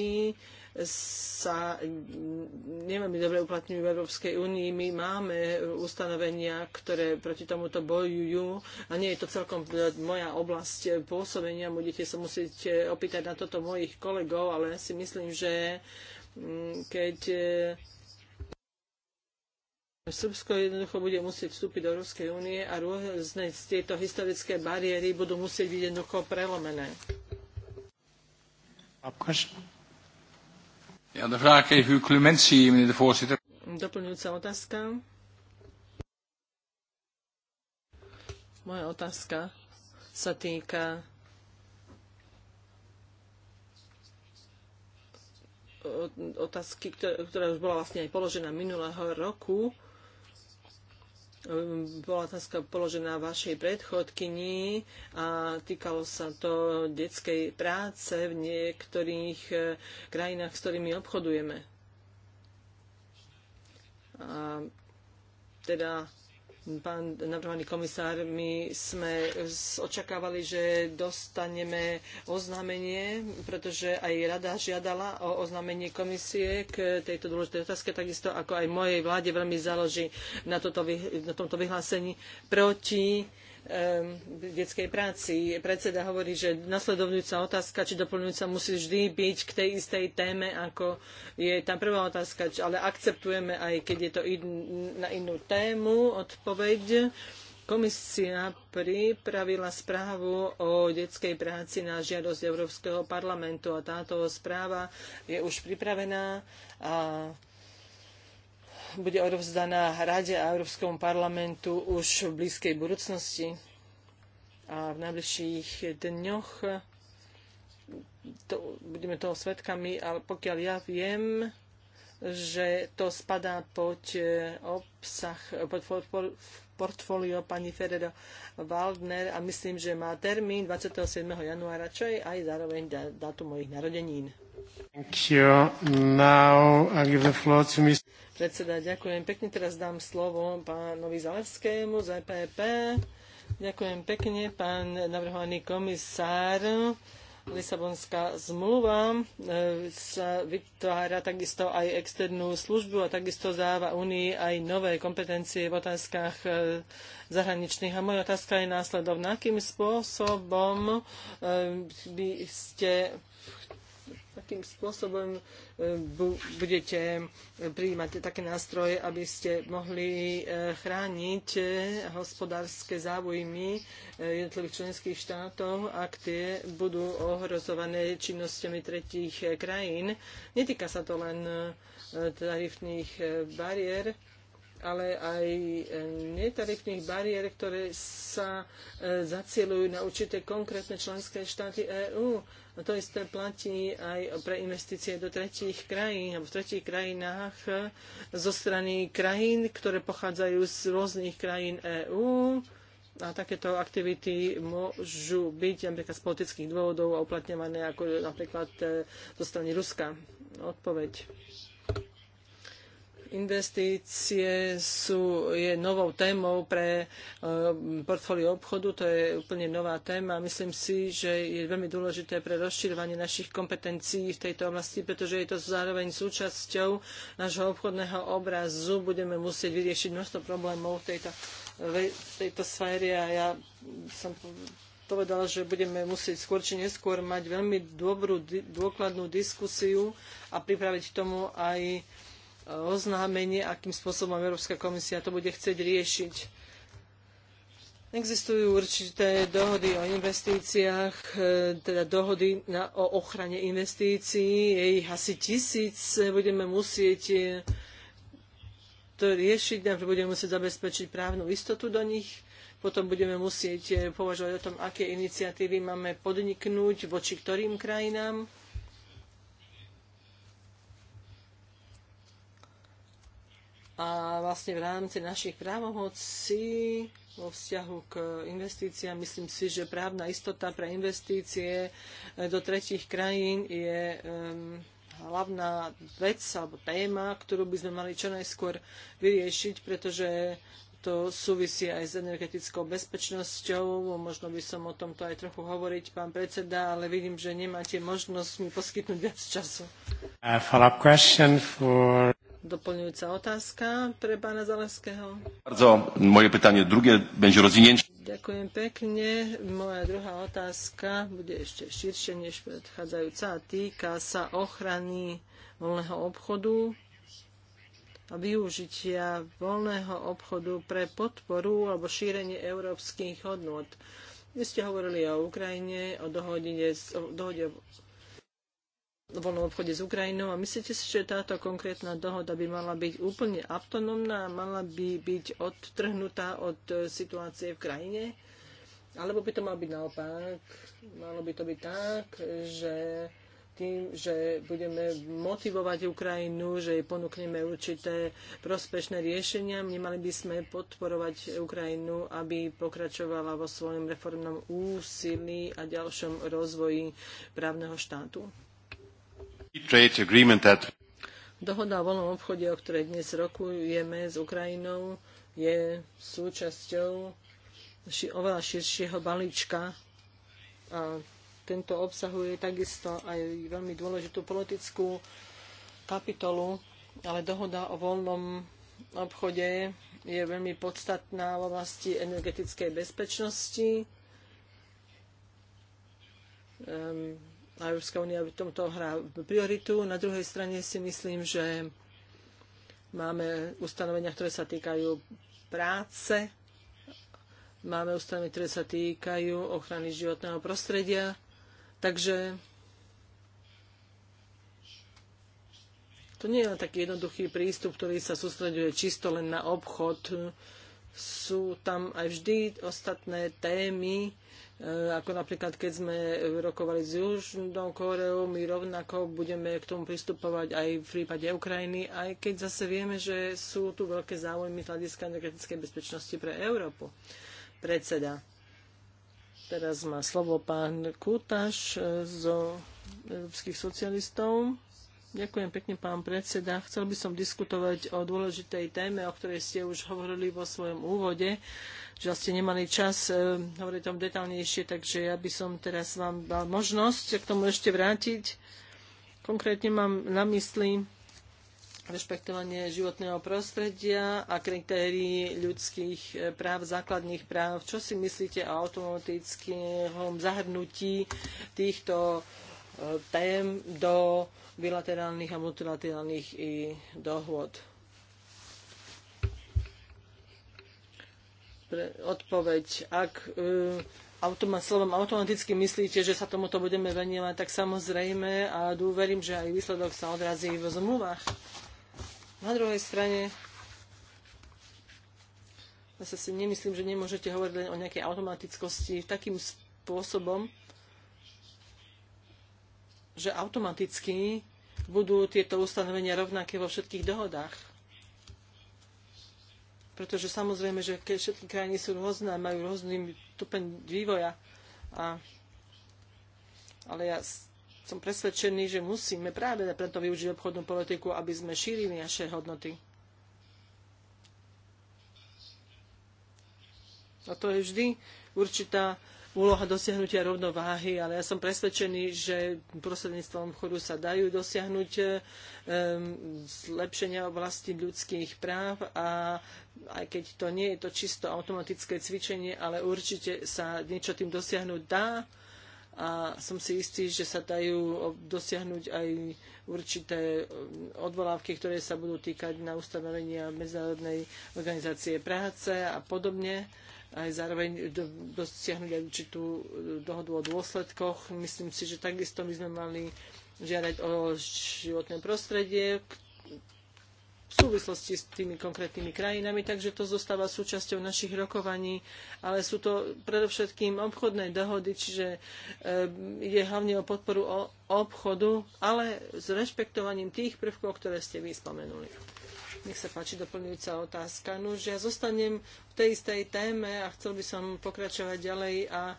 sa neveľmi dobre uplatňujú v Európskej únii. My máme ustanovenia, ktoré proti tomuto bojujú a nie je to celkom moja oblasť pôsobenia. Budete sa musieť eh, opýtať na toto mojich kolegov, ale si myslím, že mm, keď eh, Srbsko jednoducho bude musieť vstúpiť do Európskej únie a rôzne tieto historické bariéry budú musieť byť jednoducho prelomené. Ja, de vraag even uw clementie, meneer de voorzitter. Doplňujúca otázka. Moja otázka sa týka otázky, ktorá už bola vlastne aj položená minulého roku Ehm, bola otázka položená vašej predchodkyni a týkalo sa to detskej práce v niektorých eh, krajinách, s ktorými obchodujeme. A teda pán navrhovaný komisár, my sme očakávali, že dostaneme oznámenie, pretože aj rada žiadala o oznámenie komisie k tejto dôležitej otázke, takisto ako aj mojej vláde veľmi záleží na, toto, na tomto vyhlásení proti v detskej práci. Predseda hovorí, že nasledovujúca otázka či doplňujúca musí vždy byť k tej istej téme, ako je tá prvá otázka, ale akceptujeme aj keď je to in, na inú tému odpoveď. Komisia pripravila správu o detskej práci na žiadosť Európskeho parlamentu a táto správa je už pripravená a bude odovzdaná Rade a Európskom parlamentu už v blízkej budúcnosti a v najbližších dňoch to, budeme toho svetkami, ale pokiaľ ja viem, že to spadá pod eh, obsah, pod portfólio pani Ferrero Waldner a myslím, že má termín 27. januára, čo je aj zároveň dátum mojich narodenín. Thank you. Now I give the floor to Ms. Predseda, ďakujem pekne. Teraz dám slovo pánovi Zalevskému z EPP. Ďakujem pekne, pán navrhovaný komisár. Lisabonská zmluva e, sa vytvára takisto aj externú službu a takisto dáva Únii aj nové kompetencie v otázkach e, zahraničných. A moja otázka je následovná. Akým spôsobom e, by ste akým spôsobom e, budete e, prijímať také nástroje, aby ste mohli e, chrániť hospodárske záujmy jednotlivých členských štátov, ak tie budú ohrozované činnosťami tretích krajín. Netýka sa to len tarifných bariér, ale aj e, netarifných bariér, ktoré sa e, zacielujú na určité konkrétne členské štáty EÚ. A to isté platí aj pre investície do tretích krajín, alebo v tretích krajinách e, zo strany krajín, ktoré pochádzajú z rôznych krajín EÚ. A takéto aktivity môžu byť napríklad z politických dôvodov a uplatňované ako napríklad zo strany Ruska. Odpoveď. Investície sú, je novou témou pre eh, portfólio obchodu, to je úplne nová téma. Myslím si, že je veľmi dôležité pre rozširovanie našich kompetencií v tejto oblasti, pretože je to zároveň súčasťou nášho obchodného obrazu. Budeme musieť vyriešiť množstvo problémov v tejto, v tejto sfére a ja som povedala, že budeme musieť skôr či neskôr mať veľmi dobrú, dôkladnú diskusiu a pripraviť k tomu aj oznámenie, akým spôsobom Európska komisia to bude chcieť riešiť. Existujú určité dohody o investíciách, e, teda dohody na, o ochrane investícií. Je ich asi tisíc. Budeme musieť e, to riešiť, najprv budeme musieť zabezpečiť právnu istotu do nich, potom budeme musieť e, považovať o tom, aké iniciatívy máme podniknúť, voči ktorým krajinám a vlastne v rámci našich právomocí vo vzťahu k investíciám. Myslím si, že právna istota pre investície eh, do tretich krajín je um, hlavná vec alebo téma, ktorú by sme mali čo najskôr vyriešiť, pretože to súvisí aj s energetickou bezpečnosťou. Možno by som o tomto aj trochu hovoriť, pán predseda, ale vidím, že nemáte možnosť mi poskytnúť viac času. For doplňujúca otázka pre pána Zaleského. Bardzo, moje pytanie druhé będzie rozwinięcie. Ďakujem pekne. Moja druhá otázka bude ešte širšie než predchádzajúca a týka sa ochrany voľného obchodu a využitia voľného obchodu pre podporu alebo šírenie európskych hodnot. Vy ste hovorili o Ukrajine, o dohode, o dohode voľnom obchode s Ukrajinou. A myslíte si, že táto konkrétna dohoda by mala byť úplne autonómna, mala by byť odtrhnutá od e, situácie v krajine? Alebo by to malo byť naopak? Malo by to byť tak, že tým, že budeme motivovať Ukrajinu, že jej ponúkneme určité prospešné riešenia. Nemali by sme podporovať Ukrajinu, aby pokračovala vo svojom reformnom úsilí a ďalšom rozvoji právneho štátu. Dohoda o voľnom obchode, o ktorej dnes rokujeme s Ukrajinou, je súčasťou oveľa širšieho balíčka a tento obsahuje takisto aj veľmi dôležitú politickú kapitolu, ale dohoda o voľnom obchode je veľmi podstatná v oblasti energetickej bezpečnosti. Ehm, a Európska únia v tomto hrá prioritu. Na druhej strane si myslím, že máme ustanovenia, ktoré sa týkajú práce, máme ustanovenia, ktoré sa týkajú ochrany životného prostredia. Takže to nie je len taký jednoduchý prístup, ktorý sa sústreduje čisto len na obchod. Sú tam aj vždy ostatné témy, E, ako napríklad keď sme e, rokovali s Južnou Koreou, my rovnako budeme k tomu pristupovať aj v prípade Ukrajiny, aj keď zase vieme, že sú tu veľké záujmy z hľadiska energetickej bezpečnosti pre Európu. Predseda. Teraz má slovo pán Kútaš e, zo Európskych socialistov. Ďakujem pekne, pán predseda. Chcel by som diskutovať o dôležitej téme, o ktorej ste už hovorili vo svojom úvode že ste vlastne nemali čas e, hovoriť tom detálnejšie, takže ja by som teraz vám dal možnosť k tomu ešte vrátiť. Konkrétne mám na mysli rešpektovanie životného prostredia a kritérií ľudských e, práv, základných práv. Čo si myslíte o automatickom zahrnutí týchto e, tém do bilaterálnych a multilaterálnych dohôd? odpoveď. Ak e, automa, slovom automaticky myslíte, že sa tomuto budeme venovať, tak samozrejme a dúverím, že aj výsledok sa odrazí v zmluvách. Na druhej strane zase si nemyslím, že nemôžete hovoriť len o nejakej automatickosti takým spôsobom, že automaticky budú tieto ustanovenia rovnaké vo všetkých dohodách pretože samozrejme, že keď všetky krajiny sú rôzne, majú rôzny stupeň vývoja. A, ale ja som presvedčený, že musíme práve preto využiť obchodnú politiku, aby sme šírili naše hodnoty. A to je vždy určitá úloha dosiahnutia rovnováhy, ale ja som presvedčený, že prostredníctvom chodu sa dajú dosiahnuť e, zlepšenia oblasti ľudských práv a aj keď to nie je to čisto automatické cvičenie, ale určite sa niečo tým dosiahnuť dá a som si istý, že sa dajú dosiahnuť aj určité odvolávky, ktoré sa budú týkať na ustanovenia Medzinárodnej organizácie práce a podobne aj zároveň dosiahnuť aj určitú e, dohodu o dôsledkoch. Myslím si, že takisto my sme mali žiadať o životné prostredie v súvislosti s tými konkrétnymi krajinami, takže to zostáva súčasťou našich rokovaní, ale sú to predovšetkým obchodné dohody, čiže e, ide hlavne o podporu obchodu, ale s rešpektovaním tých prvkov, ktoré ste vy spomenuli. Nech sa páči doplňujúca otázka. No, že ja zostanem v tej istej téme a chcel by som pokračovať ďalej a e,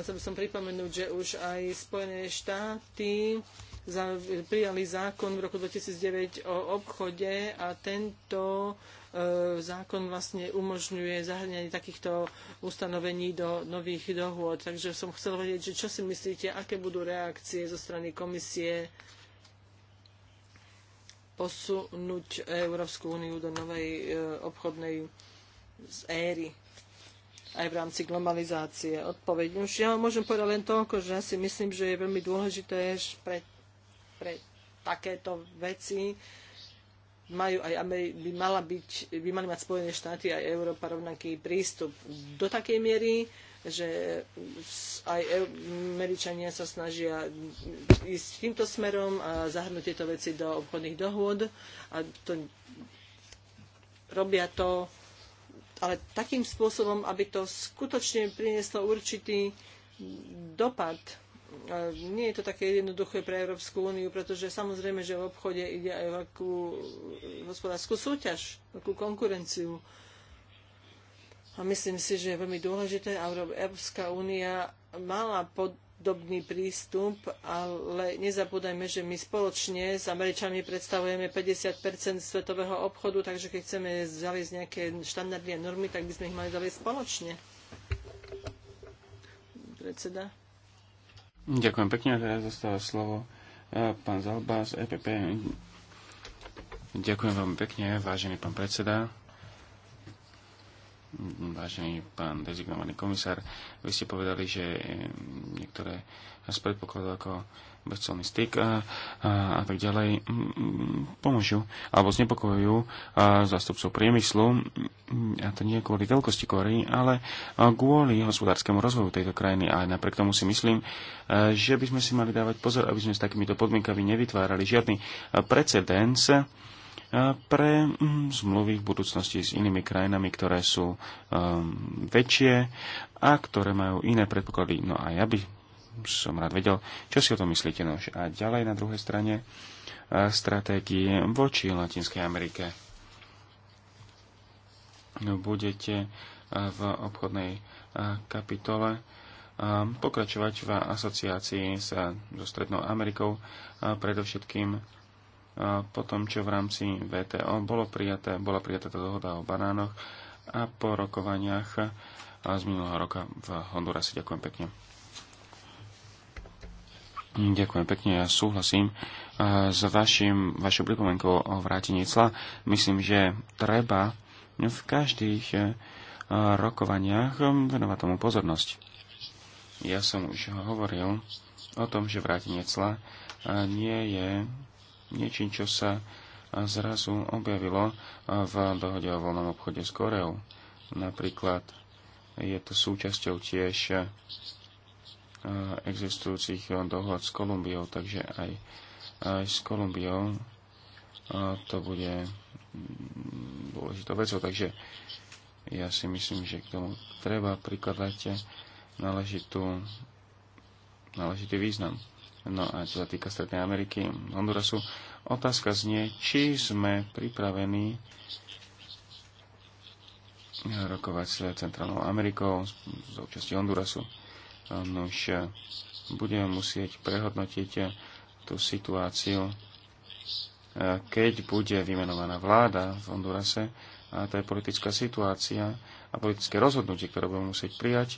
chcel by som pripomenúť, že už aj Spojené štáty za, prijali zákon v roku 2009 o obchode a tento e, zákon vlastne umožňuje zahrňanie takýchto ustanovení do nových dohôd. Takže som chcel vedieť, že čo si myslíte, aké budú reakcie zo strany komisie posunúť Európsku úniu do novej e, obchodnej éry aj v rámci globalizácie. Odpoveď. Už ja môžem povedať len toľko, že ja si myslím, že je veľmi dôležité pre, pre takéto veci majú aj, by, mala byť, by mali mať Spojené štáty aj Európa rovnaký prístup do takej miery, že aj e- Američania sa snažia ísť týmto smerom a zahrnúť tieto veci do obchodných dohôd. A to, robia to ale takým spôsobom, aby to skutočne prinieslo určitý dopad nie je to také jednoduché pre Európsku úniu, pretože samozrejme, že v obchode ide aj o hospodárskú súťaž, akú konkurenciu. A myslím si, že je veľmi dôležité, aby Európska únia mala pod podobný prístup, ale nezabúdajme, že my spoločne s Američanmi predstavujeme 50 svetového obchodu, takže keď chceme zaviesť nejaké štandardné normy, tak by sme ich mali zaviesť spoločne. Predseda. Ďakujem pekne, teraz zostáva slovo e, pán Zalba z EPP. Ďakujem veľmi pekne, vážený pán predseda vážený pán dezignovaný komisár, vy ste povedali, že eh, niektoré z predpokladov ako bezcelný styk a, eh, a, a tak ďalej mm, mm, pomôžu alebo znepokojujú eh, zástupcov priemyslu mm, a to nie kvôli veľkosti Kóry, ale kvôli hospodárskému rozvoju tejto krajiny a aj napriek tomu si myslím, že by sme si mali dávať pozor, aby sme s takýmito podmienkami nevytvárali žiadny precedens, pre mm, zmluvy v budúcnosti s inými krajinami, ktoré sú ehm, väčšie a ktoré majú iné predpoklady. No a ja by som rád vedel, čo si o tom myslíte. No a ďalej na druhej strane e, stratégie voči Latinskej Amerike. No, budete e, v obchodnej e, kapitole pokračovať v asociácii sa, so Strednou Amerikou, predovšetkým po tom, čo v rámci VTO bolo prijaté, bola prijatá tá dohoda o banánoch a po rokovaniach z minulého roka v Hondurase. Ďakujem pekne. Ďakujem pekne, ja súhlasím s vašim, vašou pripomenkou o vrátení cla. Myslím, že treba v každých e, rokovaniach venovať tomu pozornosť. Ja som už hovoril o tom, že vrátenie cla e, nie je niečím, čo sa zrazu objavilo v dohode o voľnom obchode s Koreou. Napríklad je to súčasťou tiež e, existujúcich dohod s Kolumbiou, takže aj, aj s Kolumbiou e, to bude dôležitou vecou. Takže ja si myslím, že k tomu treba prikladať náležitú, náležitý význam no a čo sa týka Strednej Ameriky, Hondurasu, otázka znie, či sme pripravení rokovať s Centrálnou Amerikou z účasti Hondurasu. No už eh, budeme musieť prehodnotiť eh, tú situáciu, eh, keď bude vymenovaná vláda v Hondurase, a to je politická situácia a politické rozhodnutie, ktoré budeme musieť prijať,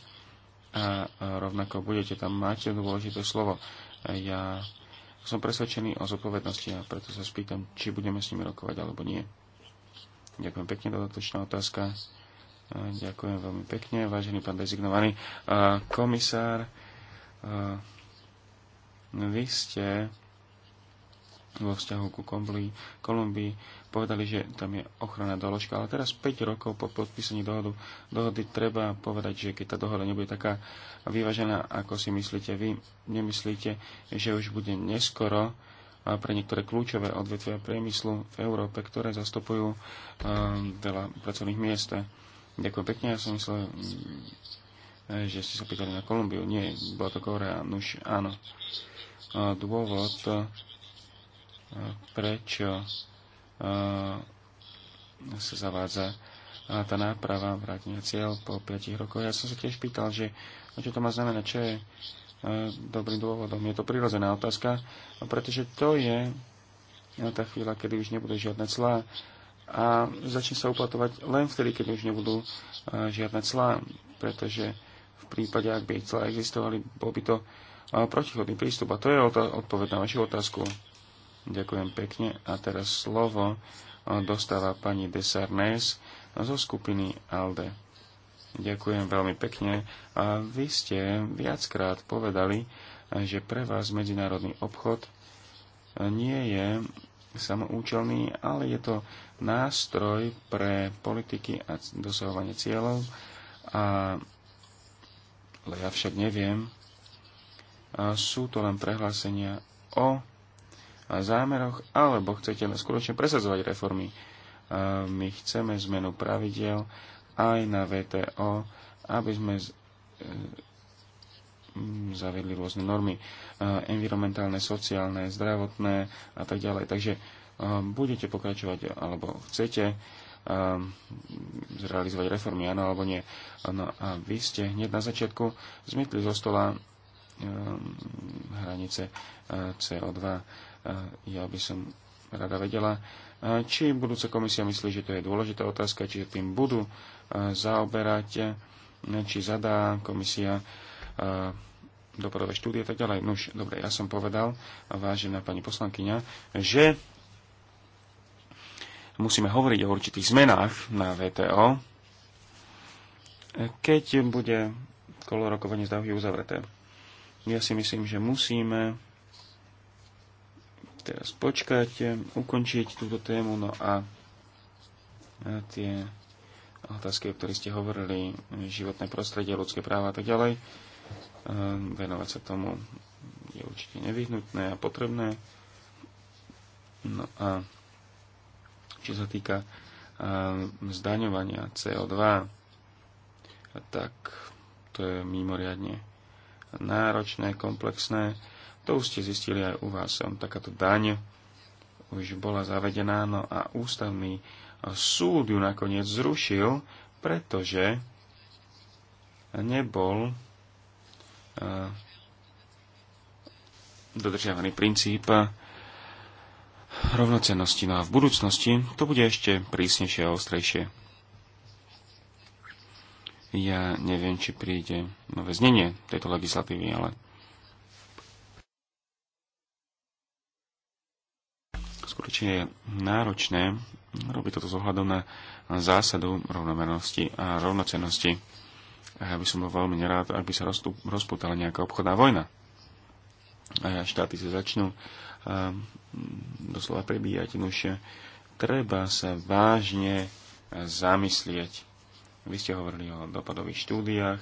a rovnako budete tam mať dôležité slovo. Ja som presvedčený o zodpovednosti a preto sa spýtam, či budeme s nimi rokovať alebo nie. Ďakujem pekne, dodatočná otázka. Ďakujem veľmi pekne, vážený pán dezignovaný komisár. Vy ste vo vzťahu ku Kolumbii povedali, že tam je ochrana doložka, ale teraz 5 rokov po podpísaní dohodu, dohody treba povedať, že keď tá dohoda nebude taká vyvážená, ako si myslíte vy, nemyslíte, že už bude neskoro pre niektoré kľúčové odvetvia priemyslu v Európe, ktoré zastupujú um, veľa pracovných miest. Ďakujem pekne, ja som myslel, mm, že ste sa pýtali na Kolumbiu. Nie, bola to Korea, nuž áno. Dôvod, prečo Eh, sa zavádza tá náprava, vrátenia cieľ po 5 rokoch. Ja som sa tiež pýtal, že no, čo to má znamená, čo je eh, dobrým dôvodom. Je to prirodzená otázka, no, pretože to je eh, tá chvíľa, kedy už nebude žiadne clá a začne sa uplatovať len vtedy, keď už nebudú žiadne clá, pretože v prípade, ak by clá existovali, bol by to protichodný prístup. A to je odpoveď na vašu otázku. Ďakujem pekne. A teraz slovo eh, dostáva pani Desarnes eh, zo skupiny ALDE. Ďakujem veľmi pekne. A vy ste viackrát povedali, eh, že pre vás medzinárodný obchod nie je samoučelný, ale je to nástroj pre politiky a dosahovanie cieľov. A, ale ja však neviem, sú to len prehlásenia o zámeroch, alebo chcete skutočne presadzovať reformy. E, my chceme zmenu pravidel aj na VTO, aby sme e, zaviedli rôzne normy e, environmentálne, sociálne, zdravotné a tak ďalej. Takže budete pokračovať, alebo chcete zrealizovať reformy, áno alebo nie. No a vy ste hneď na začiatku zmytli zo stola hranice CO2 ja by som rada vedela, či budúca komisia myslí, že to je dôležitá otázka, či tým budú zaoberať, či zadá komisia dopadové štúdie a tak ďalej. Nuž, dobre, ja som povedal, vážená pani poslankyňa, že musíme hovoriť o určitých zmenách na VTO, keď bude kolorokovanie rokovanie zdávky uzavreté. Ja si myslím, že musíme teraz počkať, ukončiť túto tému, no a tie otázky, o ktorých ste hovorili, životné prostredie, ľudské práva a tak ďalej, ehm, venovať sa tomu je určite nevyhnutné a potrebné. No a čo sa týka ehm, zdaňovania CO2, tak to je mimoriadne náročné, komplexné to už ste zistili aj u vás. Takáto daň už bola zavedená, no a ústavný súd ju nakoniec zrušil, pretože nebol e, dodržiavaný princíp rovnocennosti. No a v budúcnosti to bude ešte prísnejšie a ostrejšie. Ja neviem, či príde nové znenie tejto legislatívy, ale skutočne je náročné robiť toto zohľadom na zásadu rovnomernosti a rovnocenosti. A ja by som bol veľmi nerád, ak by sa rozputala nejaká obchodná vojna. A štáty sa začnú a, ehm, doslova prebíjať. Nuž, treba sa vážne zamyslieť. Vy ste hovorili o dopadových štúdiách,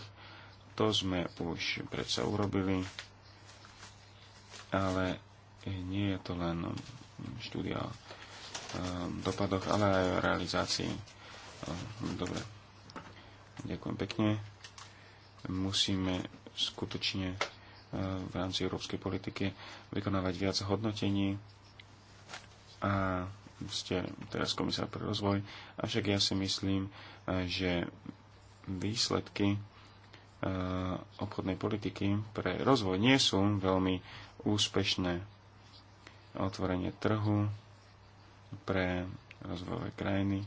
to sme už predsa urobili, ale nie je to len štúdia o e, dopadoch, ale aj o realizácii. E, dobre. Ďakujem pekne. Musíme skutočne e, v rámci európskej politiky vykonávať viac hodnotení a ste teraz komisár pre rozvoj, avšak ja si myslím, že výsledky obchodnej politiky pre rozvoj nie sú veľmi úspešné otvorenie trhu pre rozvojové krajiny.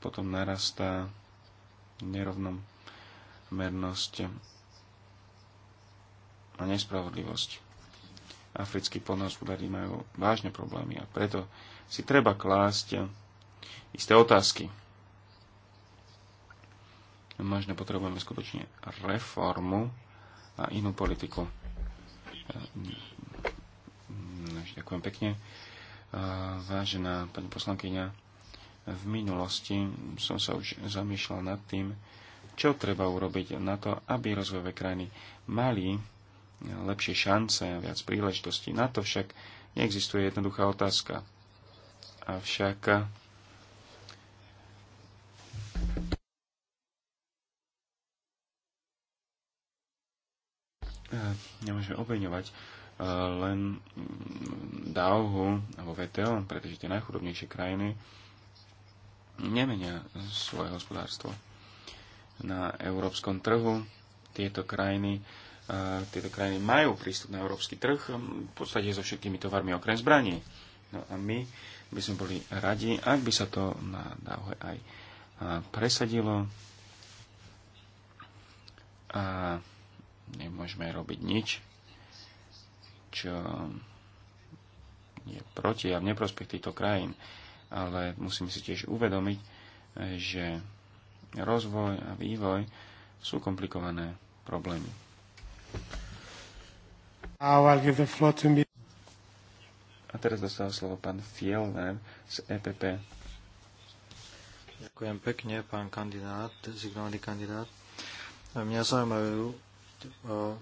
Potom narastá nerovnomernosť a nespravodlivosť. Africkí podnospodári majú vážne problémy a preto si treba klásť isté otázky. Možno potrebujeme skutočne reformu a inú politiku Ďakujem pekne. Vážená pani poslankyňa, v minulosti som sa už zamýšľal nad tým, čo treba urobiť na to, aby rozvojové krajiny mali lepšie šance a viac príležitostí. Na to však neexistuje jednoduchá otázka. Avšak nemôžeme obveňovať len dávhu alebo VTO, pretože tie najchudobnejšie krajiny nemenia svoje hospodárstvo. Na európskom trhu tieto krajiny, tieto krajiny majú prístup na európsky trh v podstate so všetkými tovarmi okrem zbraní. No a my by sme boli radi, ak by sa to na dávhe aj presadilo. A nemôžeme robiť nič čo eh, je proti a v neprospech týchto krajín. Ale musíme si tiež uvedomiť, eh, že rozvoj a vývoj sú komplikované problémy. A teraz dostal slovo pán Fielner z EPP. Ďakujem pekne, pán kandidát, zignovaný kandidát. Mňa zaujímajú Eh,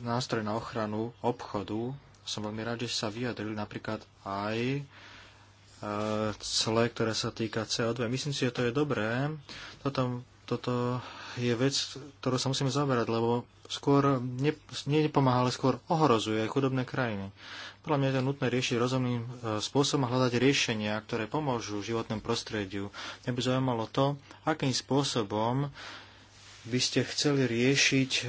nástroj na ochranu obchodu. Som veľmi rád, že sa vyjadrili napríklad aj eh, celé, ktoré sa týka CO2. Myslím si, že to je dobré. Toto, toto je vec, ktorú sa musíme zaberať, lebo skôr ne, nepomáha, ale skôr ohrozuje aj chudobné krajiny. Podľa mňa je to nutné riešiť rozumným eh, spôsobom a hľadať riešenia, ktoré pomôžu životnému prostrediu. Mňa by zaujímalo to, akým spôsobom by ste chceli riešiť e,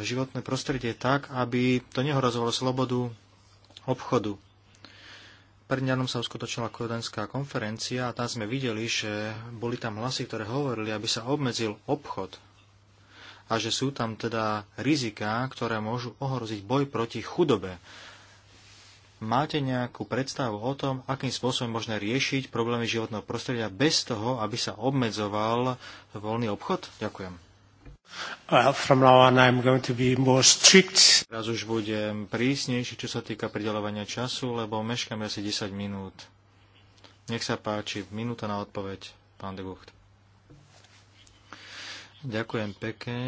životné prostredie tak, aby to nehorazovalo slobodu obchodu. Predňanom sa uskutočnila kodenská konferencia a tam sme videli, že boli tam hlasy, ktoré hovorili, aby sa obmedzil obchod a že sú tam teda riziká, ktoré môžu ohroziť boj proti chudobe. Máte nejakú predstavu o tom, akým spôsobom možné riešiť problémy životného prostredia bez toho, aby sa obmedzoval voľný obchod? Ďakujem. Teraz už budem prísnejší, čo sa týka pridelovania času, lebo meškáme asi 10 minút. Nech sa páči, minúta na odpoveď, pán de Gucht. Ďakujem pekne.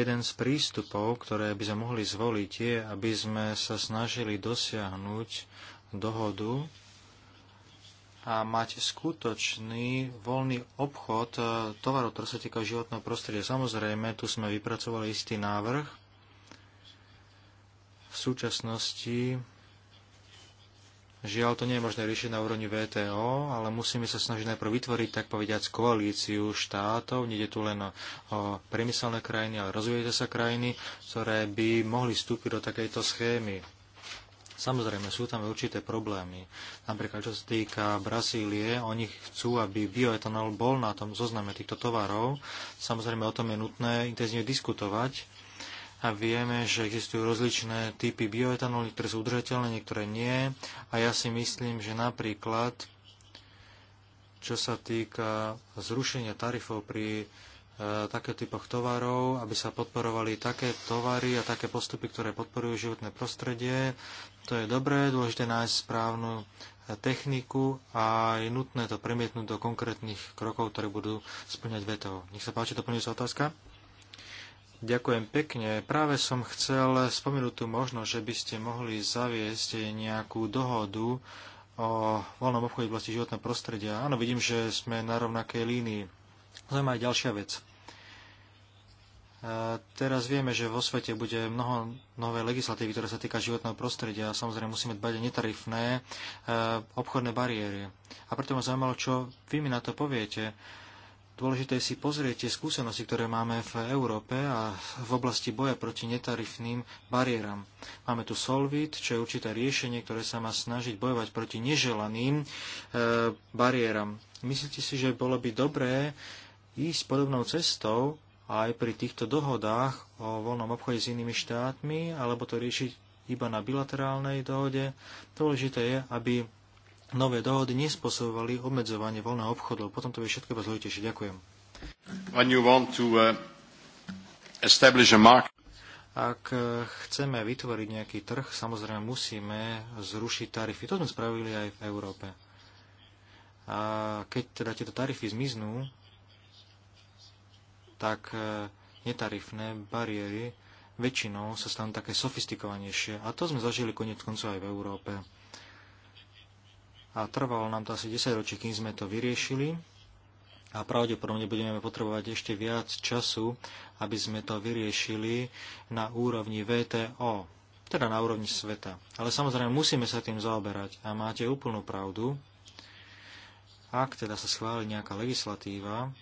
Jeden z prístupov, ktoré by sme mohli zvoliť, je, aby sme sa snažili dosiahnuť dohodu a mať skutočný voľný obchod e, tovarov, ktoré sa týka životného prostredia. Samozrejme, tu sme vypracovali istý návrh. V súčasnosti Žiaľ, to nie je možné riešiť na úrovni VTO, ale musíme sa snažiť najprv vytvoriť, tak povediať, koalíciu štátov. Nede tu len o priemyselné krajiny, ale rozvíjajúce sa krajiny, ktoré by mohli vstúpiť do takejto schémy. Samozrejme, sú tam určité problémy. Napríklad, čo sa týka Brazílie, oni chcú, aby bioetanol bol na tom zozname týchto tovarov. Samozrejme, o tom je nutné intenzívne diskutovať. A vieme, že existujú rozličné typy bioetanolu, niektoré sú udržateľné, niektoré nie. A ja si myslím, že napríklad, čo sa týka zrušenia tarifov pri e, také typoch tovarov, aby sa podporovali také tovary a také postupy, ktoré podporujú životné prostredie. To je dobré, dôležité nájsť správnu eh, techniku a je nutné to premietnúť do konkrétnych krokov, ktoré budú splňať VTO. Nech sa páči, doplňujúca otázka. Ďakujem pekne. Práve som chcel spomenúť tú možnosť, že by ste mohli zaviesť nejakú dohodu o voľnom obchode v oblasti životného prostredia. Áno, vidím, že sme na rovnakej línii. Zaujímavá aj ďalšia vec. Teraz vieme, že vo svete bude mnoho novej legislatívy, ktorá sa týka životného prostredia a samozrejme musíme dbať aj netarifné e, obchodné bariéry. A preto ma zaujímalo, čo vy mi na to poviete. Dôležité je si pozrieť tie skúsenosti, ktoré máme v Európe a v oblasti boja proti netarifným bariéram. Máme tu Solvit, čo je určité riešenie, ktoré sa má snažiť bojovať proti neželaným e, bariéram. Myslíte si, že bolo by dobré ísť podobnou cestou aj pri týchto dohodách o voľnom obchode s inými štátmi, alebo to riešiť iba na bilaterálnej dohode. Dôležité je, aby nové dohody nespôsobovali obmedzovanie voľného obchodu. Potom to je všetko iba zložitejšie. Ďakujem. Uh, Ak uh, chceme vytvoriť nejaký trh, samozrejme musíme zrušiť tarify. To sme spravili aj v Európe. A keď teda tieto tarify zmiznú, tak e, netarifné bariéry väčšinou sa stanú také sofistikovanejšie. A to sme zažili konec koncov aj v Európe. A trvalo nám to asi 10 ročí, kým sme to vyriešili. A pravdepodobne budeme potrebovať ešte viac času, aby sme to vyriešili na úrovni VTO, teda na úrovni sveta. Ale samozrejme musíme sa tým zaoberať a máte úplnú pravdu. Ak teda sa schváli nejaká legislatíva,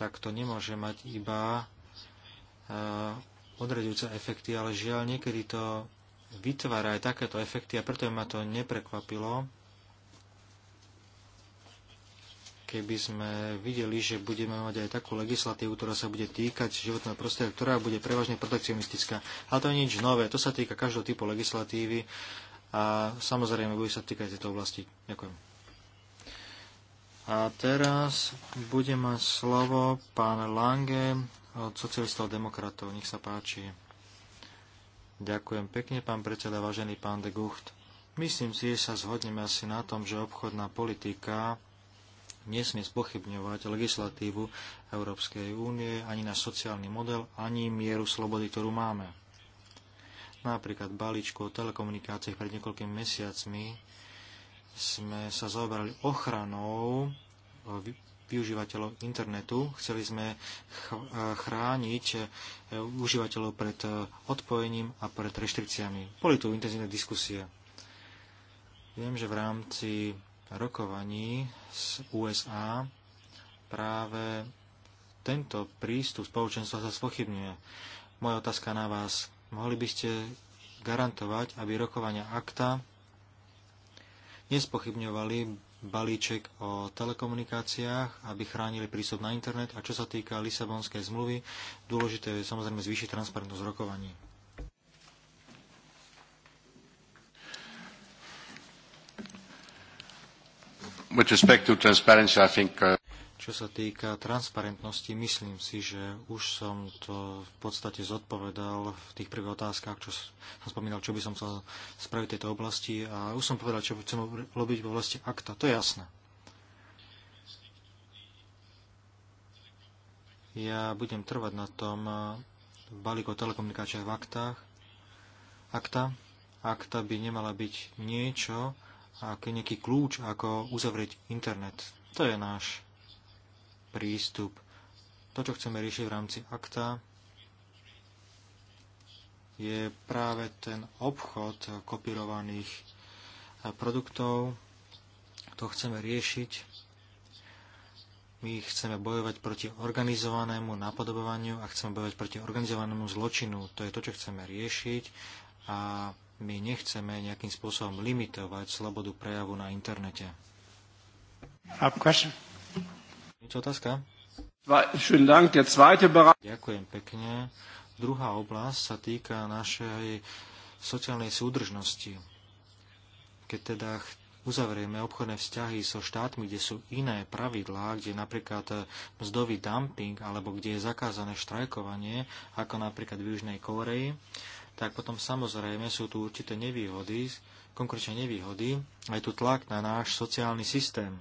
tak to nemôže mať iba eh, odredujúce efekty, ale žiaľ niekedy to vytvára aj takéto efekty a preto ma to neprekvapilo, keby sme videli, že budeme mať aj takú legislatívu, ktorá sa bude týkať životného prostredia, ktorá bude prevažne protekcionistická. Ale to je nič nové, to sa týka každého typu legislatívy a samozrejme bude sa týkať tejto oblasti. Ďakujem. A teraz bude mať slovo pán Lange od socialistov demokratov. Nech sa páči. Ďakujem pekne, pán predseda, vážený pán de Gucht. Myslím si, že sa zhodneme asi na tom, že obchodná politika nesmie spochybňovať legislatívu Európskej únie, ani na sociálny model, ani mieru slobody, ktorú máme. Napríklad balíčku o telekomunikáciách pred niekoľkými mesiacmi sme sa zaoberali ochranou e, využívateľov internetu. Chceli sme e, chrániť e, užívateľov pred odpojením a pred reštrikciami. Boli tu intenzívne diskusie. Viem, že v rámci rokovaní z USA práve tento prístup spoločenstva sa spochybňuje. Moja otázka na vás. Mohli by ste garantovať, aby rokovania akta nespochybňovali balíček o telekomunikáciách, aby chránili prístup na internet a čo sa týka Lisabonskej zmluvy, dôležité je samozrejme zvýšiť transparentnosť rokovaní. With respect to transparency, I think, uh... Čo sa týka transparentnosti, myslím si, že už som to v podstate zodpovedal v tých prvých otázkach, čo som spomínal, čo by som chcel spraviť v tejto oblasti a už som povedal, čo chcem robiť v oblasti akta. To je jasné. Ja budem trvať na tom balíku o telekomunikáciách v aktách. Akta. Akta by nemala byť niečo, ako nejaký kľúč, ako uzavrieť internet. To je náš prístup. To, čo chceme riešiť v rámci akta, je práve ten obchod kopírovaných eh, produktov. To chceme riešiť. My chceme bojovať proti organizovanému napodobovaniu a chceme bojovať proti organizovanému zločinu. To je to, čo chceme riešiť a my nechceme nejakým spôsobom limitovať slobodu prejavu na internete. have a question otázka? Ďakujem pekne. Druhá oblasť sa týka našej sociálnej súdržnosti. Keď teda uzavrieme obchodné vzťahy so štátmi, kde sú iné pravidlá, kde napríklad eh, mzdový dumping alebo kde je zakázané štrajkovanie, ako napríklad v Južnej Koreji, tak potom samozrejme sú tu určité nevýhody, konkrétne nevýhody, aj tu tlak na náš sociálny systém.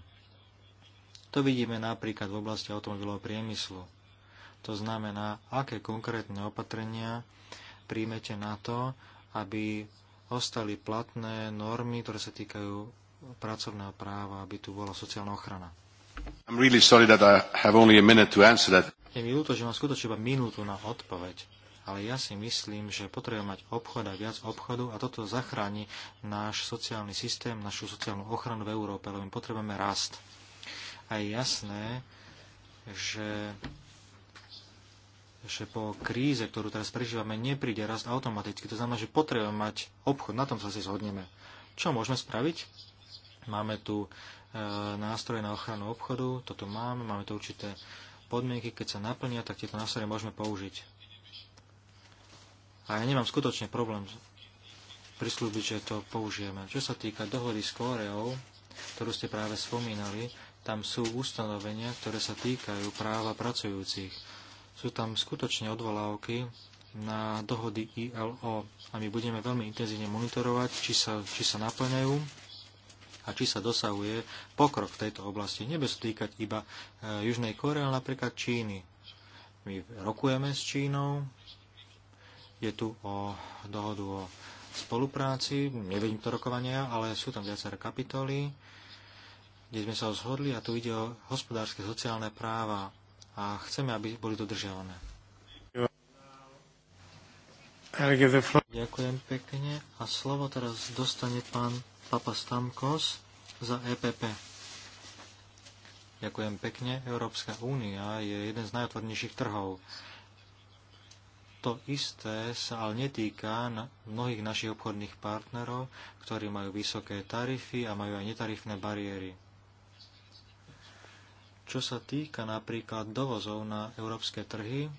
To vidíme napríklad v oblasti automobilového priemyslu. To znamená, aké konkrétne opatrenia príjmete na to, aby ostali platné normy, ktoré sa týkajú pracovného práva, aby tu bola sociálna ochrana. I'm really sorry that I have only a minute to answer that. Je mi ľúto, že mám skutočne iba minútu na odpoveď, ale ja si myslím, že potrebujeme mať obchod a viac obchodu a toto zachráni náš sociálny systém, našu sociálnu ochranu v Európe, lebo my potrebujeme rast a je jasné, že, že po kríze, ktorú teraz prežívame, nepríde rast automaticky. To znamená, že potrebujeme mať obchod, na tom sa si zhodneme. Čo môžeme spraviť? Máme tu e, nástroje na ochranu obchodu, toto máme, máme tu určité podmienky, keď sa naplnia, tak tieto nástroje môžeme použiť. A ja nemám skutočne problém prislúbiť, že to použijeme. Čo sa týka dohody s Kóreou, ktorú ste práve spomínali, tam sú ustanovenia, ktoré sa týkajú práva pracujúcich. Sú tam skutočne odvolávky na dohody ILO a my budeme veľmi intenzívne monitorovať, či sa, či sa naplňajú a či sa dosahuje pokrok v tejto oblasti. Nebe sa týkať iba e, Južnej Kóre, ale napríklad Číny. My rokujeme s Čínou, je tu o dohodu o spolupráci, nevedím to rokovania, ale sú tam viaceré kapitoly kde sme sa zhodli a tu ide o hospodárske, sociálne práva a chceme, aby boli dodržiavané. Ďakujem pekne a slovo teraz dostane pán Papa Stamkos za EPP. Ďakujem pekne. Európska únia je jeden z najotvornejších trhov. To isté sa ale netýka na mnohých našich obchodných partnerov, ktorí majú vysoké tarify a majú aj netarifné bariéry. Čo sa týka napríklad dovozov na európske trhy,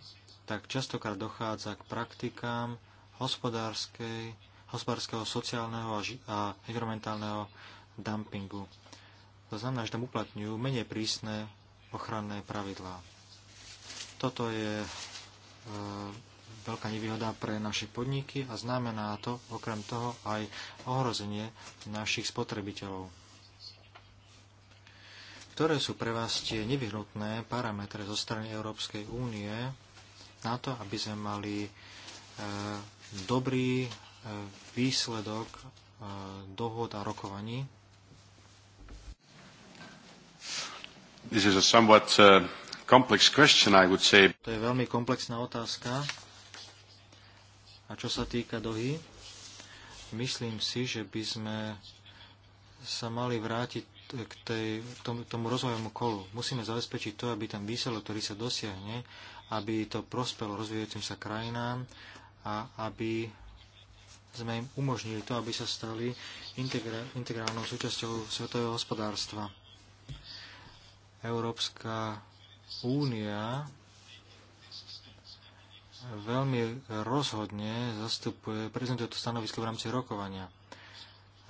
tak častokrát dochádza k praktikám hospodárskej, hospodárskeho, sociálneho a, a environmentálneho dumpingu. To znamená, že tam uplatňujú menej prísne ochranné pravidlá. Toto je e, veľká nevýhoda pre naše podniky a znamená to okrem toho aj ohrozenie našich spotrebiteľov ktoré sú pre vás tie nevyhnutné parametre zo strany Európskej únie na to, aby sme mali e, dobrý e, výsledok e, dohod a rokovaní? This is a somewhat complex question, I would say. To je veľmi komplexná otázka. A čo sa týka dohy, myslím si, že by sme sa mali vrátiť k tej, tomu, tomu rozvojovému kolu. Musíme zabezpečiť to, aby ten výsledok, ktorý sa dosiahne, aby to prospelo rozvíjajúcim sa krajinám a aby sme im umožnili to, aby sa stali integra- integrálnou súčasťou svetového hospodárstva. Európska únia veľmi rozhodne zastupuje, prezentuje to stanovisko v rámci rokovania.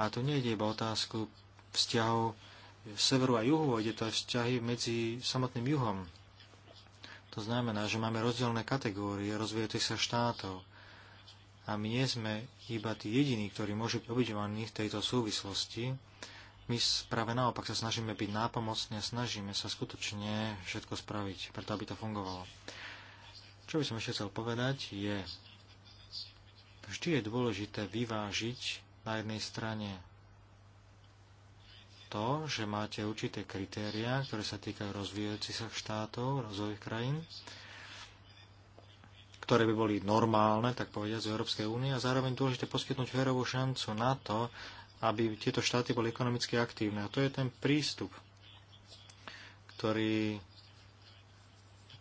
A tu nejde iba otázku vzťahov severu a juhu, ide to aj vzťahy medzi samotným juhom. To znamená, že máme rozdielne kategórie rozvíjajúcich sa štátov. A my nie sme iba tí jediní, ktorí môžu byť obidovaní v tejto súvislosti. My práve naopak sa snažíme byť nápomocní a snažíme sa skutočne všetko spraviť, preto aby to fungovalo. Čo by som ešte chcel povedať je, vždy je dôležité vyvážiť na jednej strane to, že máte určité kritériá, ktoré sa týkajú rozvíjajúcich sa štátov, rozvojových krajín, ktoré by boli normálne, tak povediať, z Európskej únie a zároveň dôležité poskytnúť férovú šancu na to, aby tieto štáty boli ekonomicky aktívne. A to je ten prístup, ktorý,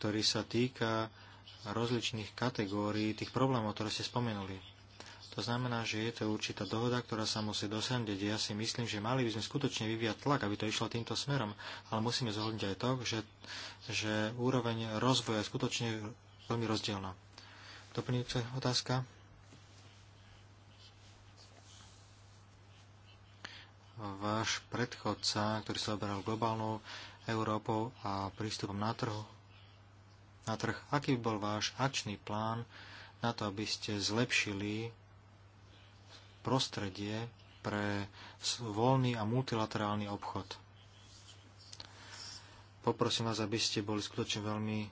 ktorý sa týka rozličných kategórií tých problémov, ktoré ste spomenuli. To znamená, že je to určitá dohoda, ktorá sa musí dosiahnuť. Ja si myslím, že mali by sme skutočne vyvíjať tlak, aby to išlo týmto smerom, ale musíme zohľadniť aj to, že, že úroveň rozvoja je skutočne veľmi rozdielna. Doplňujúca otázka? Váš predchodca, ktorý sa oberal globálnou Európou a prístupom na, trhu, na trh, aký bol váš akčný plán na to, aby ste zlepšili prostredie pre voľný a multilaterálny obchod. Poprosím vás, aby ste boli skutočne veľmi e,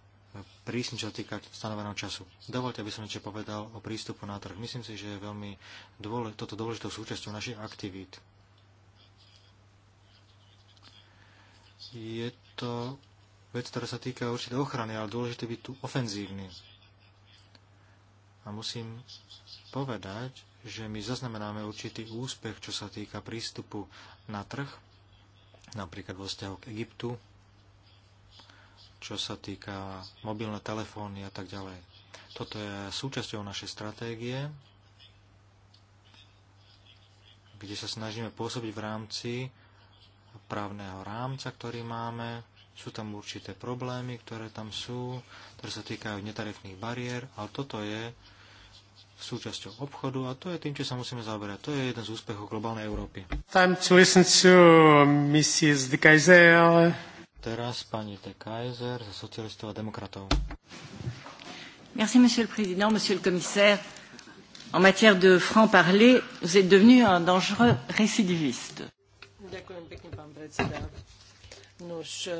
prísni, čo týka stanoveného času. Dovolte, aby som niečo povedal o prístupu na trh. Myslím si, že je veľmi dôle, toto dôležitou súčasťou našich aktivít. Je to vec, ktorá sa týka určitej ochrany, ale dôležité byť tu ofenzívny. A musím povedať, že my zaznamenáme určitý úspech, čo sa týka prístupu na trh, napríklad vo vzťahu k Egyptu, čo sa týka mobilné telefóny a tak ďalej. Toto je súčasťou našej stratégie, kde sa snažíme pôsobiť v rámci právneho rámca, ktorý máme. Sú tam určité problémy, ktoré tam sú, ktoré sa týkajú netarifných bariér, ale toto je súčasťou obchodu a to je tým, čo sa musíme zaoberať. To je jeden z úspechov globálnej Európy. Time to listen to Mrs. De Kaiser. Teraz pani De Kaiser za socialistov a demokratov. Merci, monsieur le président, monsieur le commissaire. En matière de franc-parler, vous êtes devenu un dangereux récidiviste. Ďakujem pekne, pán predseda. Nož, um,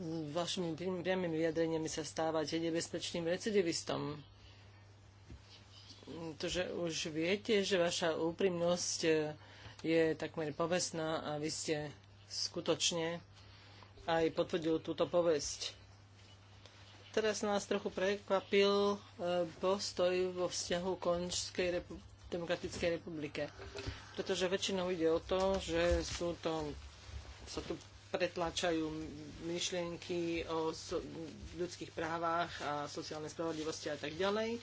ehm, vašimi priamými vyjadreniami sa stávate nebezpečným recidivistom to, že už viete, že vaša úprimnosť e, je takmer povestná a vy ste skutočne aj potvrdil túto povesť. Teraz nás trochu prekvapil e, postoj vo vzťahu Končskej repu- demokratickej republike, pretože väčšinou ide o to, že sú to, sa tu pretláčajú myšlienky o ľudských právach a sociálnej spravodlivosti a tak ďalej. E,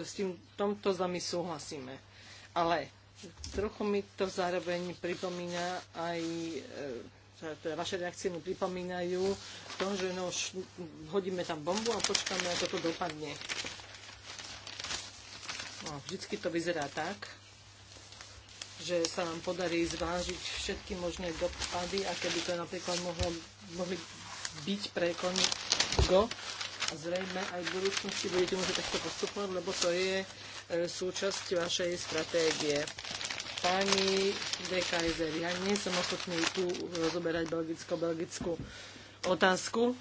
s tým tomto s vami súhlasíme. Ale trochu mi to zároveň pripomína aj e, teda, teda vaše reakcie mi pripomínajú to, že no, hodíme tam bombu a počkáme, ako to dopadne. No, vždycky to vyzerá tak, že sa nám podarí zvážiť všetky možné dopady, aké by to napríklad mohlo, mohli byť pre Kongo. A zrejme aj v budúcnosti budete môcť takto postupovať, lebo to je e, súčasť vašej stratégie. Pani De ja nie som ochotný tu rozoberať belgicko-belgickú otázku,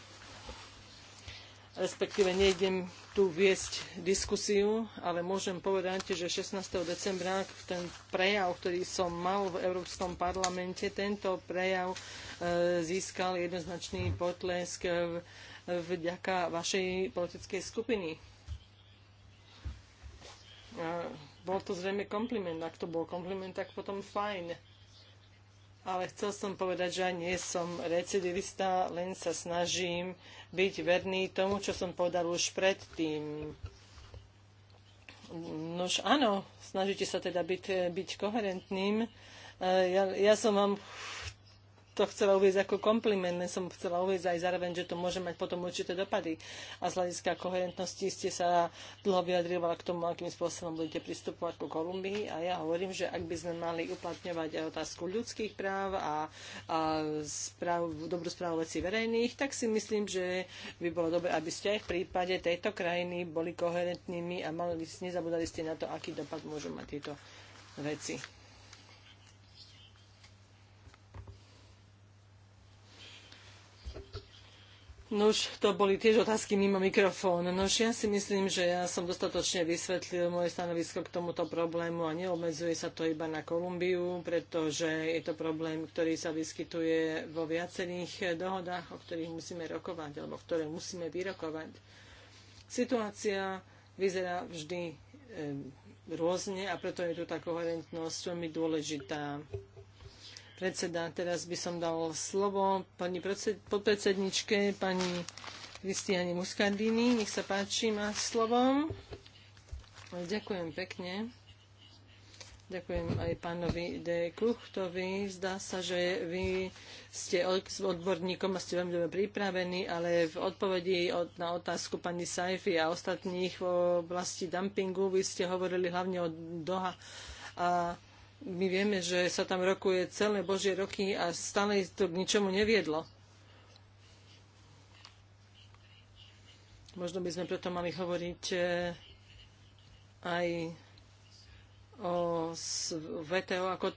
respektíve nejdem tu viesť diskusiu, ale môžem povedať, že 16. decembra ten prejav, ktorý som mal v Európskom parlamente, tento prejav e, získal jednoznačný potlesk e, vďaka vašej politickej skupiny. Bol to zrejme kompliment. Ak to bol kompliment, tak potom fajn. Ale chcel som povedať, že nie som recidivista, len sa snažím byť verný tomu, čo som povedal už predtým. Nož áno, snažíte sa teda byť, byť koherentným. E, ja, ja som vám to chcela uvieť ako kompliment, len som chcela uvieť aj zároveň, že to môže mať potom určité dopady. A z hľadiska koherentnosti ste sa dlho vyjadriovala k tomu, akým spôsobom budete pristupovať ku Kolumbii. A ja hovorím, že ak by sme mali uplatňovať aj otázku ľudských práv a, a správ, dobrú správu vecí verejných, tak si myslím, že by bolo dobre, aby ste aj v prípade tejto krajiny boli koherentnými a mali, nezabudali ste na to, aký dopad môžu mať tieto veci. Nuž, to boli tiež otázky mimo mikrofón. Nož, ja si myslím, že ja som dostatočne vysvetlil moje stanovisko k tomuto problému a neobmedzuje sa to iba na Kolumbiu, pretože je to problém, ktorý sa vyskytuje vo viacerých dohodách, o ktorých musíme rokovať alebo ktoré musíme vyrokovať. Situácia vyzerá vždy e, rôzne a preto je tu tá koherentnosť veľmi dôležitá predseda. Teraz by som dal slovo pani podpredsedničke, pani Kristiani Muscardini. Nech sa páči, má slovo. Ďakujem pekne. Ďakujem aj pánovi De Kluchtovi. Zdá sa, že vy ste odborníkom a ste veľmi dobre pripravení, ale v odpovedi od, na otázku pani Saifi a ostatných v oblasti dumpingu vy ste hovorili hlavne o Doha a my vieme, že sa tam rokuje celé Božie roky a stále to k ničomu neviedlo. Možno by sme preto mali hovoriť eh, aj o VTO ako,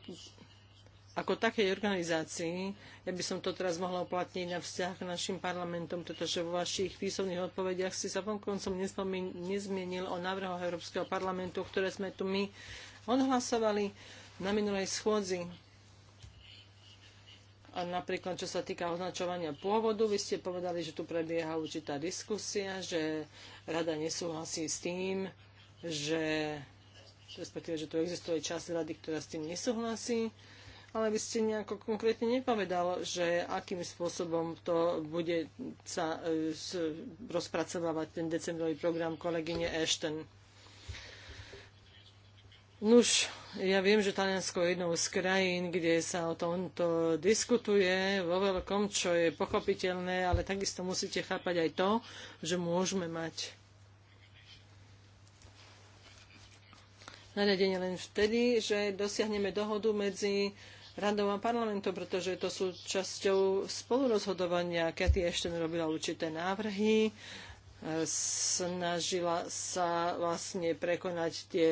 ako takej organizácii. Ja by som to teraz mohla uplatniť na vzťah k našim parlamentom, pretože vo vašich písomných odpovediach si sa vonkoncom nezmienil o návrhoch Európskeho parlamentu, ktoré sme tu my odhlasovali na minulej schôdzi. A napríklad, čo sa týka označovania pôvodu, vy ste povedali, že tu prebieha určitá diskusia, že rada nesúhlasí s tým, že respektíve, že tu existuje časť rady, ktorá s tým nesúhlasí, ale vy ste nejako konkrétne nepovedal, že akým spôsobom to bude sa e, rozpracovávať ten decembrový program kolegyne Ashton. Nuž, ja viem, že Taliansko je jednou z krajín, kde sa o tomto diskutuje vo veľkom, čo je pochopiteľné, ale takisto musíte chápať aj to, že môžeme mať nariadenie len vtedy, že dosiahneme dohodu medzi radou a parlamentom, pretože to sú časťou spolurozhodovania. keď ešte robila určité návrhy, snažila sa vlastne prekonať tie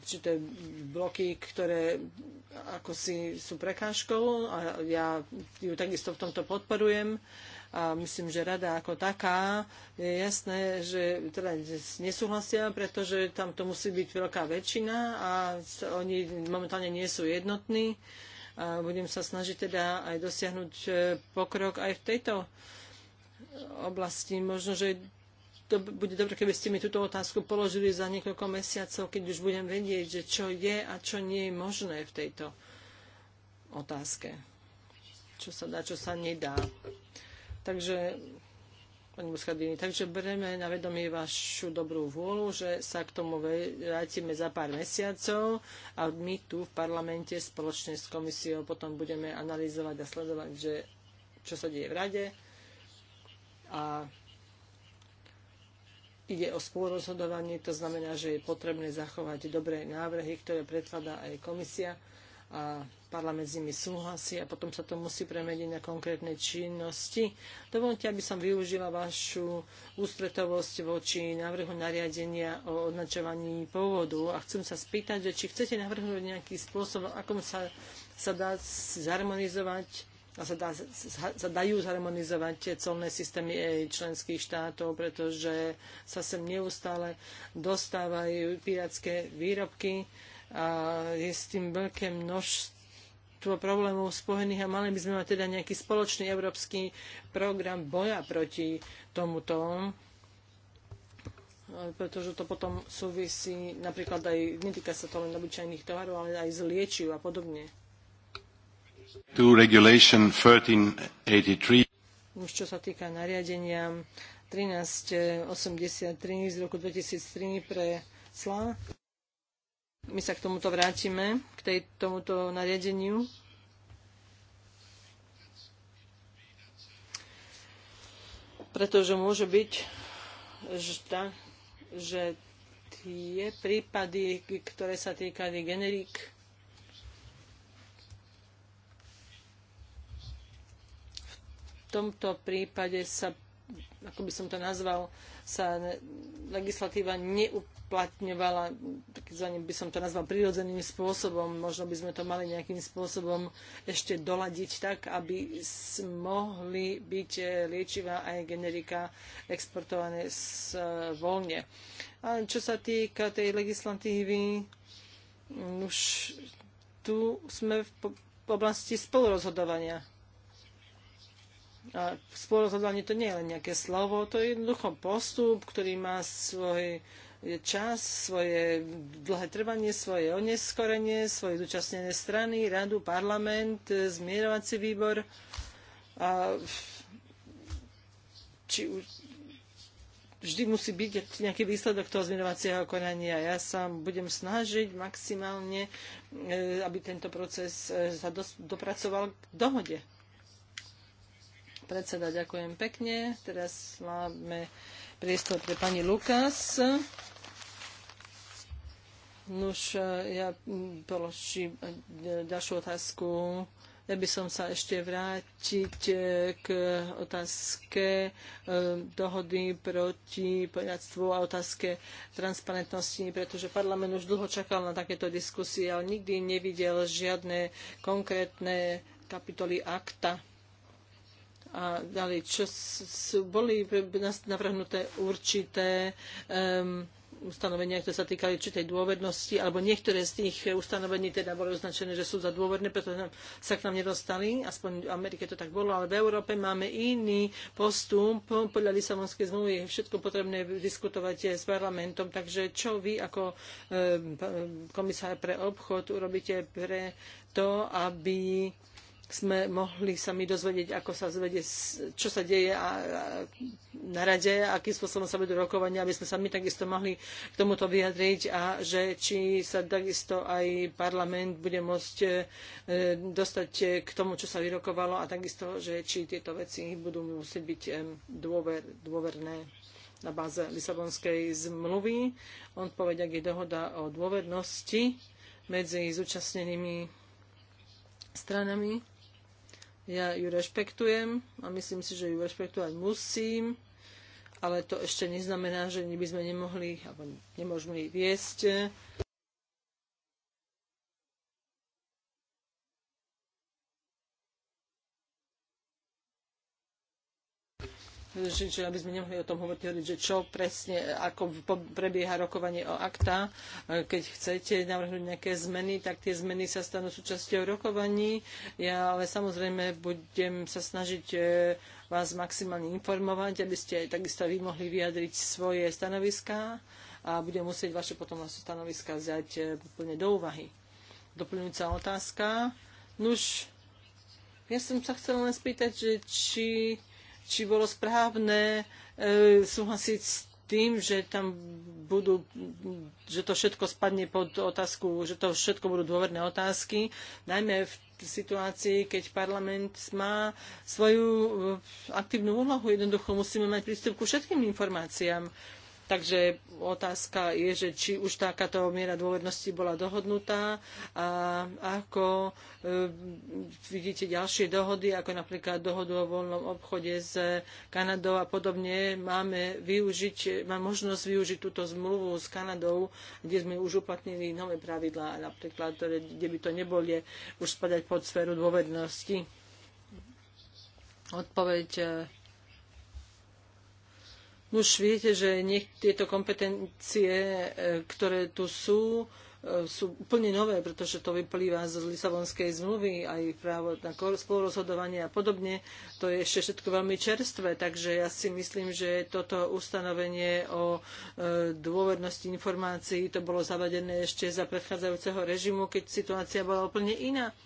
určité bloky, ktoré ako si sú prekážkou a ja ju takisto v tomto podporujem a myslím, že rada ako taká je jasné, že teda nesúhlasia, pretože tam to musí byť veľká väčšina a oni momentálne nie sú jednotní. A budem sa snažiť teda aj dosiahnuť e, pokrok aj v tejto oblasti. Možno, že to bude dobre, keby ste mi túto otázku položili za niekoľko mesiacov, keď už budem vedieť, že čo je a čo nie je možné v tejto otázke. Čo sa dá, čo sa nedá. Takže pani Muscardini. Takže bereme na vedomie vašu dobrú vôľu, že sa k tomu vrátime za pár mesiacov a my tu v parlamente spoločne s komisiou potom budeme analyzovať a sledovať, že čo sa deje v rade a ide o spôrozhodovanie, to znamená, že je potrebné zachovať dobré návrhy, ktoré predkladá aj komisia a parlament s nimi súhlasí a potom sa to musí premeniť na konkrétne činnosti. Dovolte, aby som využila vašu ústretovosť voči návrhu nariadenia o označovaní pôvodu a chcem sa spýtať, či chcete navrhnúť nejaký spôsob, akom sa, sa dá zharmonizovať a sa, dá, sa dajú zharmonizovať tie colné systémy e, členských štátov, pretože sa sem neustále dostávajú pirátske výrobky a je s tým veľké množstvo problémov spojených a mali by sme mať teda nejaký spoločný európsky program boja proti tomuto pretože to potom súvisí napríklad aj, netýka sa to len obyčajných tovarov, ale aj z liečiv a podobne. To regulation 1383. Už čo sa týka nariadenia 1383 z roku 2003 pre SLA, my sa k tomuto vrátime, k tej, tomuto nariadeniu. Pretože môže byť, že, tá, že tie prípady, ktoré sa týkali generík, tomto prípade sa, ako by som to nazval, sa legislatíva neuplatňovala, takzvaným by som to nazval prirodzeným spôsobom. Možno by sme to mali nejakým spôsobom ešte doladiť tak, aby mohli byť liečivá aj generika exportované z, voľne. A čo sa týka tej legislatívy, už tu sme v oblasti spolurozhodovania a spolurozhodovanie to nie je len nejaké slovo, to je jednoducho postup, ktorý má svoj čas, svoje dlhé trvanie, svoje oneskorenie, svoje zúčastnené strany, radu, parlament, zmierovací výbor. A či už vždy musí byť nejaký výsledok toho zmierovacieho konania. Ja sa budem snažiť maximálne, e, aby tento proces e, sa dopracoval k dohode. Predseda, ďakujem pekne. Teraz máme priestor pre pani Lukas. Nuž, ja položím ďalšiu otázku. Ja by som sa ešte vrátiť k otázke e, dohody proti pojactvu a otázke transparentnosti, pretože parlament už dlho čakal na takéto diskusie, ale nikdy nevidel žiadne konkrétne kapitoly akta a dali, čo sú, boli navrhnuté určité um, ustanovenia, ktoré sa týkali určitej dôvernosti, alebo niektoré z tých ustanovení teda boli označené, že sú za dôverné, pretože sa k nám nedostali, aspoň v Amerike to tak bolo, ale v Európe máme iný postup. Podľa Lisabonskej zmluvy je všetko potrebné diskutovať s parlamentom, takže čo vy ako komisár pre obchod urobíte pre to, aby sme mohli sa my dozvedieť, ako sa zvede, čo sa deje a, a na rade, akým spôsobom sa budú rokovania, aby sme sa my takisto mohli k tomuto vyjadriť a že či sa takisto aj parlament bude môcť e, dostať k tomu, čo sa vyrokovalo a takisto, že či tieto veci budú musieť byť e, dôver, dôverné na báze Lisabonskej zmluvy. Odpoveď, ak je dohoda o dôvernosti medzi zúčastnenými stranami ja ju rešpektujem a myslím si, že ju rešpektovať musím, ale to ešte neznamená, že by sme nemohli alebo nemôžeme viesť že, že aby sme nemohli o tom hovoriť, že čo presne, ako prebieha rokovanie o akta. E, keď chcete navrhnúť nejaké zmeny, tak tie zmeny sa stanú súčasťou rokovaní. Ja ale samozrejme budem sa snažiť e, vás maximálne informovať, aby ste aj takisto vy mohli vyjadriť svoje stanoviská a budem musieť vaše potom vaše stanoviská vziať e, úplne do úvahy. Doplňujúca otázka. Nuž, ja som sa chcela len spýtať, že či či bolo správne e, súhlasiť s tým, že tam budú, že to všetko spadne pod otázku, že to všetko budú dôverné otázky, najmä v situácii, keď parlament má svoju e, aktívnu úlohu. Jednoducho musíme mať prístup ku všetkým informáciám. E, Takže otázka je, že či už takáto miera dôvernosti bola dohodnutá a ako e, vidíte ďalšie dohody, ako napríklad dohodu o voľnom obchode s Kanadou a podobne, máme využiť, má možnosť využiť túto zmluvu s Kanadou, kde sme už uplatnili nové pravidlá, napríklad, kde by to neboli už spadať pod sféru dôvernosti. Odpoveď e, už viete, že tieto kompetencie, e, ktoré tu sú, e, sú úplne nové, pretože to vyplýva z Lisabonskej zmluvy, aj právo na spolurozhodovanie a podobne. To je ešte všetko veľmi čerstvé, takže ja si myslím, že toto ustanovenie o e, dôvernosti informácií to bolo zavadené ešte za predchádzajúceho režimu, keď situácia bola úplne iná.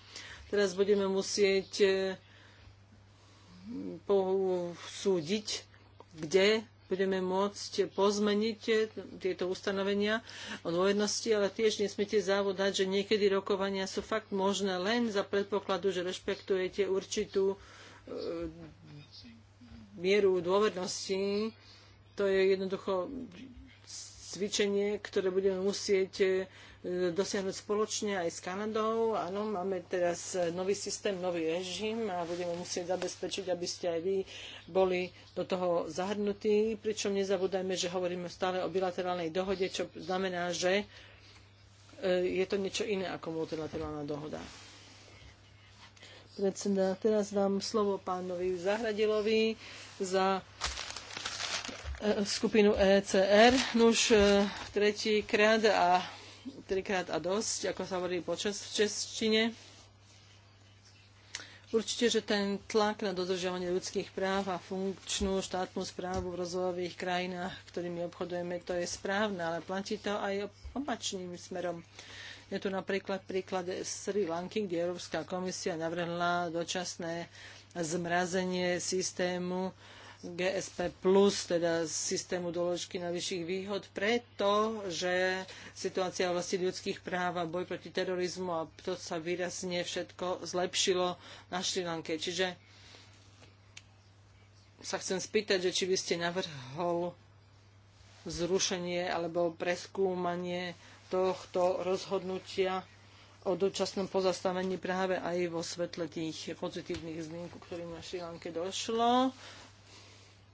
Teraz budeme musieť posúdiť, kde budeme môcť pozmeniť tieto ustanovenia o dôvednosti, ale tiež nesmiete závodať, že niekedy rokovania sú fakt možné len za predpokladu, že rešpektujete určitú e, mieru dôvernosti. To je jednoducho cvičenie, ktoré budeme musieť e, dosiahnuť spoločne aj s Kanadou. Áno, máme teraz e, nový systém, nový režim a budeme musieť zabezpečiť, aby ste aj vy boli do toho zahrnutí. Pričom nezabúdajme, že hovoríme stále o bilaterálnej dohode, čo znamená, že e, je to niečo iné ako multilaterálna dohoda. Predseda, teraz dám slovo pánovi Zahradilovi za E, skupinu ECR. Nuž e, tretíkrát a trikrát a dosť, ako sa hovorí počas v češtine. Určite, že ten tlak na dodržiavanie ľudských práv a funkčnú štátnu správu v rozvojových krajinách, ktorými obchodujeme, to je správne, ale platí to aj opačným smerom. Je tu napríklad príklad Sri Lanky, kde Európska komisia navrhla dočasné zmrazenie systému GSP+, plus, teda systému doložky najvyšších výhod, pretože situácia v oblasti ľudských práv a boj proti terorizmu a to sa výrazne všetko zlepšilo na Šri Lanke. Čiže sa chcem spýtať, že či by ste navrhol zrušenie alebo preskúmanie tohto rozhodnutia o dočasnom pozastavení práve aj vo svetle tých pozitívnych zmien, ku ktorým na Šri Lanke došlo.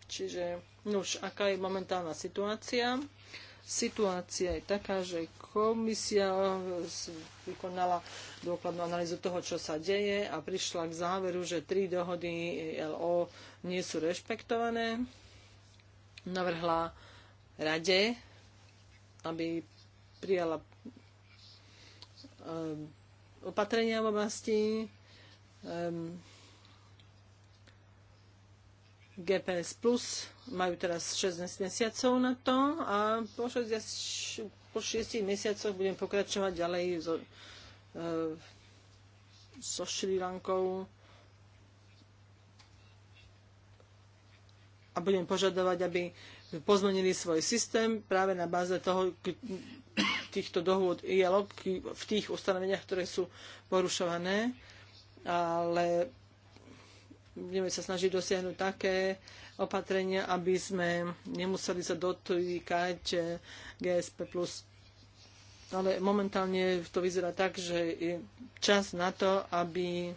Čiže, nuž, aká je momentálna situácia? Situácia je taká, že komisia eh, vykonala dôkladnú analýzu toho, čo sa deje a prišla k záveru, že tri dohody LO nie sú rešpektované. Navrhla rade, aby prijala eh, opatrenia v oblasti ehm, GPS+, Plus. majú teraz 16 mesiacov na to a po 6, po 6 mesiacoch budem pokračovať ďalej so, e, so Šri Lankou a budem požadovať, aby pozmenili svoj systém práve na báze toho, týchto dohôd ILO v tých ustanoveniach, ktoré sú porušované. Ale budeme sa snažiť dosiahnuť také opatrenia, aby sme nemuseli sa dotýkať eh, GSP+. Ale momentálne to vyzerá tak, že je čas na to, aby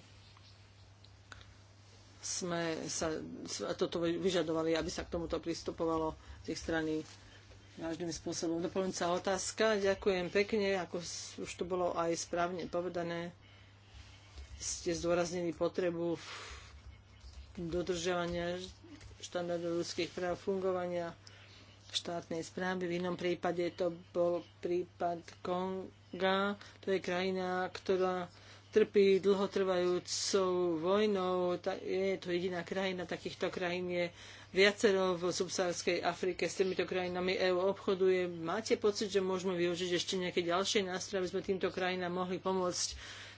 sme sa toto vyžadovali, aby sa k tomuto pristupovalo z ich strany vážnym spôsobom. Doplňujúca otázka. Ďakujem pekne, ako už to bolo aj správne povedané. Ste zdôraznili potrebu dodržiavania štandardov ľudských práv, fungovania štátnej správy. V inom prípade to bol prípad Konga. To je krajina, ktorá trpí dlhotrvajúcou vojnou. Je to jediná krajina, takýchto krajín je viacero v subsárskej Afrike. S týmito krajinami EÚ obchoduje. Máte pocit, že môžeme využiť ešte nejaké ďalšie nástroje, aby sme týmto krajinám mohli pomôcť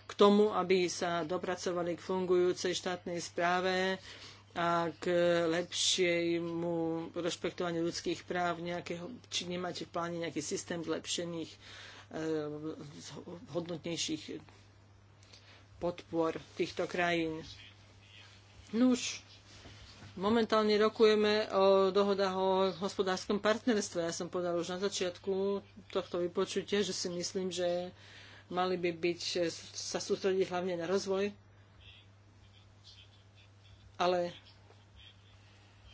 k tomu, aby sa dopracovali k fungujúcej štátnej správe a k lepšiemu rešpektovaniu ľudských práv, nejakého, či nemáte v pláne nejaký systém zlepšených, eh, hodnotnejších podpor týchto krajín. Nuž, momentálne rokujeme o dohodách o hospodárskom partnerstve. Ja som povedal už na začiatku tohto vypočutia, že si myslím, že mali by byť, e, sa sústrediť hlavne na rozvoj, ale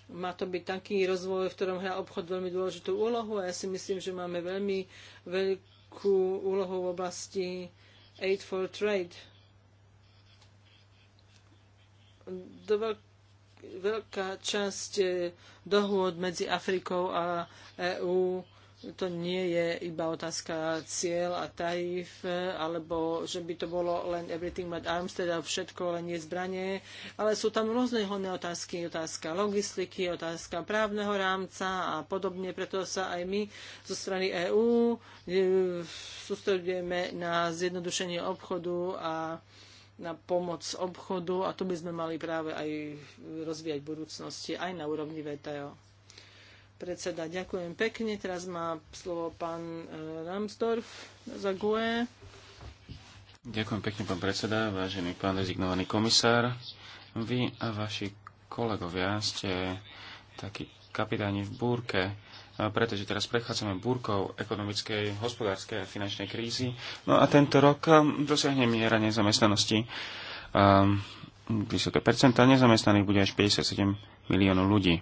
má to byť taký rozvoj, v ktorom hrá obchod veľmi dôležitú úlohu a ja si myslím, že máme veľmi veľkú úlohu v oblasti Aid for Trade. Do veľká časť e, dohôd medzi Afrikou a EÚ to nie je iba otázka cieľ a tarif, alebo že by to bolo len everything but arms, teda všetko len nie zbranie, ale sú tam rôzne hodné otázky, otázka logistiky, otázka právneho rámca a podobne, preto sa aj my zo strany EÚ e, sústredujeme na zjednodušenie obchodu a na pomoc obchodu a to by sme mali práve aj rozvíjať v budúcnosti aj na úrovni VTO. Predseda, ďakujem pekne. Teraz má slovo pán e, Ramsdorf za GUE. Ďakujem pekne, pán predseda, vážený pán rezignovaný komisár. Vy a vaši kolegovia ste takí kapitáni v búrke, pretože teraz prechádzame búrkou ekonomickej, hospodárskej a finančnej krízy. No a tento rok um, dosiahne miera nezamestnanosti um, vysoké percentá. Nezamestnaných bude až 57 miliónov ľudí.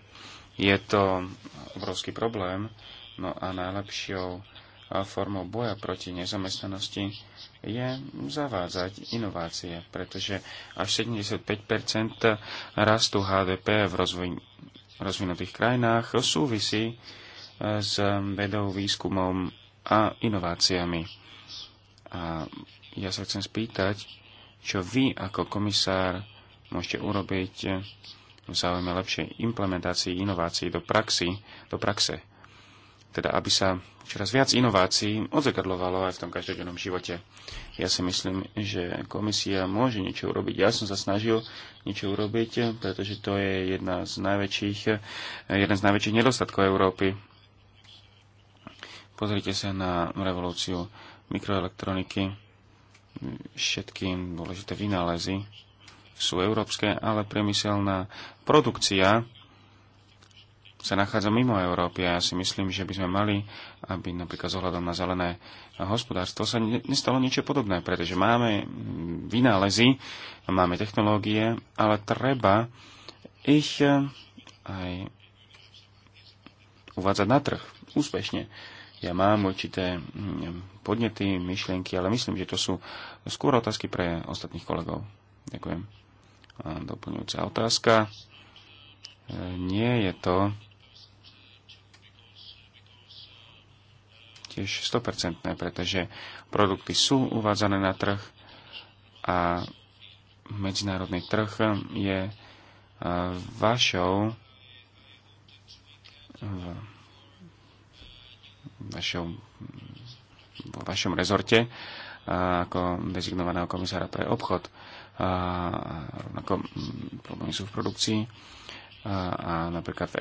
Je to obrovský problém. No a najlepšou formou boja proti nezamestnanosti je zavádzať inovácie, pretože až 75 rastu HDP v rozvoj, rozvinutých krajinách súvisí e, s vedou, výskumom a inováciami. A ja sa chcem spýtať, čo vy ako komisár môžete urobiť v záujme lepšej implementácii inovácií do, praxi, do praxe. Teda, aby sa čoraz viac inovácií odzakadlovalo aj v tom každodennom živote. Ja si myslím, že komisia môže niečo urobiť. Ja som sa snažil niečo urobiť, pretože to je jedna z najväčších, jeden z najväčších nedostatkov Európy. Pozrite sa na revolúciu mikroelektroniky, všetky dôležité vynálezy, sú európske, ale priemyselná produkcia sa nachádza mimo Európy a ja si myslím, že by sme mali, aby napríklad zohľadom ohľadom na zelené hospodárstvo sa nestalo niečo podobné, pretože máme vynálezy, máme technológie, ale treba ich eh, aj uvádzať na trh úspešne. Ja mám určité mm, podnety, myšlienky, ale myslím, že to sú skôr otázky pre ostatných kolegov. Ďakujem doplňujúca otázka. E, nie je to tiež 100%, pretože produkty sú uvádzané na trh a medzinárodný trh je e, vašou vašou vo vašom rezorte e, ako dezignovaného komisára pre obchod rovnako mm, problémy sú v produkcii a napríklad v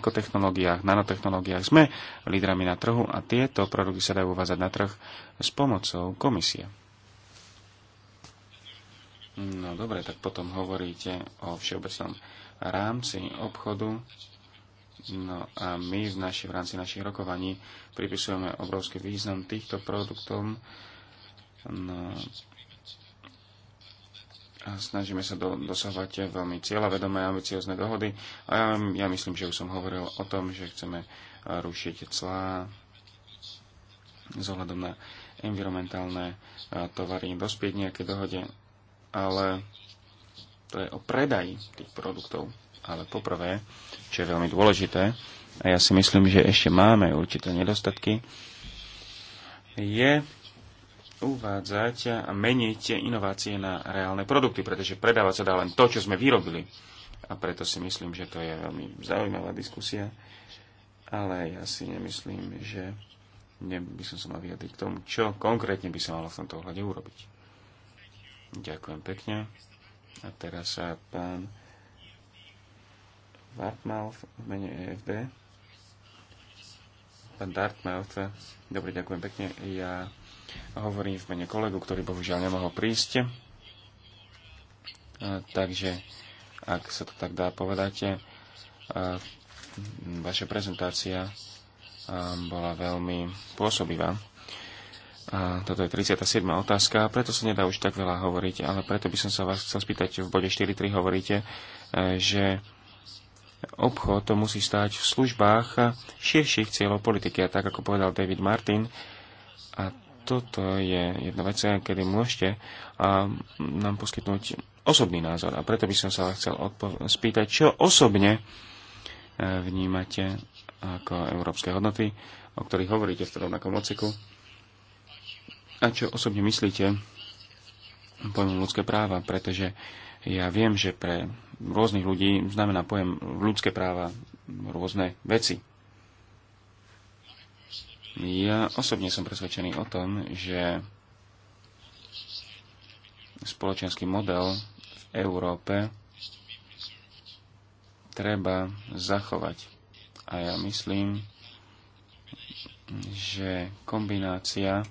ekotechnológiách, nanotechnológiách sme lídrami na trhu a tieto produkty sa dajú uvázať na trh s pomocou komisie. No dobre, tak potom hovoríte o všeobecnom rámci obchodu. No a my v, naši, v rámci našich rokovaní pripisujeme obrovský význam týchto produktom. No, snažíme sa do, dosahovať veľmi cieľavedomé a ambiciozne dohody a ja, ja myslím, že už som hovoril o tom, že chceme e, rušiť clá z ohľadom na environmentálne e, tovary dospieť nejaké dohode, ale to je o predaji tých produktov. Ale poprvé, čo je veľmi dôležité, a ja si myslím, že ešte máme určité nedostatky, je uvádzať a meniť inovácie na reálne produkty, pretože predávať sa dá len to, čo sme vyrobili. A preto si myslím, že to je veľmi zaujímavá diskusia, ale ja si nemyslím, že by som sa mal vyjadriť k tomu, čo konkrétne by sa malo v tomto ohľade urobiť. Ďakujem pekne. A teraz sa pán Wartmouth v mene EFD. Pán Dartmouth. Dobre, ďakujem pekne. Ja Hovorím v mene kolegu, ktorý bohužiaľ nemohol prísť. E, takže, ak sa to tak dá povedať, e, vaša prezentácia e, bola veľmi pôsobivá. A toto je 37. otázka, preto sa nedá už tak veľa hovoriť, ale preto by som sa vás chcel spýtať, v bode 4.3 hovoríte, že obchod to musí stať v službách širších cieľov politiky. A tak, ako povedal David Martin, a toto je jedna vec, kedy môžete a, nám poskytnúť osobný názor. A preto by som sa chcel spýtať, čo osobne e, vnímate ako európske hodnoty, o ktorých hovoríte v tom rovnakom ociku. A čo osobne myslíte pojmu ľudské práva, pretože ja viem, že pre rôznych ľudí znamená pojem ľudské práva rôzne veci. Ja osobne som presvedčený o tom, že spoločenský model v Európe treba zachovať. A ja myslím, že kombinácia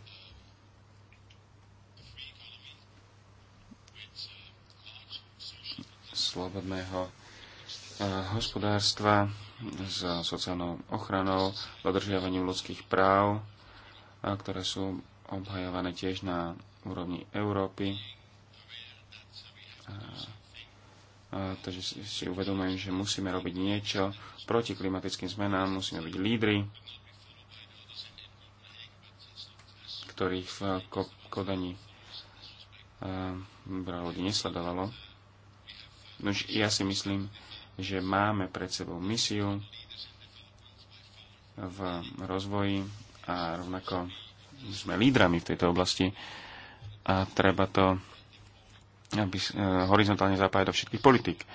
slobodného hospodárstva s sociálnou ochranou, dodržiavaním ľudských práv, ktoré sú obhajované tiež na úrovni Európy. Takže si uvedomujem, že musíme robiť niečo proti klimatickým zmenám, musíme byť lídry, ktorých v Kodani veľa ľudí nesledovalo. Nož ja si myslím, že máme pred sebou misiu v rozvoji a rovnako sme lídrami v tejto oblasti a treba to aby, eh, horizontálne zapájať do všetkých politik.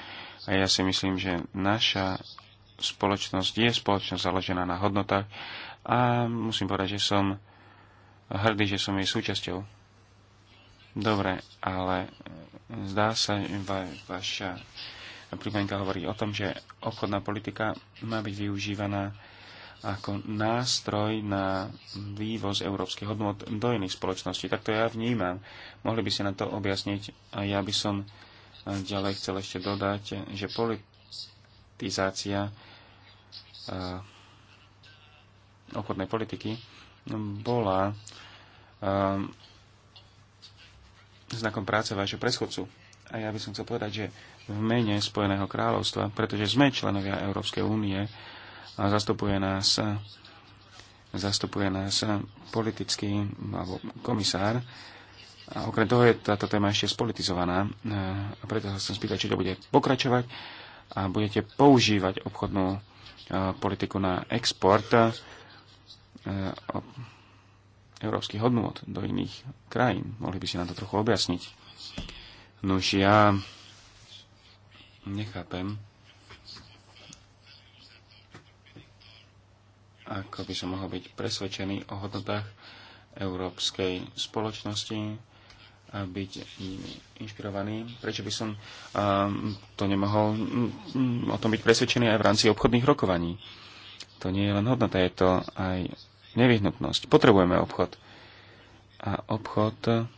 A ja si myslím, že naša spoločnosť je spoločnosť založená na hodnotách a musím povedať, že som hrdý, že som jej súčasťou. Dobre, ale eh, zdá sa, va, vaša pripomienka hovorí o tom, že obchodná politika má byť využívaná ako nástroj na vývoz európskych hodnot do iných spoločností. Tak to ja vnímam. Mohli by si na to objasniť a ja by som ďalej chcel ešte dodať, že politizácia eh, obchodnej politiky bola eh, znakom práce vášho preschodcu. A ja by som chcel povedať, že v mene Spojeného kráľovstva, pretože sme členovia Európskej únie a zastupuje nás, zastupuje nás politický alebo komisár. A okrem toho je táto téma ešte spolitizovaná a preto sa chcem spýtať, či to bude pokračovať a budete používať obchodnú politiku na export európskych hodnôt do iných krajín. Mohli by si na to trochu objasniť. Nuž ja nechápem, ako by som mohol byť presvedčený o hodnotách európskej spoločnosti a byť inšpirovaný. Prečo by som to nemohol mm, o tom byť presvedčený aj v rámci obchodných rokovaní? To nie je len hodnota, je to aj nevyhnutnosť. Potrebujeme obchod. A obchod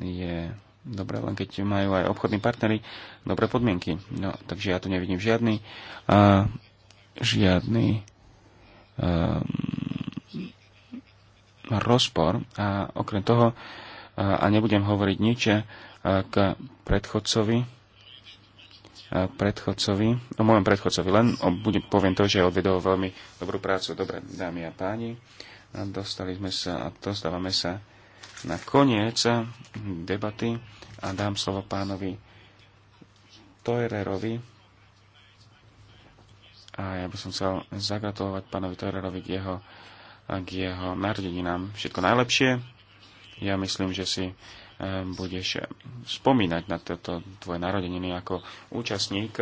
je Dobre, len keď majú aj obchodní partnery dobré podmienky. No, takže ja tu nevidím žiadny, a, žiadny a, ehm, rozpor. A okrem toho, a, a nebudem hovoriť nič a, k predchodcovi, a, predchodcovi, o mojom predchodcovi, len o, budem, poviem to, že odvedol veľmi dobrú prácu. Dobre, dámy a páni, a dostali sme sa, a dostávame sa na koniec debaty a dám slovo pánovi Toererovi. A ja by som chcel zagratulovať pánovi Toererovi k jeho, k jeho narodeninám. Všetko najlepšie. Ja myslím, že si eh, budeš spomínať na toto tvoje narodeniny ako účastník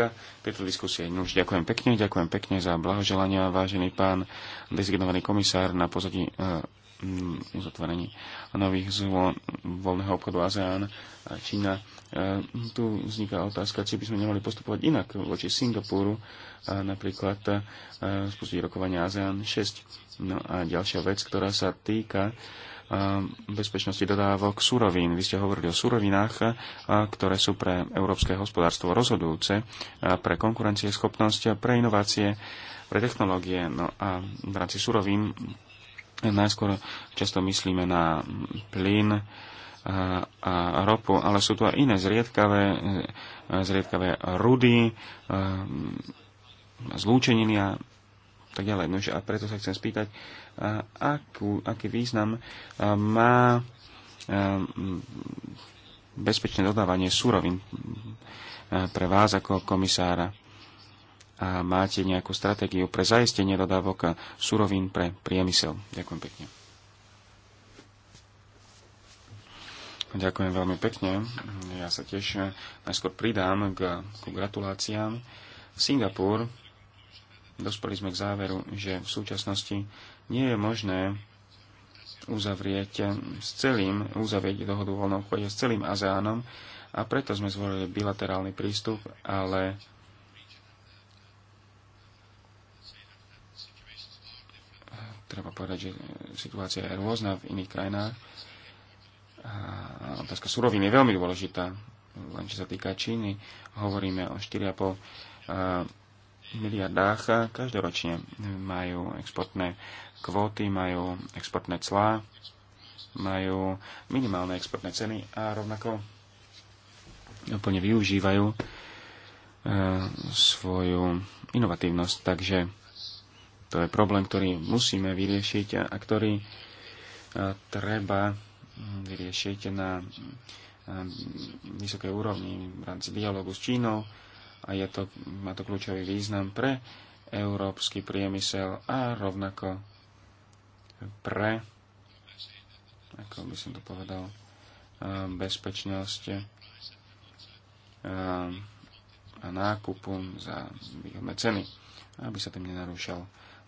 tejto diskusie. No už ďakujem pekne, ďakujem pekne za blahoželania, vážený pán dezignovaný komisár na pozadí eh, Mm, uzatvorení nových zón voľného obchodu ASEAN a Čína. E, tu vzniká otázka, či by sme nemali postupovať inak voči Singapuru, napríklad e, spustiť rokovania ASEAN 6. No a ďalšia vec, ktorá sa týka e, bezpečnosti dodávok surovín. Vy ste hovorili o surovinách, ktoré sú pre európske hospodárstvo rozhodujúce, pre konkurencieschopnosť, pre inovácie, pre technológie. No a v rámci surovín Najskôr často myslíme na plyn, a, a ropu, ale sú tu aj iné zriedkavé, e, zriedkavé rudy, e, zlúčeniny a tak ďalej. No, a preto sa chcem spýtať, akú, aký význam e, má bezpečné dodávanie súrovín pre vás ako komisára a máte nejakú stratégiu pre zaistenie dodávok surovín pre priemysel. Ďakujem pekne. Ďakujem veľmi pekne. Ja sa tiež najskôr pridám k, k gratuláciám. Singapur dospeli sme k záveru, že v súčasnosti nie je možné uzavrieť s celým, uzavrieť dohodu voľnou chode s celým ASEANom a preto sme zvolili bilaterálny prístup, ale treba povedať, že situácia je rôzna v iných krajinách. A otázka surovín je veľmi dôležitá. Len čo sa týka Číny, hovoríme o 4,5 miliardách každoročne. Majú exportné kvóty, majú exportné clá, majú minimálne exportné ceny a rovnako úplne využívajú e, svoju inovatívnosť. Takže to je problém, ktorý musíme vyriešiť a ktorý treba vyriešiť na vysokej úrovni v rámci dialogu s Čínou a je to, má to kľúčový význam pre európsky priemysel a rovnako pre, ako by som to povedal, bezpečnosť a nákupu za výhodné ceny, aby sa tým nenarúšal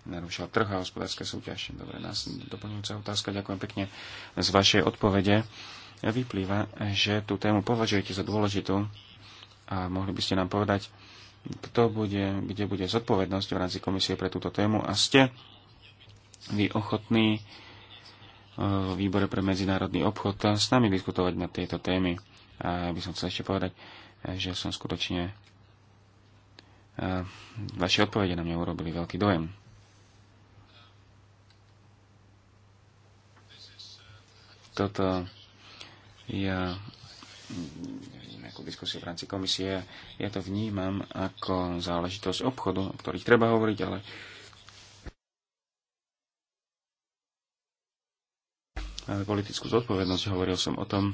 narušila trh a hospodárske súťaž. Dobre, nás doplňujúca otázka, ďakujem pekne z vašej odpovede. Vyplýva, že tú tému považujete za dôležitú a mohli by ste nám povedať, kto bude, kde bude zodpovednosť v rámci komisie pre túto tému a ste vy ochotní e, v výbore pre medzinárodný obchod s nami diskutovať na tieto témy. A ja by som chcel ešte povedať, že som skutočne e, vaše odpovede na mňa urobili veľký dojem. Toto ja nejakú diskusiu v rámci komisie, ja to vnímam ako záležitosť obchodu, o ktorých treba hovoriť, ale máme politickú zodpovednosť. Hovoril som o tom,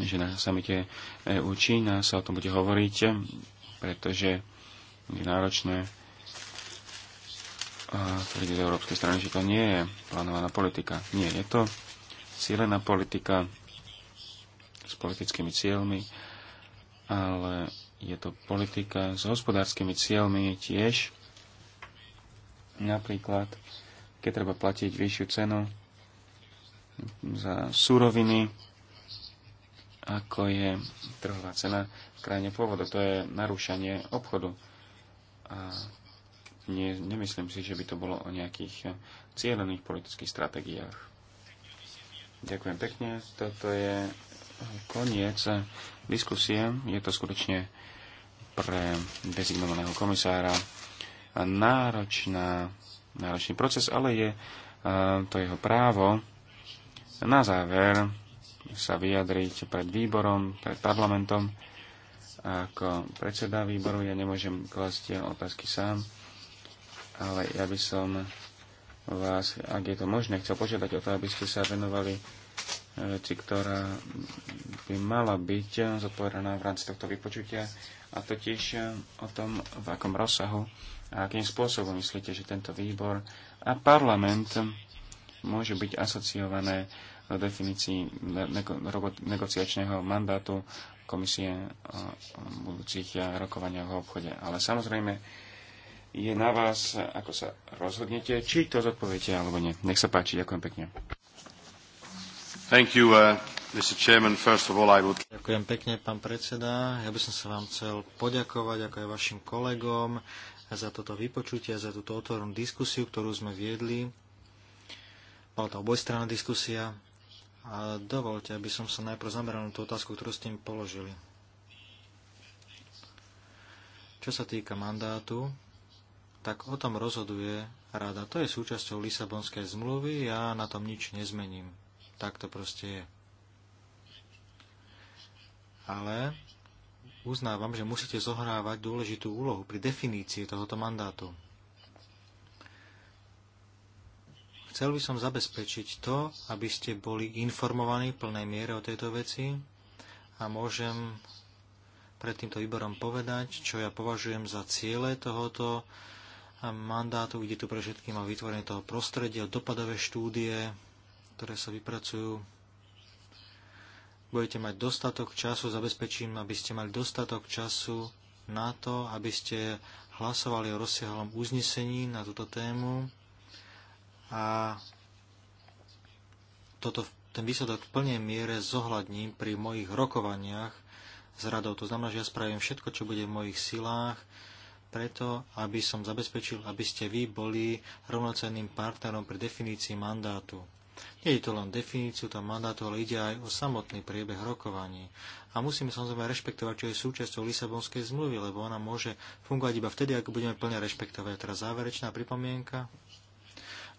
že na samite EU Čína sa o tom bude hovoriť, pretože je náročné tvrdiť z európskej strany, že to nie je plánovaná politika. Nie, je to Cílená politika s politickými cieľmi, ale je to politika s hospodárskymi cieľmi tiež. Napríklad, keď treba platiť vyššiu cenu za suroviny, ako je trhová cena v krajine pôvodu. To je narúšanie obchodu. A nie, nemyslím si, že by to bolo o nejakých cieľených politických stratégiách. Ďakujem pekne. Toto je koniec diskusie. Je to skutočne pre dezignovaného komisára náročná, náročný proces, ale je e, to jeho právo na záver sa vyjadriť pred výborom, pred parlamentom. Ako predseda výboru ja nemôžem klasť otázky sám, ale ja by som vás, ak je to možné, chcel požiadať o to, aby ste sa venovali veci, ktorá by mala byť zodpovedaná v rámci tohto vypočutia, a totiž e, o tom, v akom rozsahu a akým spôsobom myslíte, že tento výbor a parlament môžu byť asociované do definícii negociačného mandátu komisie o budúcich e, rokovaniach o obchode. Ale samozrejme, je na vás, ako sa rozhodnete, či to zodpoviete alebo nie. Nech sa páči, ďakujem pekne. Thank you, uh, Mr. Chairman. First of all, I would... Ďakujem pekne, pán predseda. Ja by som sa vám chcel poďakovať, ako aj vašim kolegom, za toto vypočutie, za túto otvorenú diskusiu, ktorú sme viedli. Bola to obojstranná diskusia. A dovolte, aby som sa najprv zameral na tú otázku, ktorú ste mi položili. Čo sa týka mandátu, tak o tom rozhoduje rada. To je súčasťou Lisabonskej zmluvy, ja na tom nič nezmením. Tak to proste je. Ale uznávam, že musíte zohrávať dôležitú úlohu pri definícii tohoto mandátu. Chcel by som zabezpečiť to, aby ste boli informovaní v plnej miere o tejto veci a môžem pred týmto výborom povedať, čo ja považujem za ciele tohoto mandátu, kde tu pre všetkým má vytvorenie toho prostredia, dopadové štúdie, ktoré sa vypracujú. Budete mať dostatok času, zabezpečím, aby ste mali dostatok času na to, aby ste hlasovali o rozsiahlom uznesení na túto tému a toto, ten výsledok v plnej miere zohľadním pri mojich rokovaniach s radou. To znamená, že ja spravím všetko, čo bude v mojich silách, preto, aby som zabezpečil, aby ste vy boli rovnocenným partnerom pri definícii mandátu. Nie je to len definíciu tam mandátu, ale ide aj o samotný priebeh rokovaní. A musíme samozrejme rešpektovať, čo je súčasťou Lisabonskej zmluvy, lebo ona môže fungovať iba vtedy, ak budeme plne rešpektovať. Teraz záverečná pripomienka.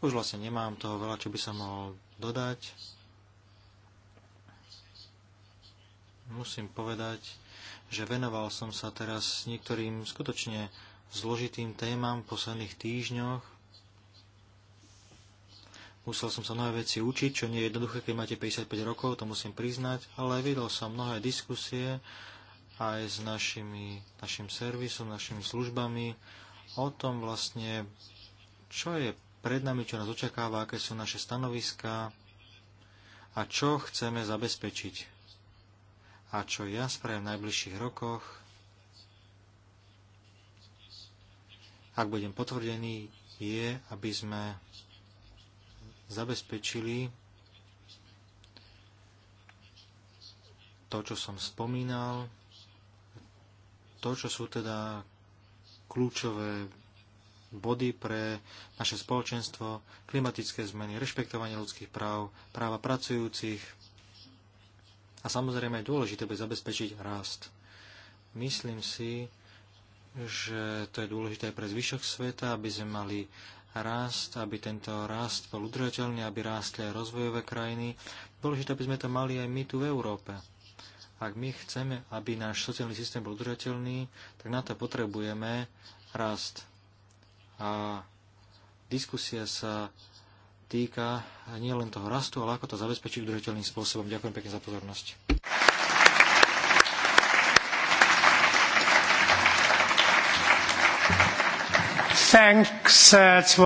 Už vlastne nemám toho veľa, čo by som mohol dodať. Musím povedať, že venoval som sa teraz niektorým skutočne zložitým témam v posledných týždňoch. Musel som sa mnohé veci učiť, čo nie je jednoduché, keď máte 55 rokov, to musím priznať, ale videl som mnohé diskusie aj s našimi, našim servisom, našimi službami o tom vlastne, čo je pred nami, čo nás očakáva, aké sú naše stanoviská a čo chceme zabezpečiť a čo ja spravím v najbližších rokoch, ak budem potvrdený, je, aby sme zabezpečili to, čo som spomínal, to, čo sú teda kľúčové body pre naše spoločenstvo, klimatické zmeny, rešpektovanie ľudských práv, práva pracujúcich, a samozrejme je dôležité bude zabezpečiť rast. Myslím si, že to je dôležité aj pre zvyšok sveta, aby sme mali rast, aby tento rast bol udržateľný, aby rástli aj rozvojové krajiny. Dôležité, aby sme to mali aj my tu v Európe. Ak my chceme, aby náš sociálny systém bol udržateľný, tak na to potrebujeme rast. A diskusia sa týka nielen toho rastu, ale ako to zabezpečiť udržateľným spôsobom. Ďakujem pekne za pozornosť. Thanks, uh,